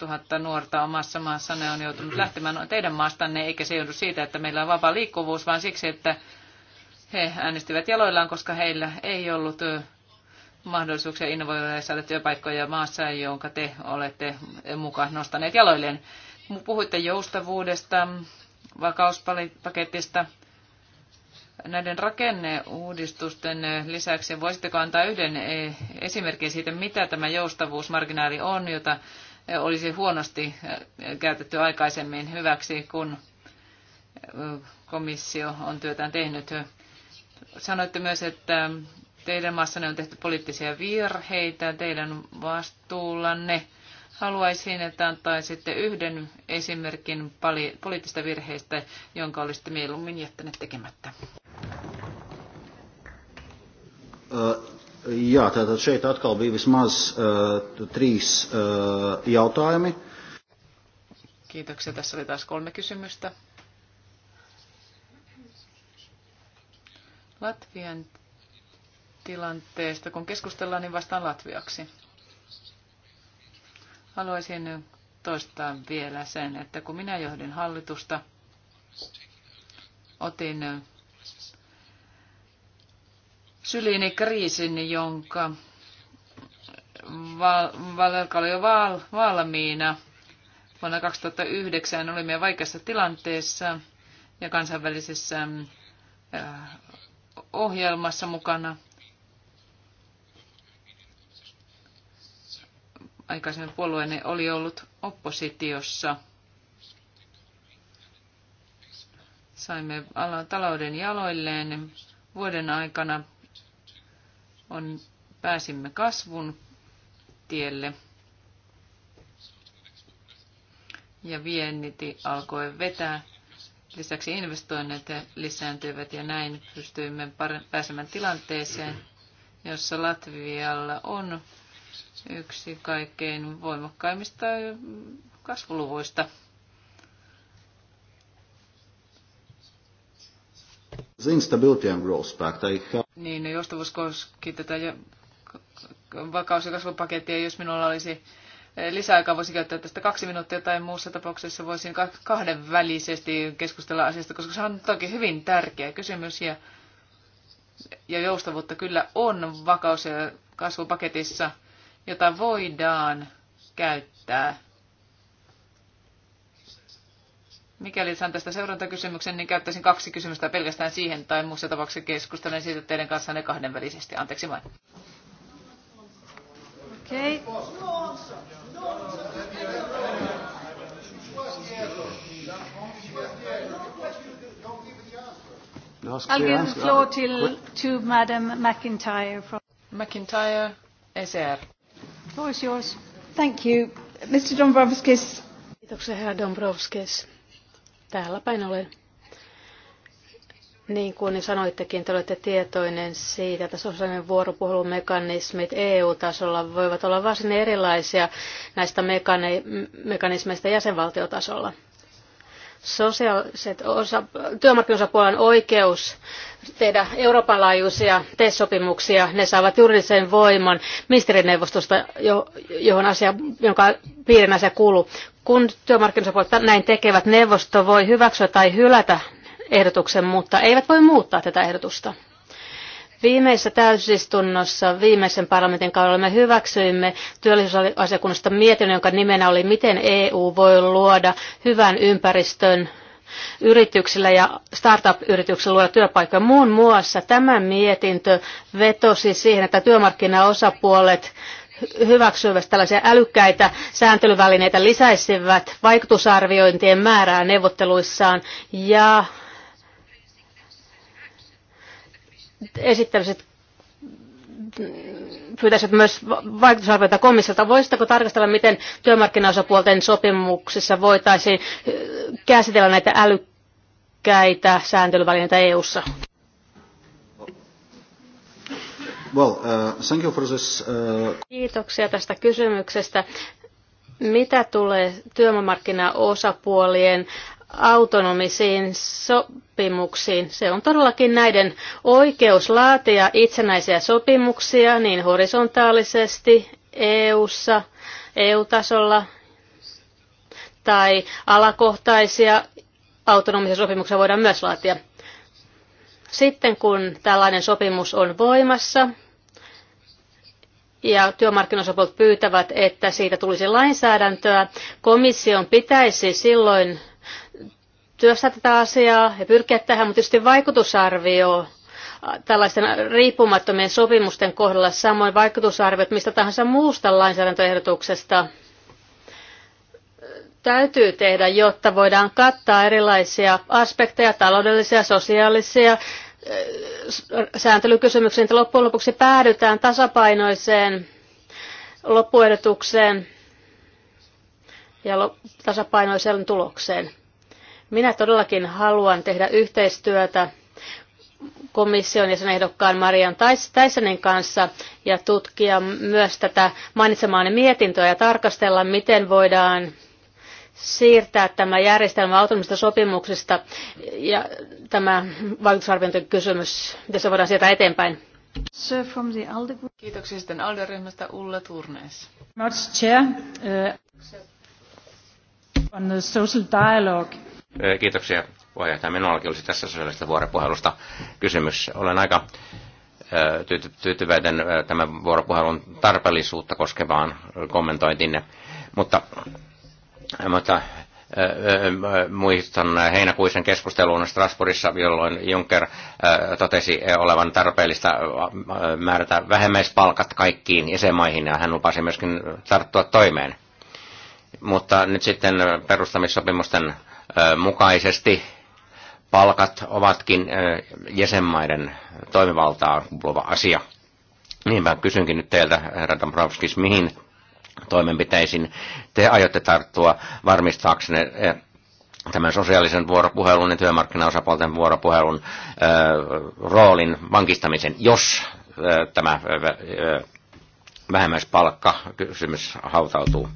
000 nuorta omassa ne on joutunut lähtemään teidän maastanne, eikä se joudu siitä, että meillä on vapaa liikkuvuus, vaan siksi, että he äänestivät jaloillaan, koska heillä ei ollut mahdollisuuksia innovoida ja saada työpaikkoja maassa, jonka te olette mukaan nostaneet jaloilleen. Puhuitte joustavuudesta, vakauspaketista, näiden rakenneuudistusten lisäksi voisitteko antaa yhden e, esimerkin siitä, mitä tämä joustavuusmarginaali on, jota olisi huonosti e, käytetty aikaisemmin hyväksi, kun e, komissio on työtään tehnyt. Sanoitte myös, että teidän maassanne on tehty poliittisia virheitä teidän vastuullanne. Haluaisin, että antaisitte yhden esimerkin poliittisista virheistä, jonka olisitte mieluummin jättäneet tekemättä. Jā, tātad šeit atkal bija vismaz uh, trīs uh, jautājumi. Kiitoksia. Tässä oli taas kolme kysymystä. Latvian tilanteesta, kun keskustellaan, niin vastaan latviaksi. Haluaisin toistaa vielä sen, että kun minä johdin hallitusta, otin syliini kriisin, jonka val, val, joka oli jo val, valmiina. Vuonna 2009 olimme vaikeassa tilanteessa ja kansainvälisessä äh, ohjelmassa mukana. Aikaisemmin puolueeni oli ollut oppositiossa. Saimme talouden jaloilleen vuoden aikana on, pääsimme kasvun tielle ja vienniti alkoi vetää. Lisäksi investoinnit lisääntyivät ja näin pystyimme pääsemään tilanteeseen, jossa Latvialla on yksi kaikkein voimakkaimmista kasvuluvuista The instability and growth pact, I have... Niin, no joustavuus koski tätä vakaus- ja kasvupakettia, jos minulla olisi eh, lisäaikaa voisi käyttää tästä kaksi minuuttia tai muussa tapauksessa voisin kahdenvälisesti keskustella asiasta, koska se on toki hyvin tärkeä kysymys ja, ja joustavuutta kyllä on vakaus- ja kasvupaketissa, jota voidaan käyttää Mikäli saan tästä seurantakysymyksen, niin käyttäisin kaksi kysymystä pelkästään siihen, tai muussa tapauksessa keskustelen siitä teidän kanssanne kahdenvälisesti. Anteeksi vain. Okei. Okay. I'll give the floor to, to Madam McIntyre. From McIntyre, SR. E the floor is yours. Thank you. Mr. Dombrovskis. Kiitoksia, herra Dombrovskis täällä päin olen. Niin kuin sanoittekin, te olette tietoinen siitä, että sosiaalinen vuoropuhelumekanismit EU-tasolla voivat olla varsin erilaisia näistä mekanismeista jäsenvaltiotasolla. Sosiaaliset osa, työmarkkinosapuolen oikeus tehdä Euroopan laajuisia TES-sopimuksia, ne saavat juridisen voiman ministerineuvostosta, johon asia, jonka piirin asia kuuluu. Kun työmarkkinasopuolet näin tekevät, neuvosto voi hyväksyä tai hylätä ehdotuksen, mutta eivät voi muuttaa tätä ehdotusta. Viimeisessä täysistunnossa viimeisen parlamentin kaudella me hyväksyimme työllisyysasiakunnasta mietinnön, jonka nimenä oli Miten EU voi luoda hyvän ympäristön yrityksillä ja startup-yrityksillä luoda työpaikkoja. Muun muassa tämä mietintö vetosi siihen, että työmarkkinaosapuolet hyväksyvät tällaisia älykkäitä sääntelyvälineitä lisäisivät vaikutusarviointien määrää neuvotteluissaan ja esittämiset pyytäisivät myös vaikutusarvioita komissiolta. Voisitteko tarkastella, miten työmarkkinaosapuolten sopimuksissa voitaisiin käsitellä näitä älykkäitä sääntelyvälineitä EU-ssa? Well, uh, thank you for this, uh... Kiitoksia tästä kysymyksestä. Mitä tulee työmarkkinaosapuolien autonomisiin sopimuksiin. Se on todellakin näiden oikeus laatia itsenäisiä sopimuksia niin horisontaalisesti EU-ssa, EU-tasolla tai alakohtaisia autonomisia sopimuksia voidaan myös laatia. Sitten kun tällainen sopimus on voimassa, ja työmarkkinosopuolet pyytävät, että siitä tulisi lainsäädäntöä. Komission pitäisi silloin työstää tätä asiaa ja pyrkiä tähän, mutta tietysti vaikutusarvio tällaisten riippumattomien sopimusten kohdalla, samoin vaikutusarviot mistä tahansa muusta lainsäädäntöehdotuksesta täytyy tehdä, jotta voidaan kattaa erilaisia aspekteja, taloudellisia, sosiaalisia, Äh, sääntelykysymyksiin, että loppujen lopuksi päädytään tasapainoiseen loppuehdotukseen ja tasapainoiseen tulokseen. Minä todellakin haluan tehdä yhteistyötä komission ja sen ehdokkaan Marian Täisänen kanssa ja tutkia myös tätä mainitsemaani mietintöä ja tarkastella, miten voidaan siirtää tämä järjestelmä autonomisesta sopimuksesta ja tämä vaikutusarviointikysymys, miten se voidaan sieltä eteenpäin? Sir from the ALDE group. Kiitoksia sitten ALDE-ryhmästä Ulla Turnes. Not chair. Uh, on the social dialogue. Eh, kiitoksia puheenjohtaja. Minullakin olisi tässä sosiaalista vuoropuhelusta kysymys. Olen aika eh, tyytyväinen eh, tämän vuoropuhelun tarpeellisuutta koskevaan kommentointinne, mutta mutta muistan heinäkuisen keskustelun Strasbourgissa, jolloin Juncker totesi olevan tarpeellista määrätä vähemmäispalkat kaikkiin jäsenmaihin, ja hän lupasi myöskin tarttua toimeen. Mutta nyt sitten perustamissopimusten mukaisesti palkat ovatkin jäsenmaiden toimivaltaa kuuluva asia. Niinpä kysynkin nyt teiltä, herra Dombrovskis, mihin toimenpiteisiin te aiotte tarttua varmistaaksenne eh, tämän sosiaalisen vuoropuhelun ja työmarkkinaosapuolten vuoropuhelun eh, roolin vankistamisen, jos eh, tämä vähemmäispalkka kysymys hautautuu.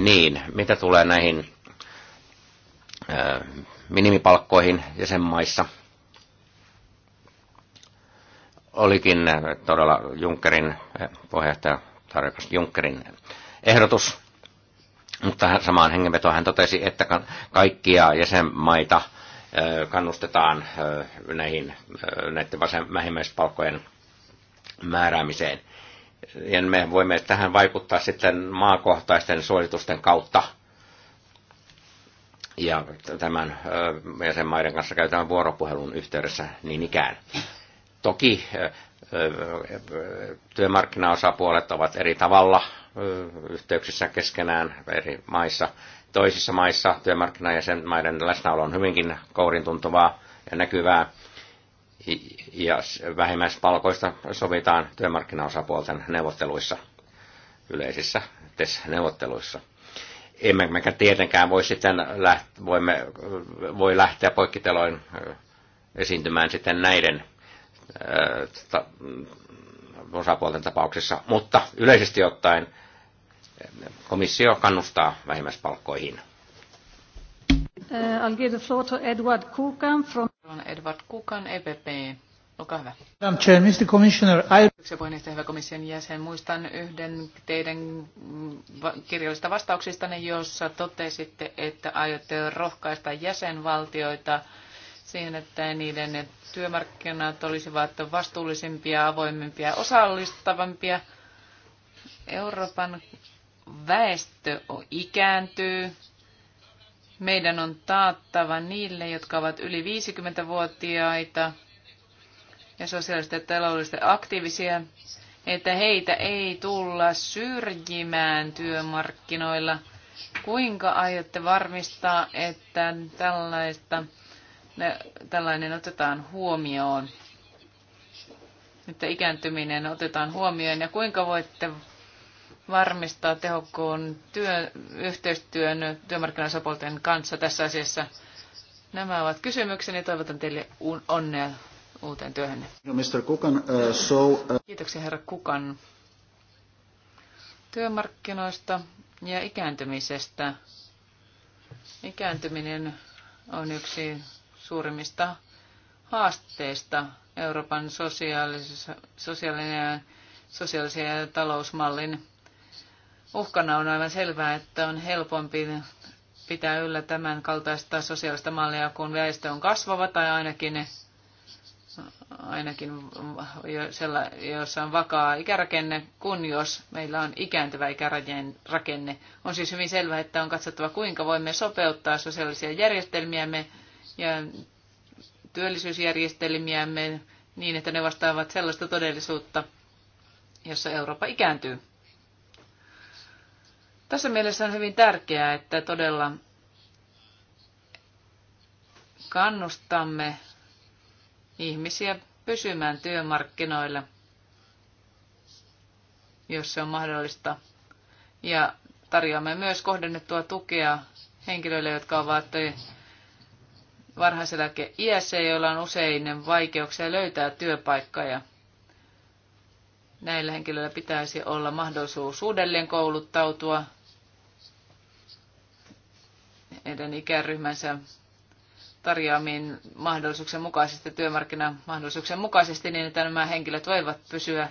Niin, mitä tulee näihin minimipalkkoihin jäsenmaissa, olikin todella Junckerin puheenjohtaja tarkasti Junckerin ehdotus. Mutta samaan hengenvetoon hän totesi, että kaikkia jäsenmaita kannustetaan näihin, näiden vähimmäispalkkojen määräämiseen. Ja me voimme tähän vaikuttaa sitten maakohtaisten suositusten kautta ja tämän jäsenmaiden kanssa käytävän vuoropuhelun yhteydessä niin ikään. Toki työmarkkinaosapuolet ovat eri tavalla yhteyksissä keskenään eri maissa. Toisissa maissa työmarkkinajäsenmaiden läsnäolo on hyvinkin kourintuntuvaa ja näkyvää, ja vähimmäispalkoista sovitaan työmarkkinaosapuolten neuvotteluissa, yleisissä TES-neuvotteluissa. Emme mekä tietenkään voi sitten läht, voimme, voi lähteä poikkiteloin esiintymään sitten näiden Äh, osapuolten tapauksessa, mutta yleisesti ottaen äh, komissio kannustaa vähimmäispalkkoihin. Äh, I'll give the floor to Edward Kukan from Edward Kukan, EPP. Olkaa hyvä. Madam Chair, Mr. Commissioner, I... Puheenjohtaja, hyvä komission jäsen. Muistan yhden teidän mm, kirjallisista vastauksistanne, jossa totesitte, että aiotte rohkaista jäsenvaltioita siihen, että niiden työmarkkinat olisivat vastuullisempia, avoimempia, osallistavampia. Euroopan väestö ikääntyy. Meidän on taattava niille, jotka ovat yli 50-vuotiaita ja sosiaalisesti ja taloudellisesti aktiivisia, että heitä ei tulla syrjimään työmarkkinoilla. Kuinka aiotte varmistaa, että tällaista tällainen otetaan huomioon, että ikääntyminen otetaan huomioon ja kuinka voitte varmistaa tehokkuun työ, yhteistyön työmarkkinasopolten kanssa tässä asiassa. Nämä ovat kysymykseni. Toivotan teille onnea uuteen työhönne. No, Mr. Kukan, uh, so, uh... Kiitoksia herra Kukan työmarkkinoista ja ikääntymisestä. Ikääntyminen on yksi suurimmista haasteista Euroopan sosiaalinen sosiaalisen ja talousmallin uhkana on aivan selvää, että on helpompi pitää yllä tämän kaltaista sosiaalista mallia, kun väestö on kasvava tai ainakin, ainakin jossa on vakaa ikärakenne, kun jos meillä on ikääntyvä ikärakenne. On siis hyvin selvää, että on katsottava, kuinka voimme sopeuttaa sosiaalisia järjestelmiämme ja työllisyysjärjestelmiämme niin, että ne vastaavat sellaista todellisuutta, jossa Eurooppa ikääntyy. Tässä mielessä on hyvin tärkeää, että todella kannustamme ihmisiä pysymään työmarkkinoilla, jos se on mahdollista. Ja tarjoamme myös kohdennettua tukea henkilöille, jotka ovat varhaiseläke iässä, joilla on usein vaikeuksia löytää työpaikkaa ja näillä henkilöillä pitäisi olla mahdollisuus uudelleen kouluttautua heidän ikäryhmänsä tarjoamiin mahdollisuuksien mukaisesti, työmarkkinamahdollisuuksien mukaisesti, niin että nämä henkilöt voivat pysyä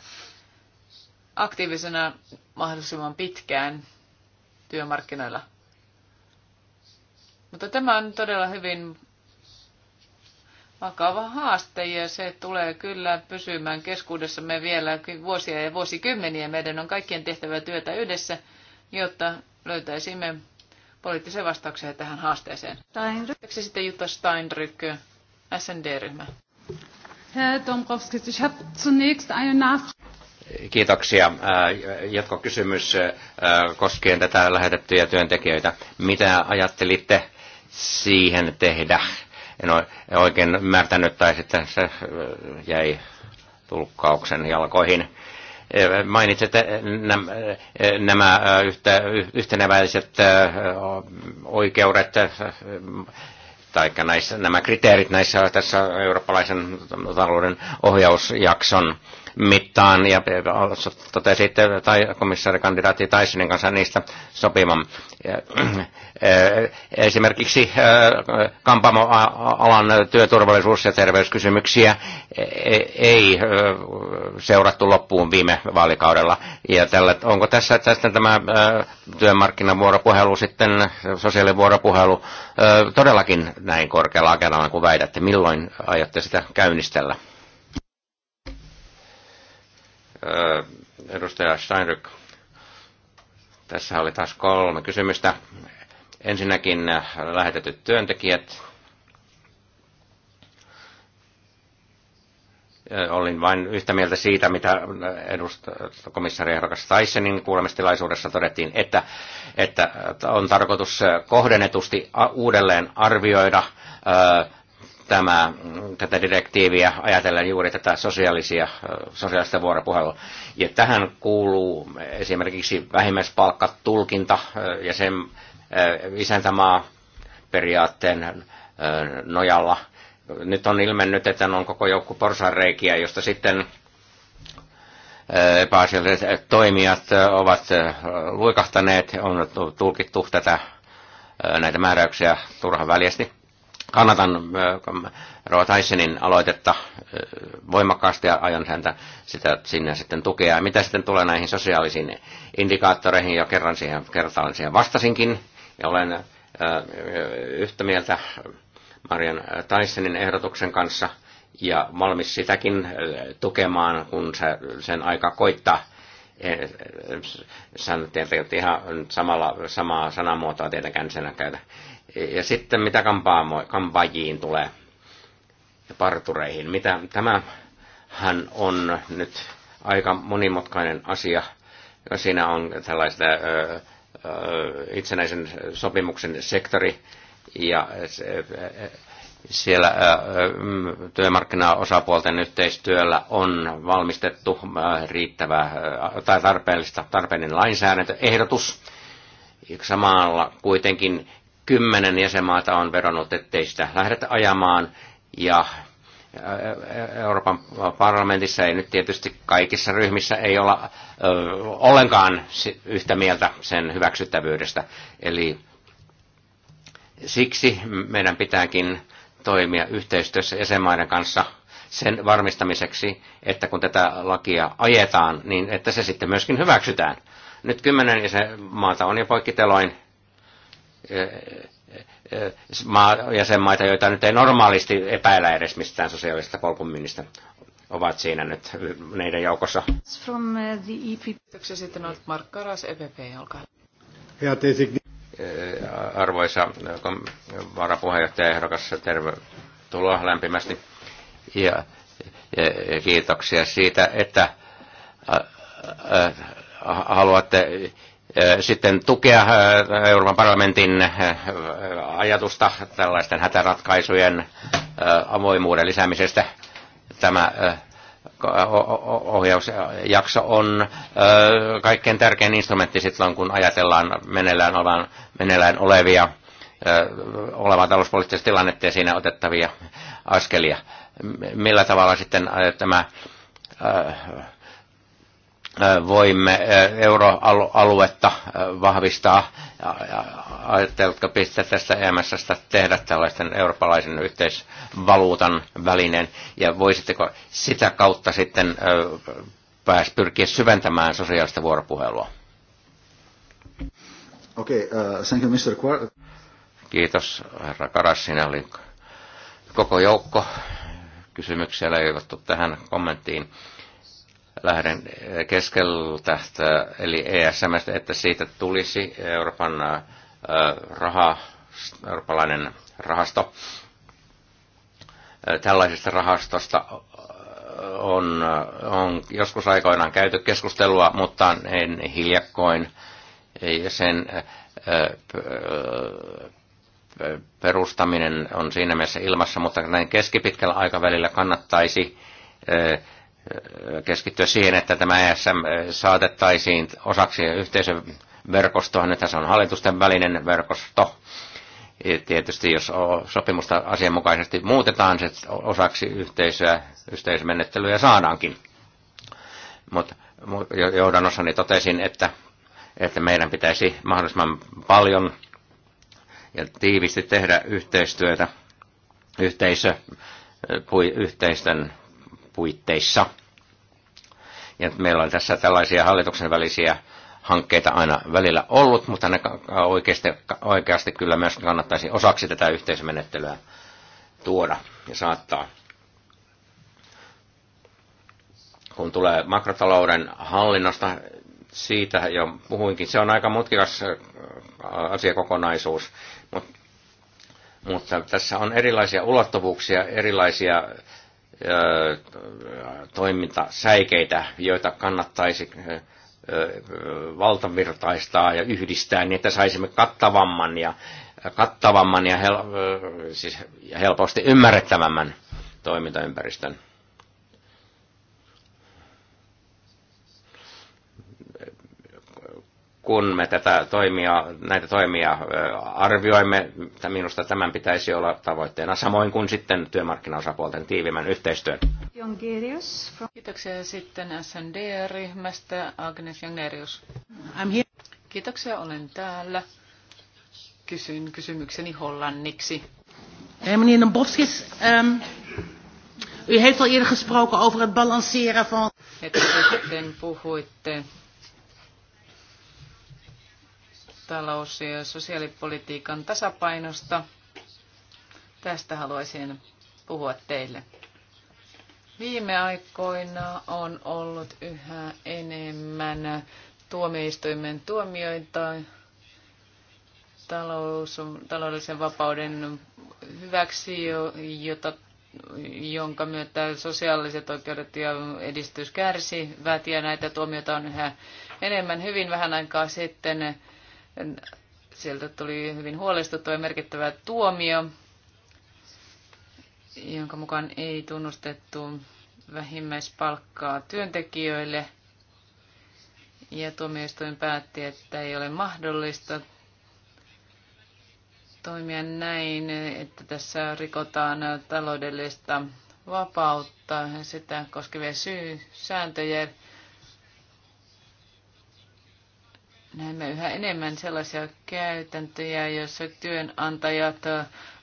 aktiivisena mahdollisimman pitkään työmarkkinoilla. Mutta tämä on todella hyvin vakava haaste ja se tulee kyllä pysymään keskuudessamme vielä vuosia ja vuosikymmeniä. Meidän on kaikkien tehtävä työtä yhdessä, jotta löytäisimme poliittisen vastauksen tähän haasteeseen. Steinrück. sitten Jutta Steinrück, SND-ryhmä? Herr Dombrovskis, ich habe zunächst eine Nachfrage. Kiitoksia. Äh, jatkokysymys äh, koskien tätä lähetettyjä työntekijöitä. Mitä ajattelitte siihen tehdä? en ole oikein ymmärtänyt, tai sitten se äh, jäi tulkkauksen jalkoihin. Äh, Mainitsette äh, nämä yhtä, yhteneväiset oikeudet tai näissä, nämä kriteerit näissä tässä eurooppalaisen talouden ohjausjakson mittaan ja totesitte tai komissaarikandidaatti Taisenin kanssa niistä sopivan. Esimerkiksi kampamoalan työturvallisuus- ja terveyskysymyksiä e, e, ei seurattu loppuun viime vaalikaudella. Ja tällä, onko tässä tässä tämä työmarkkinavuoropuhelu sitten, sosiaalivuoropuhelu, todellakin näin korkealla agendalla kuin väitätte? Milloin aiotte sitä käynnistellä? Edustaja Steinrück, tässä oli taas kolme kysymystä. Ensinnäkin äh, lähetetyt työntekijät. Olin vain yhtä mieltä siitä, mitä äh, edust- komissaari Herokas Taisenin kuulemistilaisuudessa todettiin, että, että äh, on tarkoitus kohdennetusti uudelleen arvioida – tämä, tätä direktiiviä ajatellen juuri tätä sosiaalisia, sosiaalista vuoropuhelua. Ja tähän kuuluu esimerkiksi vähimmäispalkkatulkinta ja sen isäntämaa periaatteen nojalla. Nyt on ilmennyt, että on koko joukko porsanreikiä, josta sitten epäasialliset toimijat ovat luikahtaneet, on tulkittu tätä, näitä määräyksiä turhan väljästi Kannatan äh, Roa Tysonin aloitetta äh, voimakkaasti ja aion häntä sitä sinne sitten tukea. Mitä sitten tulee näihin sosiaalisiin indikaattoreihin, jo kerran siihen kertaan siihen vastasinkin, ja olen äh, yhtä mieltä Marian Tysonin ehdotuksen kanssa, ja valmis sitäkin tukemaan, kun se, sen aika koittaa e, e, Sanoit tietenkin ihan samalla, samaa sanamuotoa tietenkään sen käytä. Ja sitten mitä kampaajiin tulee ja partureihin, mitä tämähän on nyt aika monimutkainen asia. Siinä on tällaista ö, ö, itsenäisen sopimuksen sektori ja se, siellä työmarkkinaosapuolten yhteistyöllä on valmistettu riittävä tai tarpeellista, tarpeellinen lainsäädäntöehdotus. Samalla kuitenkin kymmenen jäsenmaata on vedonnut, ettei sitä lähdetä ajamaan. Ja Euroopan parlamentissa ei nyt tietysti kaikissa ryhmissä ei olla ö, ollenkaan yhtä mieltä sen hyväksyttävyydestä. Eli siksi meidän pitääkin toimia yhteistyössä jäsenmaiden kanssa sen varmistamiseksi, että kun tätä lakia ajetaan, niin että se sitten myöskin hyväksytään. Nyt kymmenen jäsenmaata on jo poikkiteloin jäsenmaita, joita nyt ei normaalisti epäillä edes mistään sosiaalista polkumyynnistä, ovat siinä nyt neiden joukossa. From uh, the EP. sitten on Mark Karas, EPP, olkaa eh, Arvoisa eh, varapuheenjohtaja ehdokas, tervetuloa lämpimästi. Ja, ja eh, kiitoksia siitä, että haluatte sitten tukea Euroopan parlamentin ajatusta tällaisten hätäratkaisujen avoimuuden lisäämisestä. Tämä ohjausjakso on kaikkein tärkein instrumentti silloin, kun ajatellaan meneillään, olevan, meneillään olevia olevaa talouspoliittista tilannetta ja siinä otettavia askelia. Millä tavalla sitten tämä voimme euroaluetta vahvistaa. Ajatteletko pistää tästä EMSstä tehdä tällaisen eurooppalaisen yhteisvaluutan välineen ja voisitteko sitä kautta sitten pääs pyrkiä syventämään sosiaalista vuoropuhelua? Okei, okay, uh, thank you, Mr. Quar- Kiitos, herra Karas. Siinä oli koko joukko kysymyksiä leivottu tähän kommenttiin lähden eh, keskeltä, eli ESM, että siitä tulisi Euroopan eh, raha, eurooppalainen rahasto. Eh, tällaisesta rahastosta on, on joskus aikoinaan käyty keskustelua, mutta en hiljakkoin sen perustaminen on siinä mielessä ilmassa, mutta näin keskipitkällä aikavälillä kannattaisi keskittyä siihen, että tämä ESM saatettaisiin osaksi yhteisöverkostoa, nyt se on hallitusten välinen verkosto. Tietysti jos sopimusta asianmukaisesti muutetaan se osaksi yhteisöä, yhteismenettelyä saadaankin. Mutta johdannossani totesin, että, että meidän pitäisi mahdollisimman paljon ja tiivisti tehdä yhteistyötä yhteisö, yhteisten puitteissa. Ja meillä on tässä tällaisia hallituksen välisiä hankkeita aina välillä ollut, mutta ne oikeasti, oikeasti kyllä myös kannattaisi osaksi tätä yhteismenettelyä tuoda ja saattaa. Kun tulee makrotalouden hallinnasta, siitä jo puhuinkin. Se on aika mutkikas äh, asiakokonaisuus, mutta, mutta tässä on erilaisia ulottuvuuksia, erilaisia Äh, toimintasäikeitä, joita kannattaisi äh, äh, valtavirtaistaa ja yhdistää niin, että saisimme kattavamman ja, kattavamman ja, hel, siis helposti ymmärrettävämmän toimintaympäristön. kun me tätä toimia, näitä toimia arvioimme, minusta tämän pitäisi olla tavoitteena, samoin kuin sitten työmarkkinaosapuolten tiivimän yhteistyön. Kiitoksia sitten SND-ryhmästä, Agnes Jongerius. Kiitoksia, olen täällä. Kysyn kysymykseni hollanniksi. Eh, meneer Boskis, um, ehm, u heeft al eerder gesproken over het balanceren van... puhuitte talous- ja sosiaalipolitiikan tasapainosta. Tästä haluaisin puhua teille. Viime aikoina on ollut yhä enemmän tuomioistuimen tuomioita talous, taloudellisen vapauden hyväksi, jota, jonka myötä sosiaaliset oikeudet ja edistys kärsivät, ja näitä tuomioita on yhä enemmän. Hyvin vähän aikaa sitten Sieltä tuli hyvin huolestuttava ja merkittävä tuomio, jonka mukaan ei tunnustettu vähimmäispalkkaa työntekijöille. Ja tuomioistuin päätti, että ei ole mahdollista toimia näin, että tässä rikotaan taloudellista vapautta, sitä koskevia syy, sääntöjä. näemme yhä enemmän sellaisia käytäntöjä, joissa työnantajat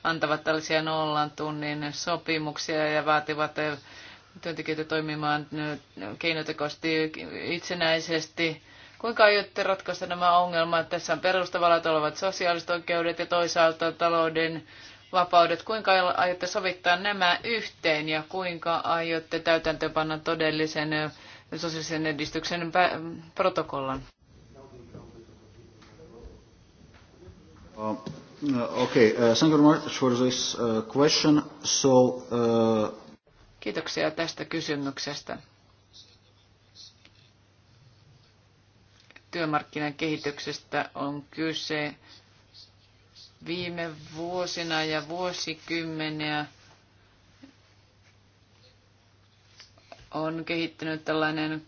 antavat tällaisia nollan tunnin sopimuksia ja vaativat työntekijöitä toimimaan keinotekoisesti itsenäisesti. Kuinka aiotte ratkaista nämä ongelmat? Tässä on perustavalla olevat sosiaaliset oikeudet ja toisaalta talouden vapaudet. Kuinka aiotte sovittaa nämä yhteen ja kuinka aiotte täytäntöönpanna todellisen sosiaalisen edistyksen protokollan? Uh, uh, okay. uh, thank you very much for this uh, question. So, uh... Kiitoksia tästä kysymyksestä. Työmarkkinan kehityksestä on kyse viime vuosina ja vuosikymmeniä on kehittynyt tällainen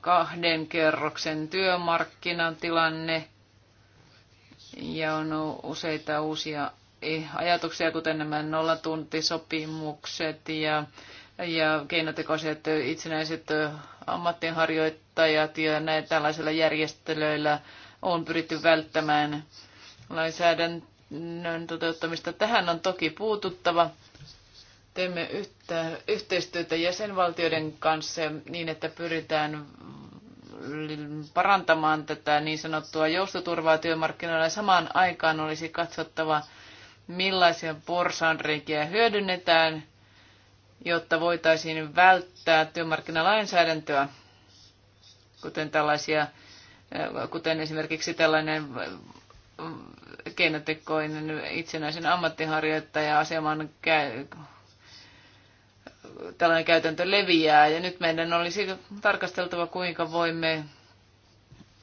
kahden kerroksen työmarkkinatilanne – ja on useita uusia eh, ajatuksia, kuten nämä nollatuntisopimukset ja, ja keinotekoiset itsenäiset ammattienharjoittajat ja näin tällaisilla järjestelyillä on pyritty välttämään lainsäädännön toteuttamista. Tähän on toki puututtava. Teemme yhtä, yhteistyötä jäsenvaltioiden kanssa niin, että pyritään parantamaan tätä niin sanottua joustoturvaa työmarkkinoilla. Samaan aikaan olisi katsottava, millaisia porsanreikiä hyödynnetään, jotta voitaisiin välttää työmarkkinalainsäädäntöä, kuten, tällaisia, kuten esimerkiksi tällainen keinotekoinen itsenäisen ammattiharjoittaja aseman tällainen käytäntö leviää. Ja nyt meidän olisi tarkasteltava, kuinka voimme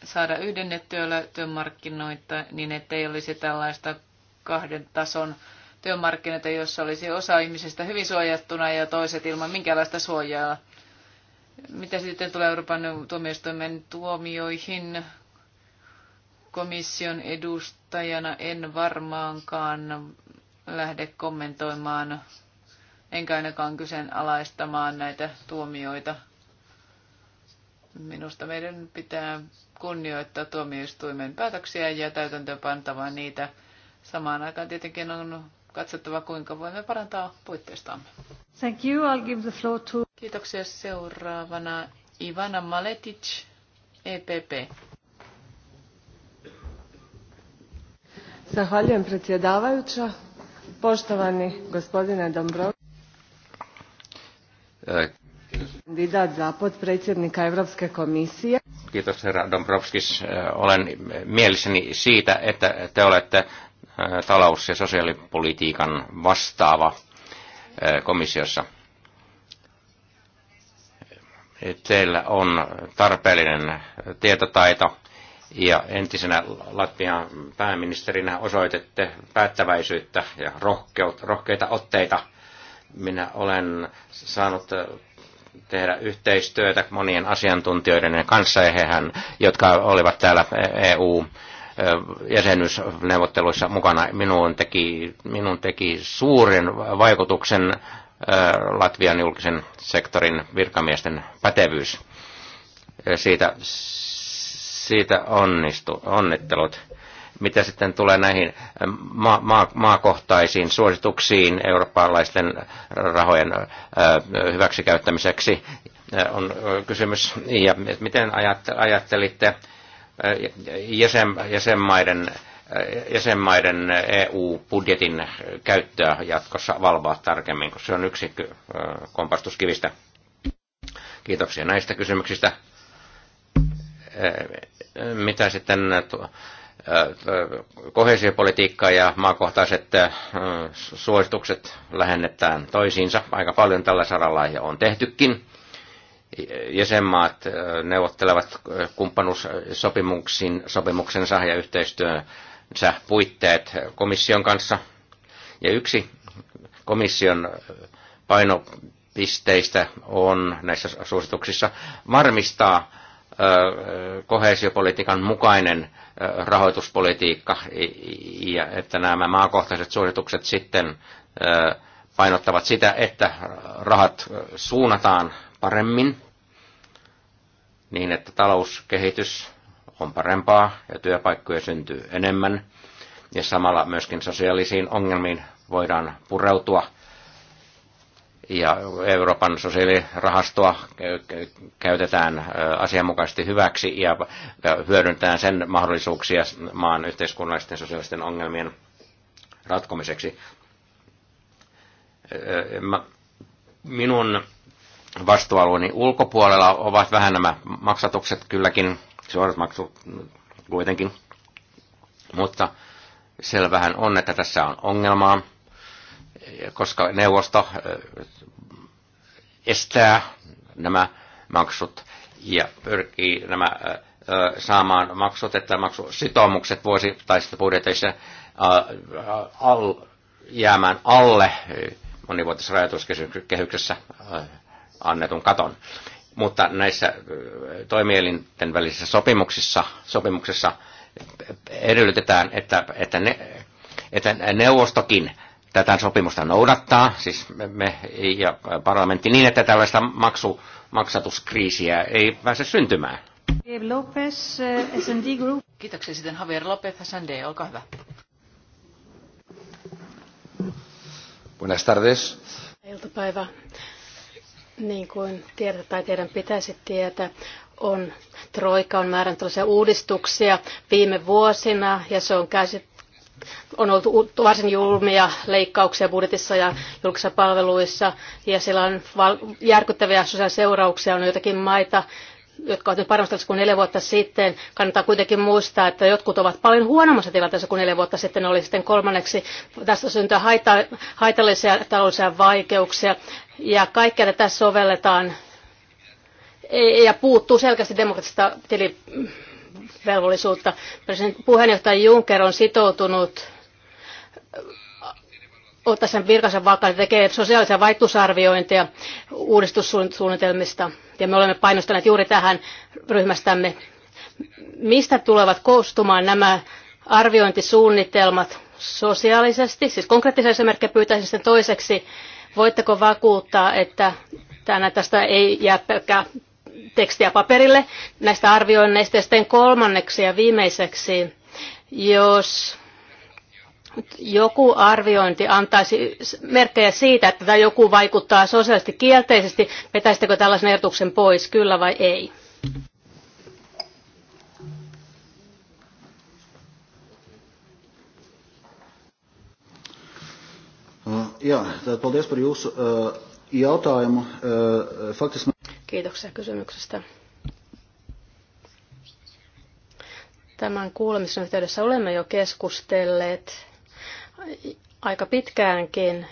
saada yhdennettyä työmarkkinoita niin, ettei olisi tällaista kahden tason työmarkkinoita, jossa olisi osa ihmisistä hyvin suojattuna ja toiset ilman minkäänlaista suojaa. Mitä sitten tulee Euroopan tuomioistuimen tuomioihin? Komission edustajana en varmaankaan lähde kommentoimaan enkä ainakaan kyseenalaistamaan näitä tuomioita. Minusta meidän pitää kunnioittaa tuomioistuimen päätöksiä ja täytäntöönpantavaa niitä. Samaan aikaan tietenkin on katsottava, kuinka voimme parantaa puitteistamme. Thank you. I'll give the floor to... Kiitoksia seuraavana Ivana Maletic, EPP. Zahvaljujem predsjedavajuća. Poštovani gospodine Dombrov. Kandidaat za potpredsjednika komisije. Kiitos herra Dombrovskis. Olen mielissäni siitä, että te olette talous- ja sosiaalipolitiikan vastaava komissiossa. Teillä on tarpeellinen tietotaito ja entisenä Latvian pääministerinä osoitette päättäväisyyttä ja rohkeita otteita – minä olen saanut tehdä yhteistyötä monien asiantuntijoiden kanssa, ja hehän, jotka olivat täällä EU jäsenyysneuvotteluissa mukana. Minun teki, minun teki suuren vaikutuksen Latvian julkisen sektorin virkamiesten pätevyys. Siitä, siitä onnistu, onnittelut. Mitä sitten tulee näihin ma- ma- maakohtaisiin suosituksiin eurooppalaisten rahojen hyväksikäyttämiseksi, on kysymys. Ja miten ajattelitte jäsen, jäsenmaiden, jäsenmaiden EU-budjetin käyttöä jatkossa valvoa tarkemmin, koska se on yksi kompastuskivistä? Kiitoksia näistä kysymyksistä. Mitä sitten Äh, kohesiopolitiikka ja maakohtaiset äh, suositukset lähennetään toisiinsa. Aika paljon tällä saralla ja on tehtykin. Jäsenmaat äh, neuvottelevat kumppanuussopimuksensa ja yhteistyönsä puitteet komission kanssa. Ja yksi komission painopisteistä on näissä suosituksissa varmistaa kohesiopolitiikan mukainen rahoituspolitiikka ja että nämä maakohtaiset suositukset sitten painottavat sitä, että rahat suunnataan paremmin niin, että talouskehitys on parempaa ja työpaikkoja syntyy enemmän ja samalla myöskin sosiaalisiin ongelmiin voidaan pureutua ja Euroopan sosiaalirahastoa käytetään asianmukaisesti hyväksi ja hyödyntään sen mahdollisuuksia maan yhteiskunnallisten sosiaalisten ongelmien ratkomiseksi. Minun vastuualueeni ulkopuolella ovat vähän nämä maksatukset kylläkin, suorat maksut kuitenkin, mutta selvähän on, että tässä on ongelmaa koska neuvosto estää nämä maksut ja pyrkii nämä saamaan maksut, että maksusitoumukset vuosittaisista budjeteissa al, jäämään alle monivuotisessa rajoituskehyksessä annetun katon. Mutta näissä toimielinten välisissä sopimuksissa, sopimuksessa edellytetään, että, että, ne, että neuvostokin tätä sopimusta noudattaa, siis me ja parlamentti, niin että tällaista maksu, maksatuskriisiä ei pääse syntymään. Eh, S&D Kiitoksia sitten Javier Lopez, S&D, olkaa hyvä. Buenas tardes. Iltapäivä. Niin kuin tiedät tai teidän pitäisi tietää, on Troika on määrännyt uudistuksia viime vuosina ja se on käsittänyt on ollut varsin julmia leikkauksia budjetissa ja julkisissa palveluissa, ja siellä on järkyttäviä sosiaalisia seurauksia. On joitakin maita, jotka ovat nyt paremmassa kuin neljä vuotta sitten. Kannattaa kuitenkin muistaa, että jotkut ovat paljon huonommassa tilanteessa kuin neljä vuotta sitten oli sitten kolmanneksi. Tästä syntyy haita- haitallisia taloudellisia vaikeuksia, ja kaikkea tätä sovelletaan ja puuttuu selkeästi demokratista tili- velvollisuutta. Puheenjohtaja Juncker on sitoutunut ottaa sen virkansa vaikka, tekee sosiaalisia vaikutusarviointeja uudistussuunnitelmista. Ja me olemme painostaneet juuri tähän ryhmästämme. Mistä tulevat koostumaan nämä arviointisuunnitelmat sosiaalisesti? Siis konkreettisen esimerkkejä pyytäisin sitten toiseksi. Voitteko vakuuttaa, että tästä ei jää pelkkää tekstiä paperille näistä arvioinneista. Ja sitten kolmanneksi ja viimeiseksi, jos joku arviointi antaisi merkkejä siitä, että tämä joku vaikuttaa sosiaalisesti kielteisesti, vetäisittekö tällaisen ehdotuksen pois, kyllä vai ei? Uh, jā, tad paldies par jūsu uh, uh, faktisesti. Kiitoksia kysymyksestä. Tämän kuulemisen yhteydessä olemme jo keskustelleet aika pitkäänkin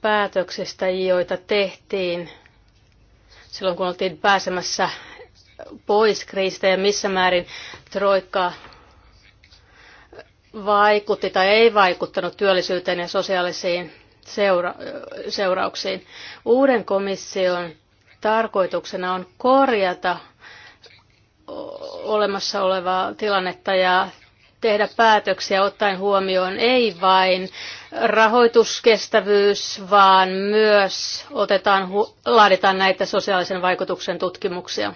päätöksistä, joita tehtiin silloin, kun oltiin pääsemässä pois kriisistä ja missä määrin Troikka vaikutti tai ei vaikuttanut työllisyyteen ja sosiaalisiin seura- seurauksiin. Uuden komission tarkoituksena on korjata olemassa olevaa tilannetta ja tehdä päätöksiä ottaen huomioon ei vain rahoituskestävyys, vaan myös otetaan, laaditaan näitä sosiaalisen vaikutuksen tutkimuksia.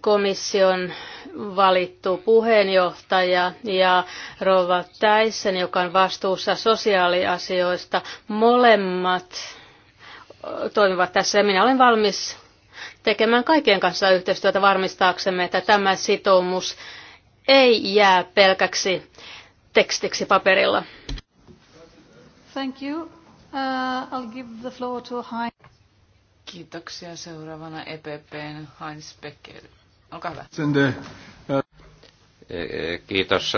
komission valittu puheenjohtaja ja Rova Täissen, joka on vastuussa sosiaaliasioista. Molemmat toimivat tässä ja minä olen valmis tekemään kaikkien kanssa yhteistyötä varmistaaksemme, että tämä sitoumus ei jää pelkäksi tekstiksi paperilla. Thank you. Uh, I'll give the floor to Heinz. Kiitoksia. Seuraavana EPPn Heinz Becker. Olkaa hyvä. Kiitos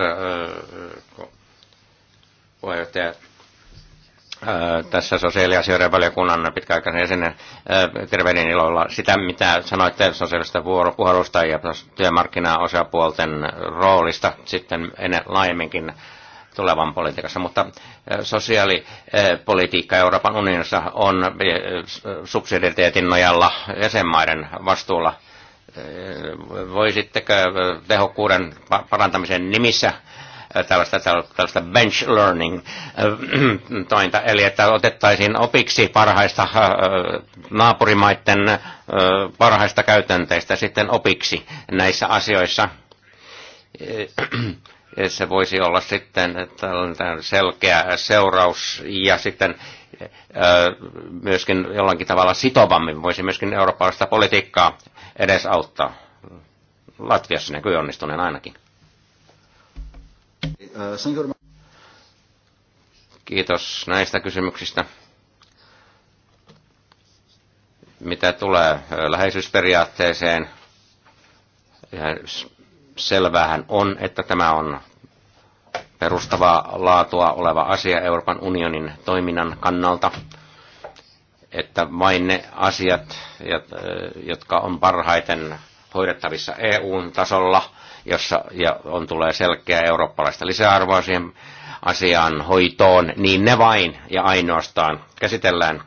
puheenjohtaja tässä sosiaaliasioiden valiokunnan pitkäaikaisen jäsenen tervehdin ilolla sitä, mitä sanoitte sosiaalista vuoropuhelusta ja työmarkkinaosapuolten roolista sitten ennen laajemminkin tulevan politiikassa, mutta sosiaalipolitiikka Euroopan unionissa on subsidiariteetin nojalla jäsenmaiden vastuulla – voisitteko tehokkuuden parantamisen nimissä äh, tällaista, tällaista bench learning äh, tointa, eli että otettaisiin opiksi parhaista äh, naapurimaiden parhaista käytänteistä sitten opiksi näissä asioissa. Se voisi olla sitten selkeä seuraus ja sitten myöskin jollakin tavalla sitovammin voisi myöskin eurooppalaista politiikkaa edesauttaa. Latviassa näkyy onnistuneen ainakin. Kiitos näistä kysymyksistä. Mitä tulee läheisyysperiaatteeseen, selvähän on, että tämä on perustavaa laatua oleva asia Euroopan unionin toiminnan kannalta, että vain ne asiat, jotka on parhaiten hoidettavissa EU-tasolla, jossa ja on, tulee selkeä eurooppalaista lisäarvoa siihen asiaan hoitoon, niin ne vain ja ainoastaan käsitellään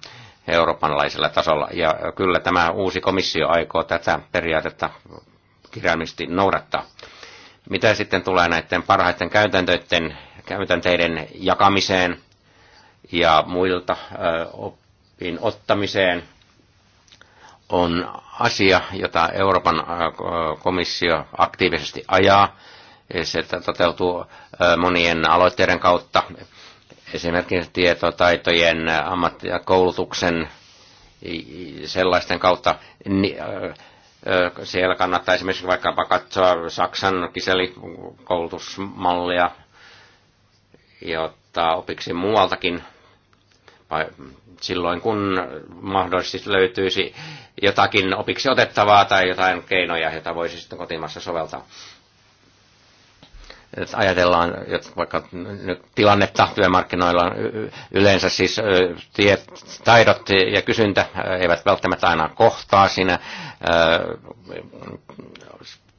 eurooppalaisella tasolla. Ja kyllä tämä uusi komissio aikoo tätä periaatetta kirjaimisesti noudattaa. Mitä sitten tulee näiden parhaiten käytäntöiden, käytänteiden jakamiseen ja muilta oppin ottamiseen, on asia, jota Euroopan komissio aktiivisesti ajaa. Se toteutuu monien aloitteiden kautta, esimerkiksi tietotaitojen, ammattikoulutuksen, sellaisten kautta siellä kannattaa esimerkiksi vaikkapa katsoa Saksan kiselikoulutusmallia ja ottaa opiksi muualtakin silloin, kun mahdollisesti löytyisi jotakin opiksi otettavaa tai jotain keinoja, joita voisi sitten kotimassa soveltaa jos ajatellaan että vaikka tilannetta työmarkkinoilla yleensä siis tiet, taidot ja kysyntä eivät välttämättä aina kohtaa siinä,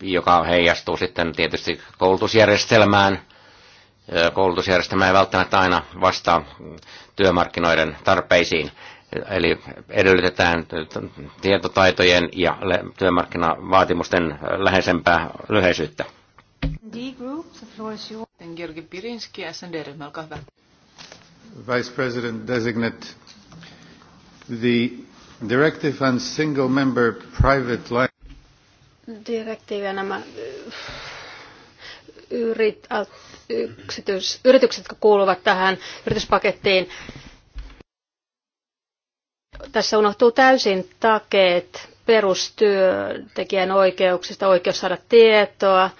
joka heijastuu sitten tietysti koulutusjärjestelmään. Koulutusjärjestelmä ei välttämättä aina vastaa työmarkkinoiden tarpeisiin. Eli edellytetään tietotaitojen ja työmarkkinavaatimusten läheisempää lyheisyyttä S&D Group. The floor is yours. Georgi Pirinski, sd olkaa hyvä. Vice President designate, the directive on single member private life. Direktiivi nämä äh, yrit, äh, yksityis, yritykset, jotka kuuluvat tähän yrityspakettiin. Tässä unohtuu täysin takeet perustyöntekijän oikeuksista, oikeus saada tietoa,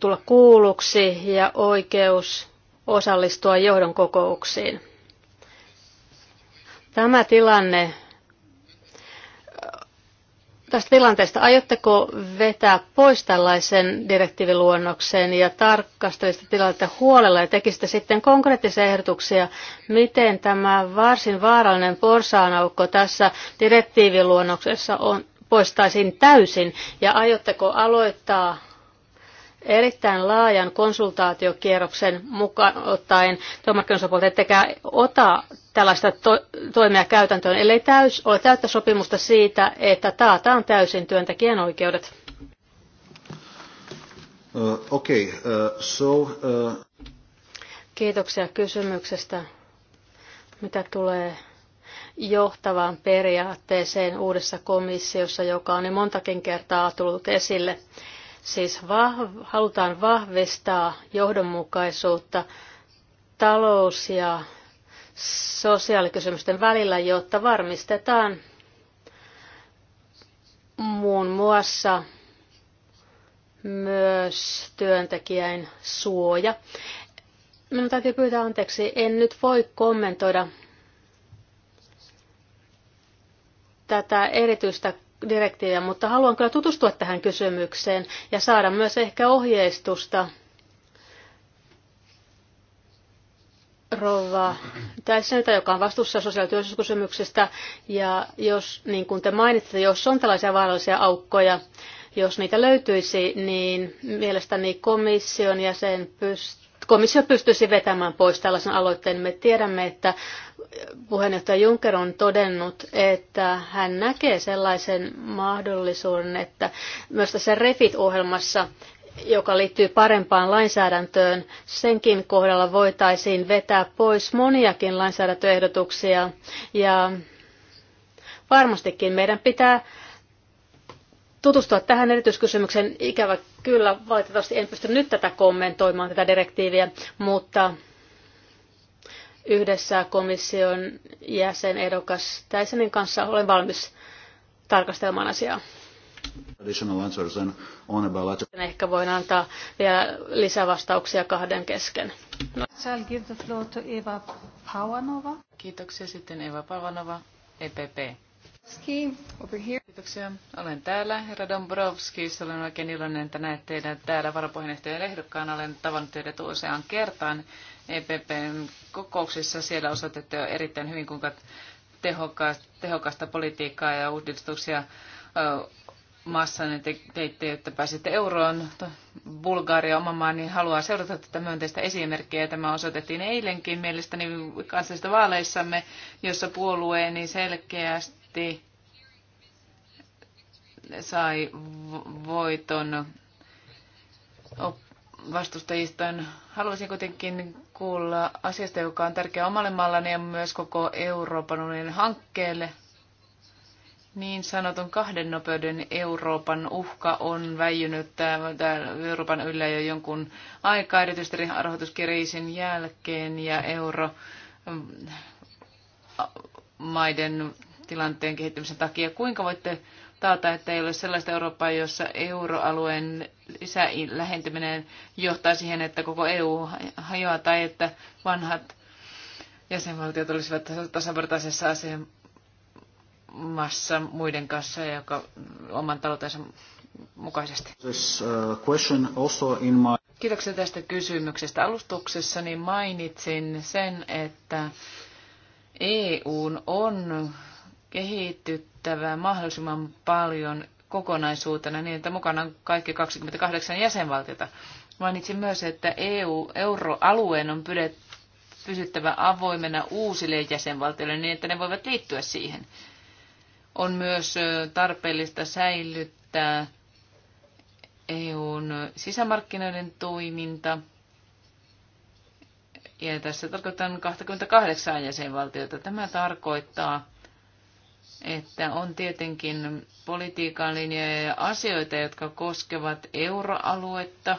tulla kuulluksi ja oikeus osallistua johdon kokouksiin. Tämä tilanne, tästä tilanteesta, aiotteko vetää pois tällaisen direktiiviluonnoksen ja tarkastelisitte tilannetta huolella ja tekisitte sitten konkreettisia ehdotuksia, miten tämä varsin vaarallinen porsaanaukko tässä direktiiviluonnoksessa on, poistaisin täysin ja aiotteko aloittaa erittäin laajan konsultaatiokierroksen mukaan ottaen työmarkkinoisopuolta, ettekä ota tällaista to- toimia käytäntöön, ellei täys, ole täyttä sopimusta siitä, että taataan täysin työntekijän oikeudet. Uh, okay, uh, so, uh... Kiitoksia kysymyksestä. Mitä tulee johtavaan periaatteeseen uudessa komissiossa, joka on niin montakin kertaa tullut esille. Siis vah, halutaan vahvistaa johdonmukaisuutta talous- ja sosiaalikysymysten välillä, jotta varmistetaan muun muassa myös työntekijän suoja. Minun täytyy pyytää anteeksi, en nyt voi kommentoida tätä erityistä direktiiviä, mutta haluan kyllä tutustua tähän kysymykseen ja saada myös ehkä ohjeistusta. Rova tässä joka on vastuussa sosiaali- ja ja jos, niin kuin te mainitsitte, jos on tällaisia vaarallisia aukkoja, jos niitä löytyisi, niin mielestäni komission jäsen pystyy komissio pystyisi vetämään pois tällaisen aloitteen. Me tiedämme, että puheenjohtaja Juncker on todennut, että hän näkee sellaisen mahdollisuuden, että myös tässä REFIT-ohjelmassa joka liittyy parempaan lainsäädäntöön, senkin kohdalla voitaisiin vetää pois moniakin lainsäädäntöehdotuksia. Ja varmastikin meidän pitää tutustua tähän erityiskysymykseen. Ikävä kyllä, valitettavasti en pysty nyt tätä kommentoimaan, tätä direktiiviä, mutta yhdessä komission jäsenehdokas Täisenin kanssa olen valmis tarkastelemaan asiaa. Ehkä voin antaa vielä lisävastauksia kahden kesken. Eva Pavanova. Kiitoksia sitten Eva Pavanova, EPP. Over here. Kiitoksia. Olen täällä. Herra Dombrovski, olen oikein iloinen, että näet teidän täällä varapuheenjohtajan ehdokkaan. Olen tavannut teidät useaan kertaan EPPn kokouksissa. Siellä osoitettu jo erittäin hyvin, kuinka tehokasta, tehokasta politiikkaa ja uudistuksia maassa niin te, teitte, että pääsitte euroon. Bulgaria, oma maa, niin haluaa seurata tätä myönteistä esimerkkiä. Tämä osoitettiin eilenkin mielestäni kansallisista vaaleissamme, jossa puolueeni selkeästi parlamentti sai voiton vastustajistaan. Haluaisin kuitenkin kuulla asiasta, joka on tärkeä omalle maallani ja myös koko Euroopan unionin hankkeelle. Niin sanotun kahden nopeuden Euroopan uhka on väijynyt Euroopan yllä jo jonkun aikaa, erityisesti rahoituskriisin jälkeen ja euro maiden tilanteen kehittymisen takia. Kuinka voitte taata, että ei ole sellaista Eurooppaa, jossa euroalueen lisälähentyminen johtaa siihen, että koko EU hajoaa tai että vanhat jäsenvaltiot olisivat tasavertaisessa asemassa muiden kanssa, joka oman taloutensa mukaisesti. Uh, Kiitoksia tästä kysymyksestä. Alustuksessani mainitsin sen, että EU on kehityttävä mahdollisimman paljon kokonaisuutena niin, että mukana on kaikki 28 jäsenvaltiota. Mainitsin myös, että EU, euroalueen on pysyttävä avoimena uusille jäsenvaltioille niin, että ne voivat liittyä siihen. On myös tarpeellista säilyttää EUn sisämarkkinoiden toiminta. Ja tässä tarkoitan 28 jäsenvaltiota. Tämä tarkoittaa että on tietenkin politiikan linjoja ja asioita, jotka koskevat euroaluetta,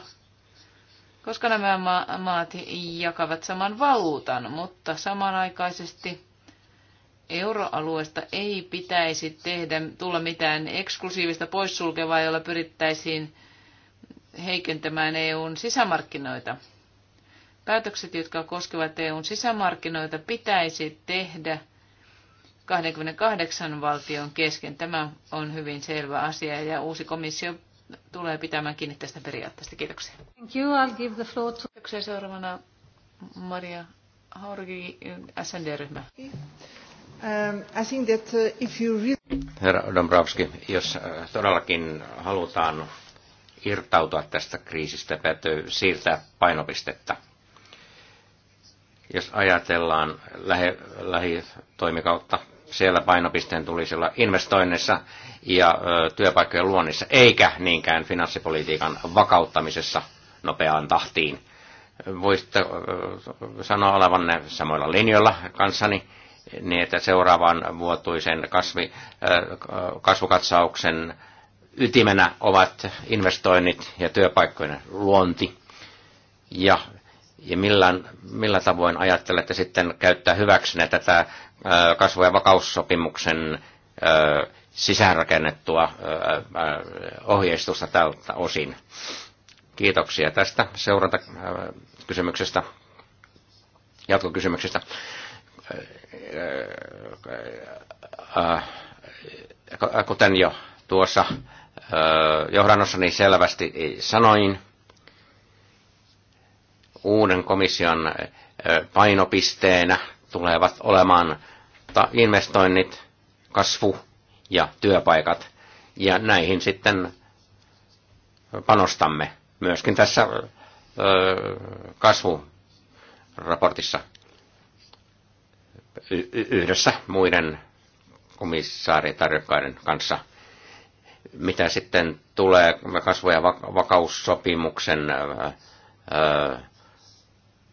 koska nämä ma- maat jakavat saman valuutan, mutta samanaikaisesti euroalueesta ei pitäisi tehdä, tulla mitään eksklusiivista poissulkevaa, jolla pyrittäisiin heikentämään EUn sisämarkkinoita. Päätökset, jotka koskevat EUn sisämarkkinoita, pitäisi tehdä – 28 valtion kesken. Tämä on hyvin selvä asia ja uusi komissio tulee pitämään kiinni tästä periaatteesta. Kiitoksia. Thank you. I'll give the floor to... Kiitoksia seuraavana Maria Haurgi, SND-ryhmä. Um, I think that uh, if you really... Herra Dombrovski, jos uh, todellakin halutaan irtautua tästä kriisistä, täytyy siirtää painopistettä. Jos ajatellaan lähitoimikautta, lähi- siellä painopisteen tulisi olla investoinnissa ja työpaikkojen luonnissa, eikä niinkään finanssipolitiikan vakauttamisessa nopeaan tahtiin. Voisitte sanoa olevanne samoilla linjoilla kanssani, niin että seuraavan vuotuisen kasvi, kasvukatsauksen ytimenä ovat investoinnit ja työpaikkojen luonti. Ja ja millään, millä tavoin ajattelette sitten käyttää hyväksenne tätä kasvu- ja vakaussopimuksen sisäänrakennettua ohjeistusta tältä osin? Kiitoksia tästä seurantakysymyksestä, jatkokysymyksestä. Kuten jo tuossa johdannossani selvästi sanoin, uuden komission painopisteenä tulevat olemaan investoinnit, kasvu ja työpaikat. Ja näihin sitten panostamme myöskin tässä kasvuraportissa yhdessä muiden komissaaritarjokkaiden kanssa. Mitä sitten tulee kasvu- ja vakaussopimuksen ää,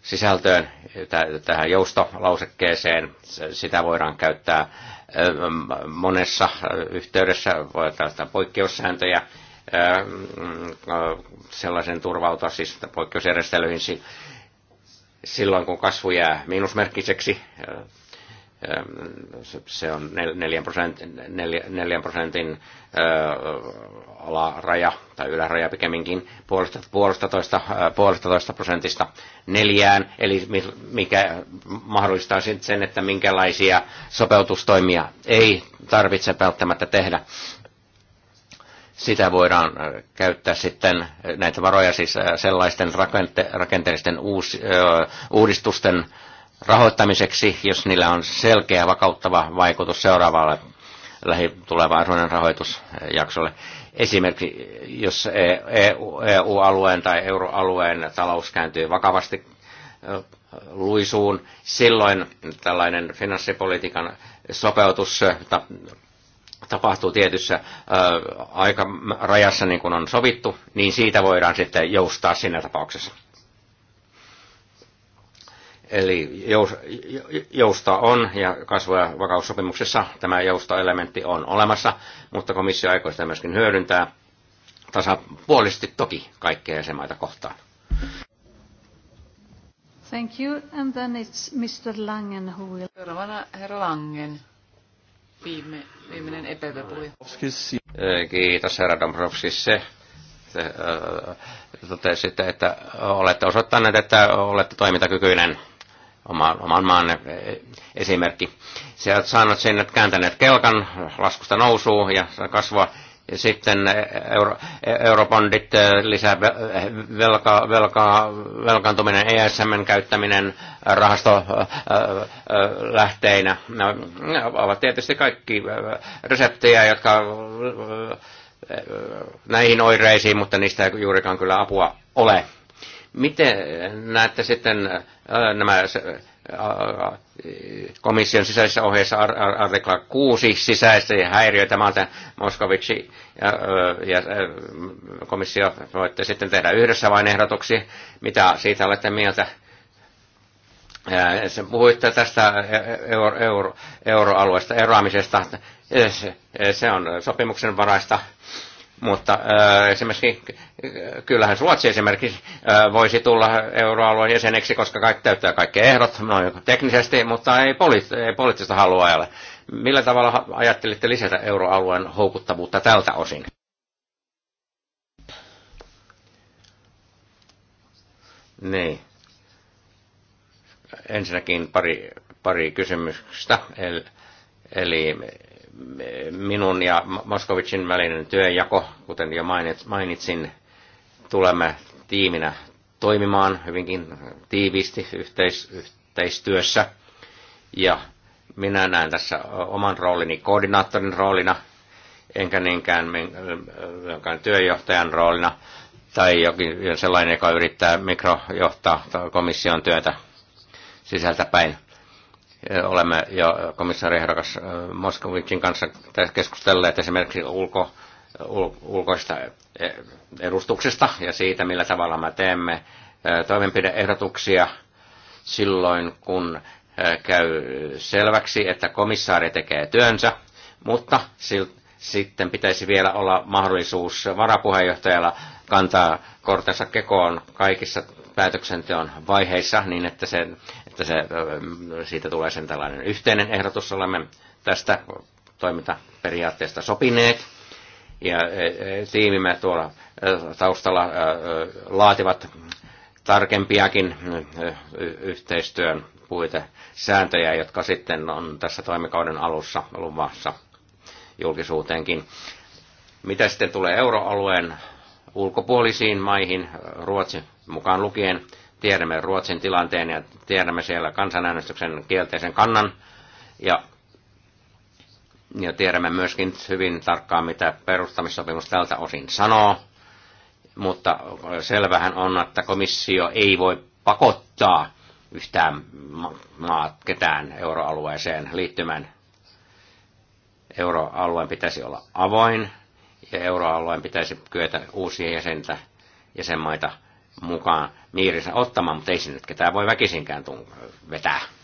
sisältöön, tähän joustolausekkeeseen. Sitä voidaan käyttää monessa yhteydessä, voidaan tästä poikkeussääntöjä sellaisen turvautua siis poikkeusjärjestelyihin silloin, kun kasvu jää miinusmerkkiseksi se on neljän prosentin, neljän prosentin alaraja tai yläraja pikemminkin puolesta, puolesta toista prosentista neljään, eli mikä mahdollistaa sen, että minkälaisia sopeutustoimia ei tarvitse välttämättä tehdä. Sitä voidaan käyttää sitten näitä varoja siis sellaisten rakente, rakenteellisten uus, uudistusten rahoittamiseksi, jos niillä on selkeä vakauttava vaikutus seuraavalle lähitulevaisuuden rahoitusjaksolle. Esimerkiksi jos EU-alueen e, e tai euroalueen talous kääntyy vakavasti luisuun, silloin tällainen finanssipolitiikan sopeutus tapahtuu tietyssä aikarajassa, niin kuin on sovittu, niin siitä voidaan sitten joustaa siinä tapauksessa. Eli jousta on ja kasvu- ja vakaussopimuksessa tämä joustoelementti on olemassa, mutta komissio aikoo sitä myöskin hyödyntää tasapuolisesti toki kaikkia jäsenmaita kohtaan. Thank you. And then it's Mr. Langen who will... Seuraavana herra Langen, viime, viimeinen epv Kiitos herra Dombrovskis. Se totesitte, että olette osoittaneet, että olette toimintakykyinen oma, oman maan eh, esimerkki. Se on saanut että kääntäneet kelkan, laskusta nousuu ja kasvua. Ja sitten eh, euro, eh, eurobondit, lisää velka, velka, velkaantuminen, ESMn käyttäminen rahastolähteinä, ne ovat tietysti kaikki reseptejä, jotka näihin oireisiin, mutta niistä ei juurikaan kyllä apua ole. Miten näette sitten äh, nämä äh, äh, komission sisäisessä ohjeessa artikla 6 ja häiriöitä. maalta Moskoviksi ja, ja komissio voitte sitten tehdä yhdessä vain ehdotuksia. Mitä siitä olette mieltä? Ja, puhuitte tästä euro, euro, euroalueesta eroamisesta. Se on sopimuksen varaista mutta äh, esimerkiksi, äh, kyllähän Ruotsi esimerkiksi äh, voisi tulla euroalueen jäseneksi, koska kaikki täyttää kaikki ehdot, noin teknisesti, mutta ei, poli- ei poliittista halua ole. Millä tavalla ajattelitte lisätä euroalueen houkuttavuutta tältä osin? Niin. Ensinnäkin pari, pari kysymystä. Eli, eli minun ja Moskovicin välinen työnjako, kuten jo mainitsin, tulemme tiiminä toimimaan hyvinkin tiiviisti yhteis- yhteistyössä. Ja minä näen tässä oman roolini koordinaattorin roolina, enkä niinkään työjohtajan roolina tai jokin sellainen, joka yrittää mikrojohtaa komission työtä sisältä päin. Olemme jo komissaari ehdokas Moskovicin kanssa keskustelleet esimerkiksi ulko, ul, ulkoista edustuksesta ja siitä, millä tavalla me teemme toimenpideehdotuksia silloin, kun käy selväksi, että komissaari tekee työnsä, mutta sitten pitäisi vielä olla mahdollisuus varapuheenjohtajalla kantaa kortensa kekoon kaikissa päätöksenteon vaiheissa niin, että se että se, siitä tulee sen tällainen yhteinen ehdotus. Olemme tästä toimintaperiaatteesta sopineet. Ja e, e, tiimimme tuolla taustalla laativat tarkempiakin yhteistyön puitesääntöjä, jotka sitten on tässä toimikauden alussa luvassa julkisuuteenkin. Mitä sitten tulee euroalueen ulkopuolisiin maihin, Ruotsi mukaan lukien, Tiedämme Ruotsin tilanteen ja tiedämme siellä kansanäänestyksen kielteisen kannan. Ja, ja tiedämme myöskin hyvin tarkkaan, mitä perustamissopimus tältä osin sanoo. Mutta selvähän on, että komissio ei voi pakottaa yhtään maat ketään euroalueeseen liittymään. Euroalueen pitäisi olla avoin ja euroalueen pitäisi kyetä uusia jäsentä, jäsenmaita mukaan niirinsä ottamaan, mutta ei sinne ketään voi väkisinkään vetää.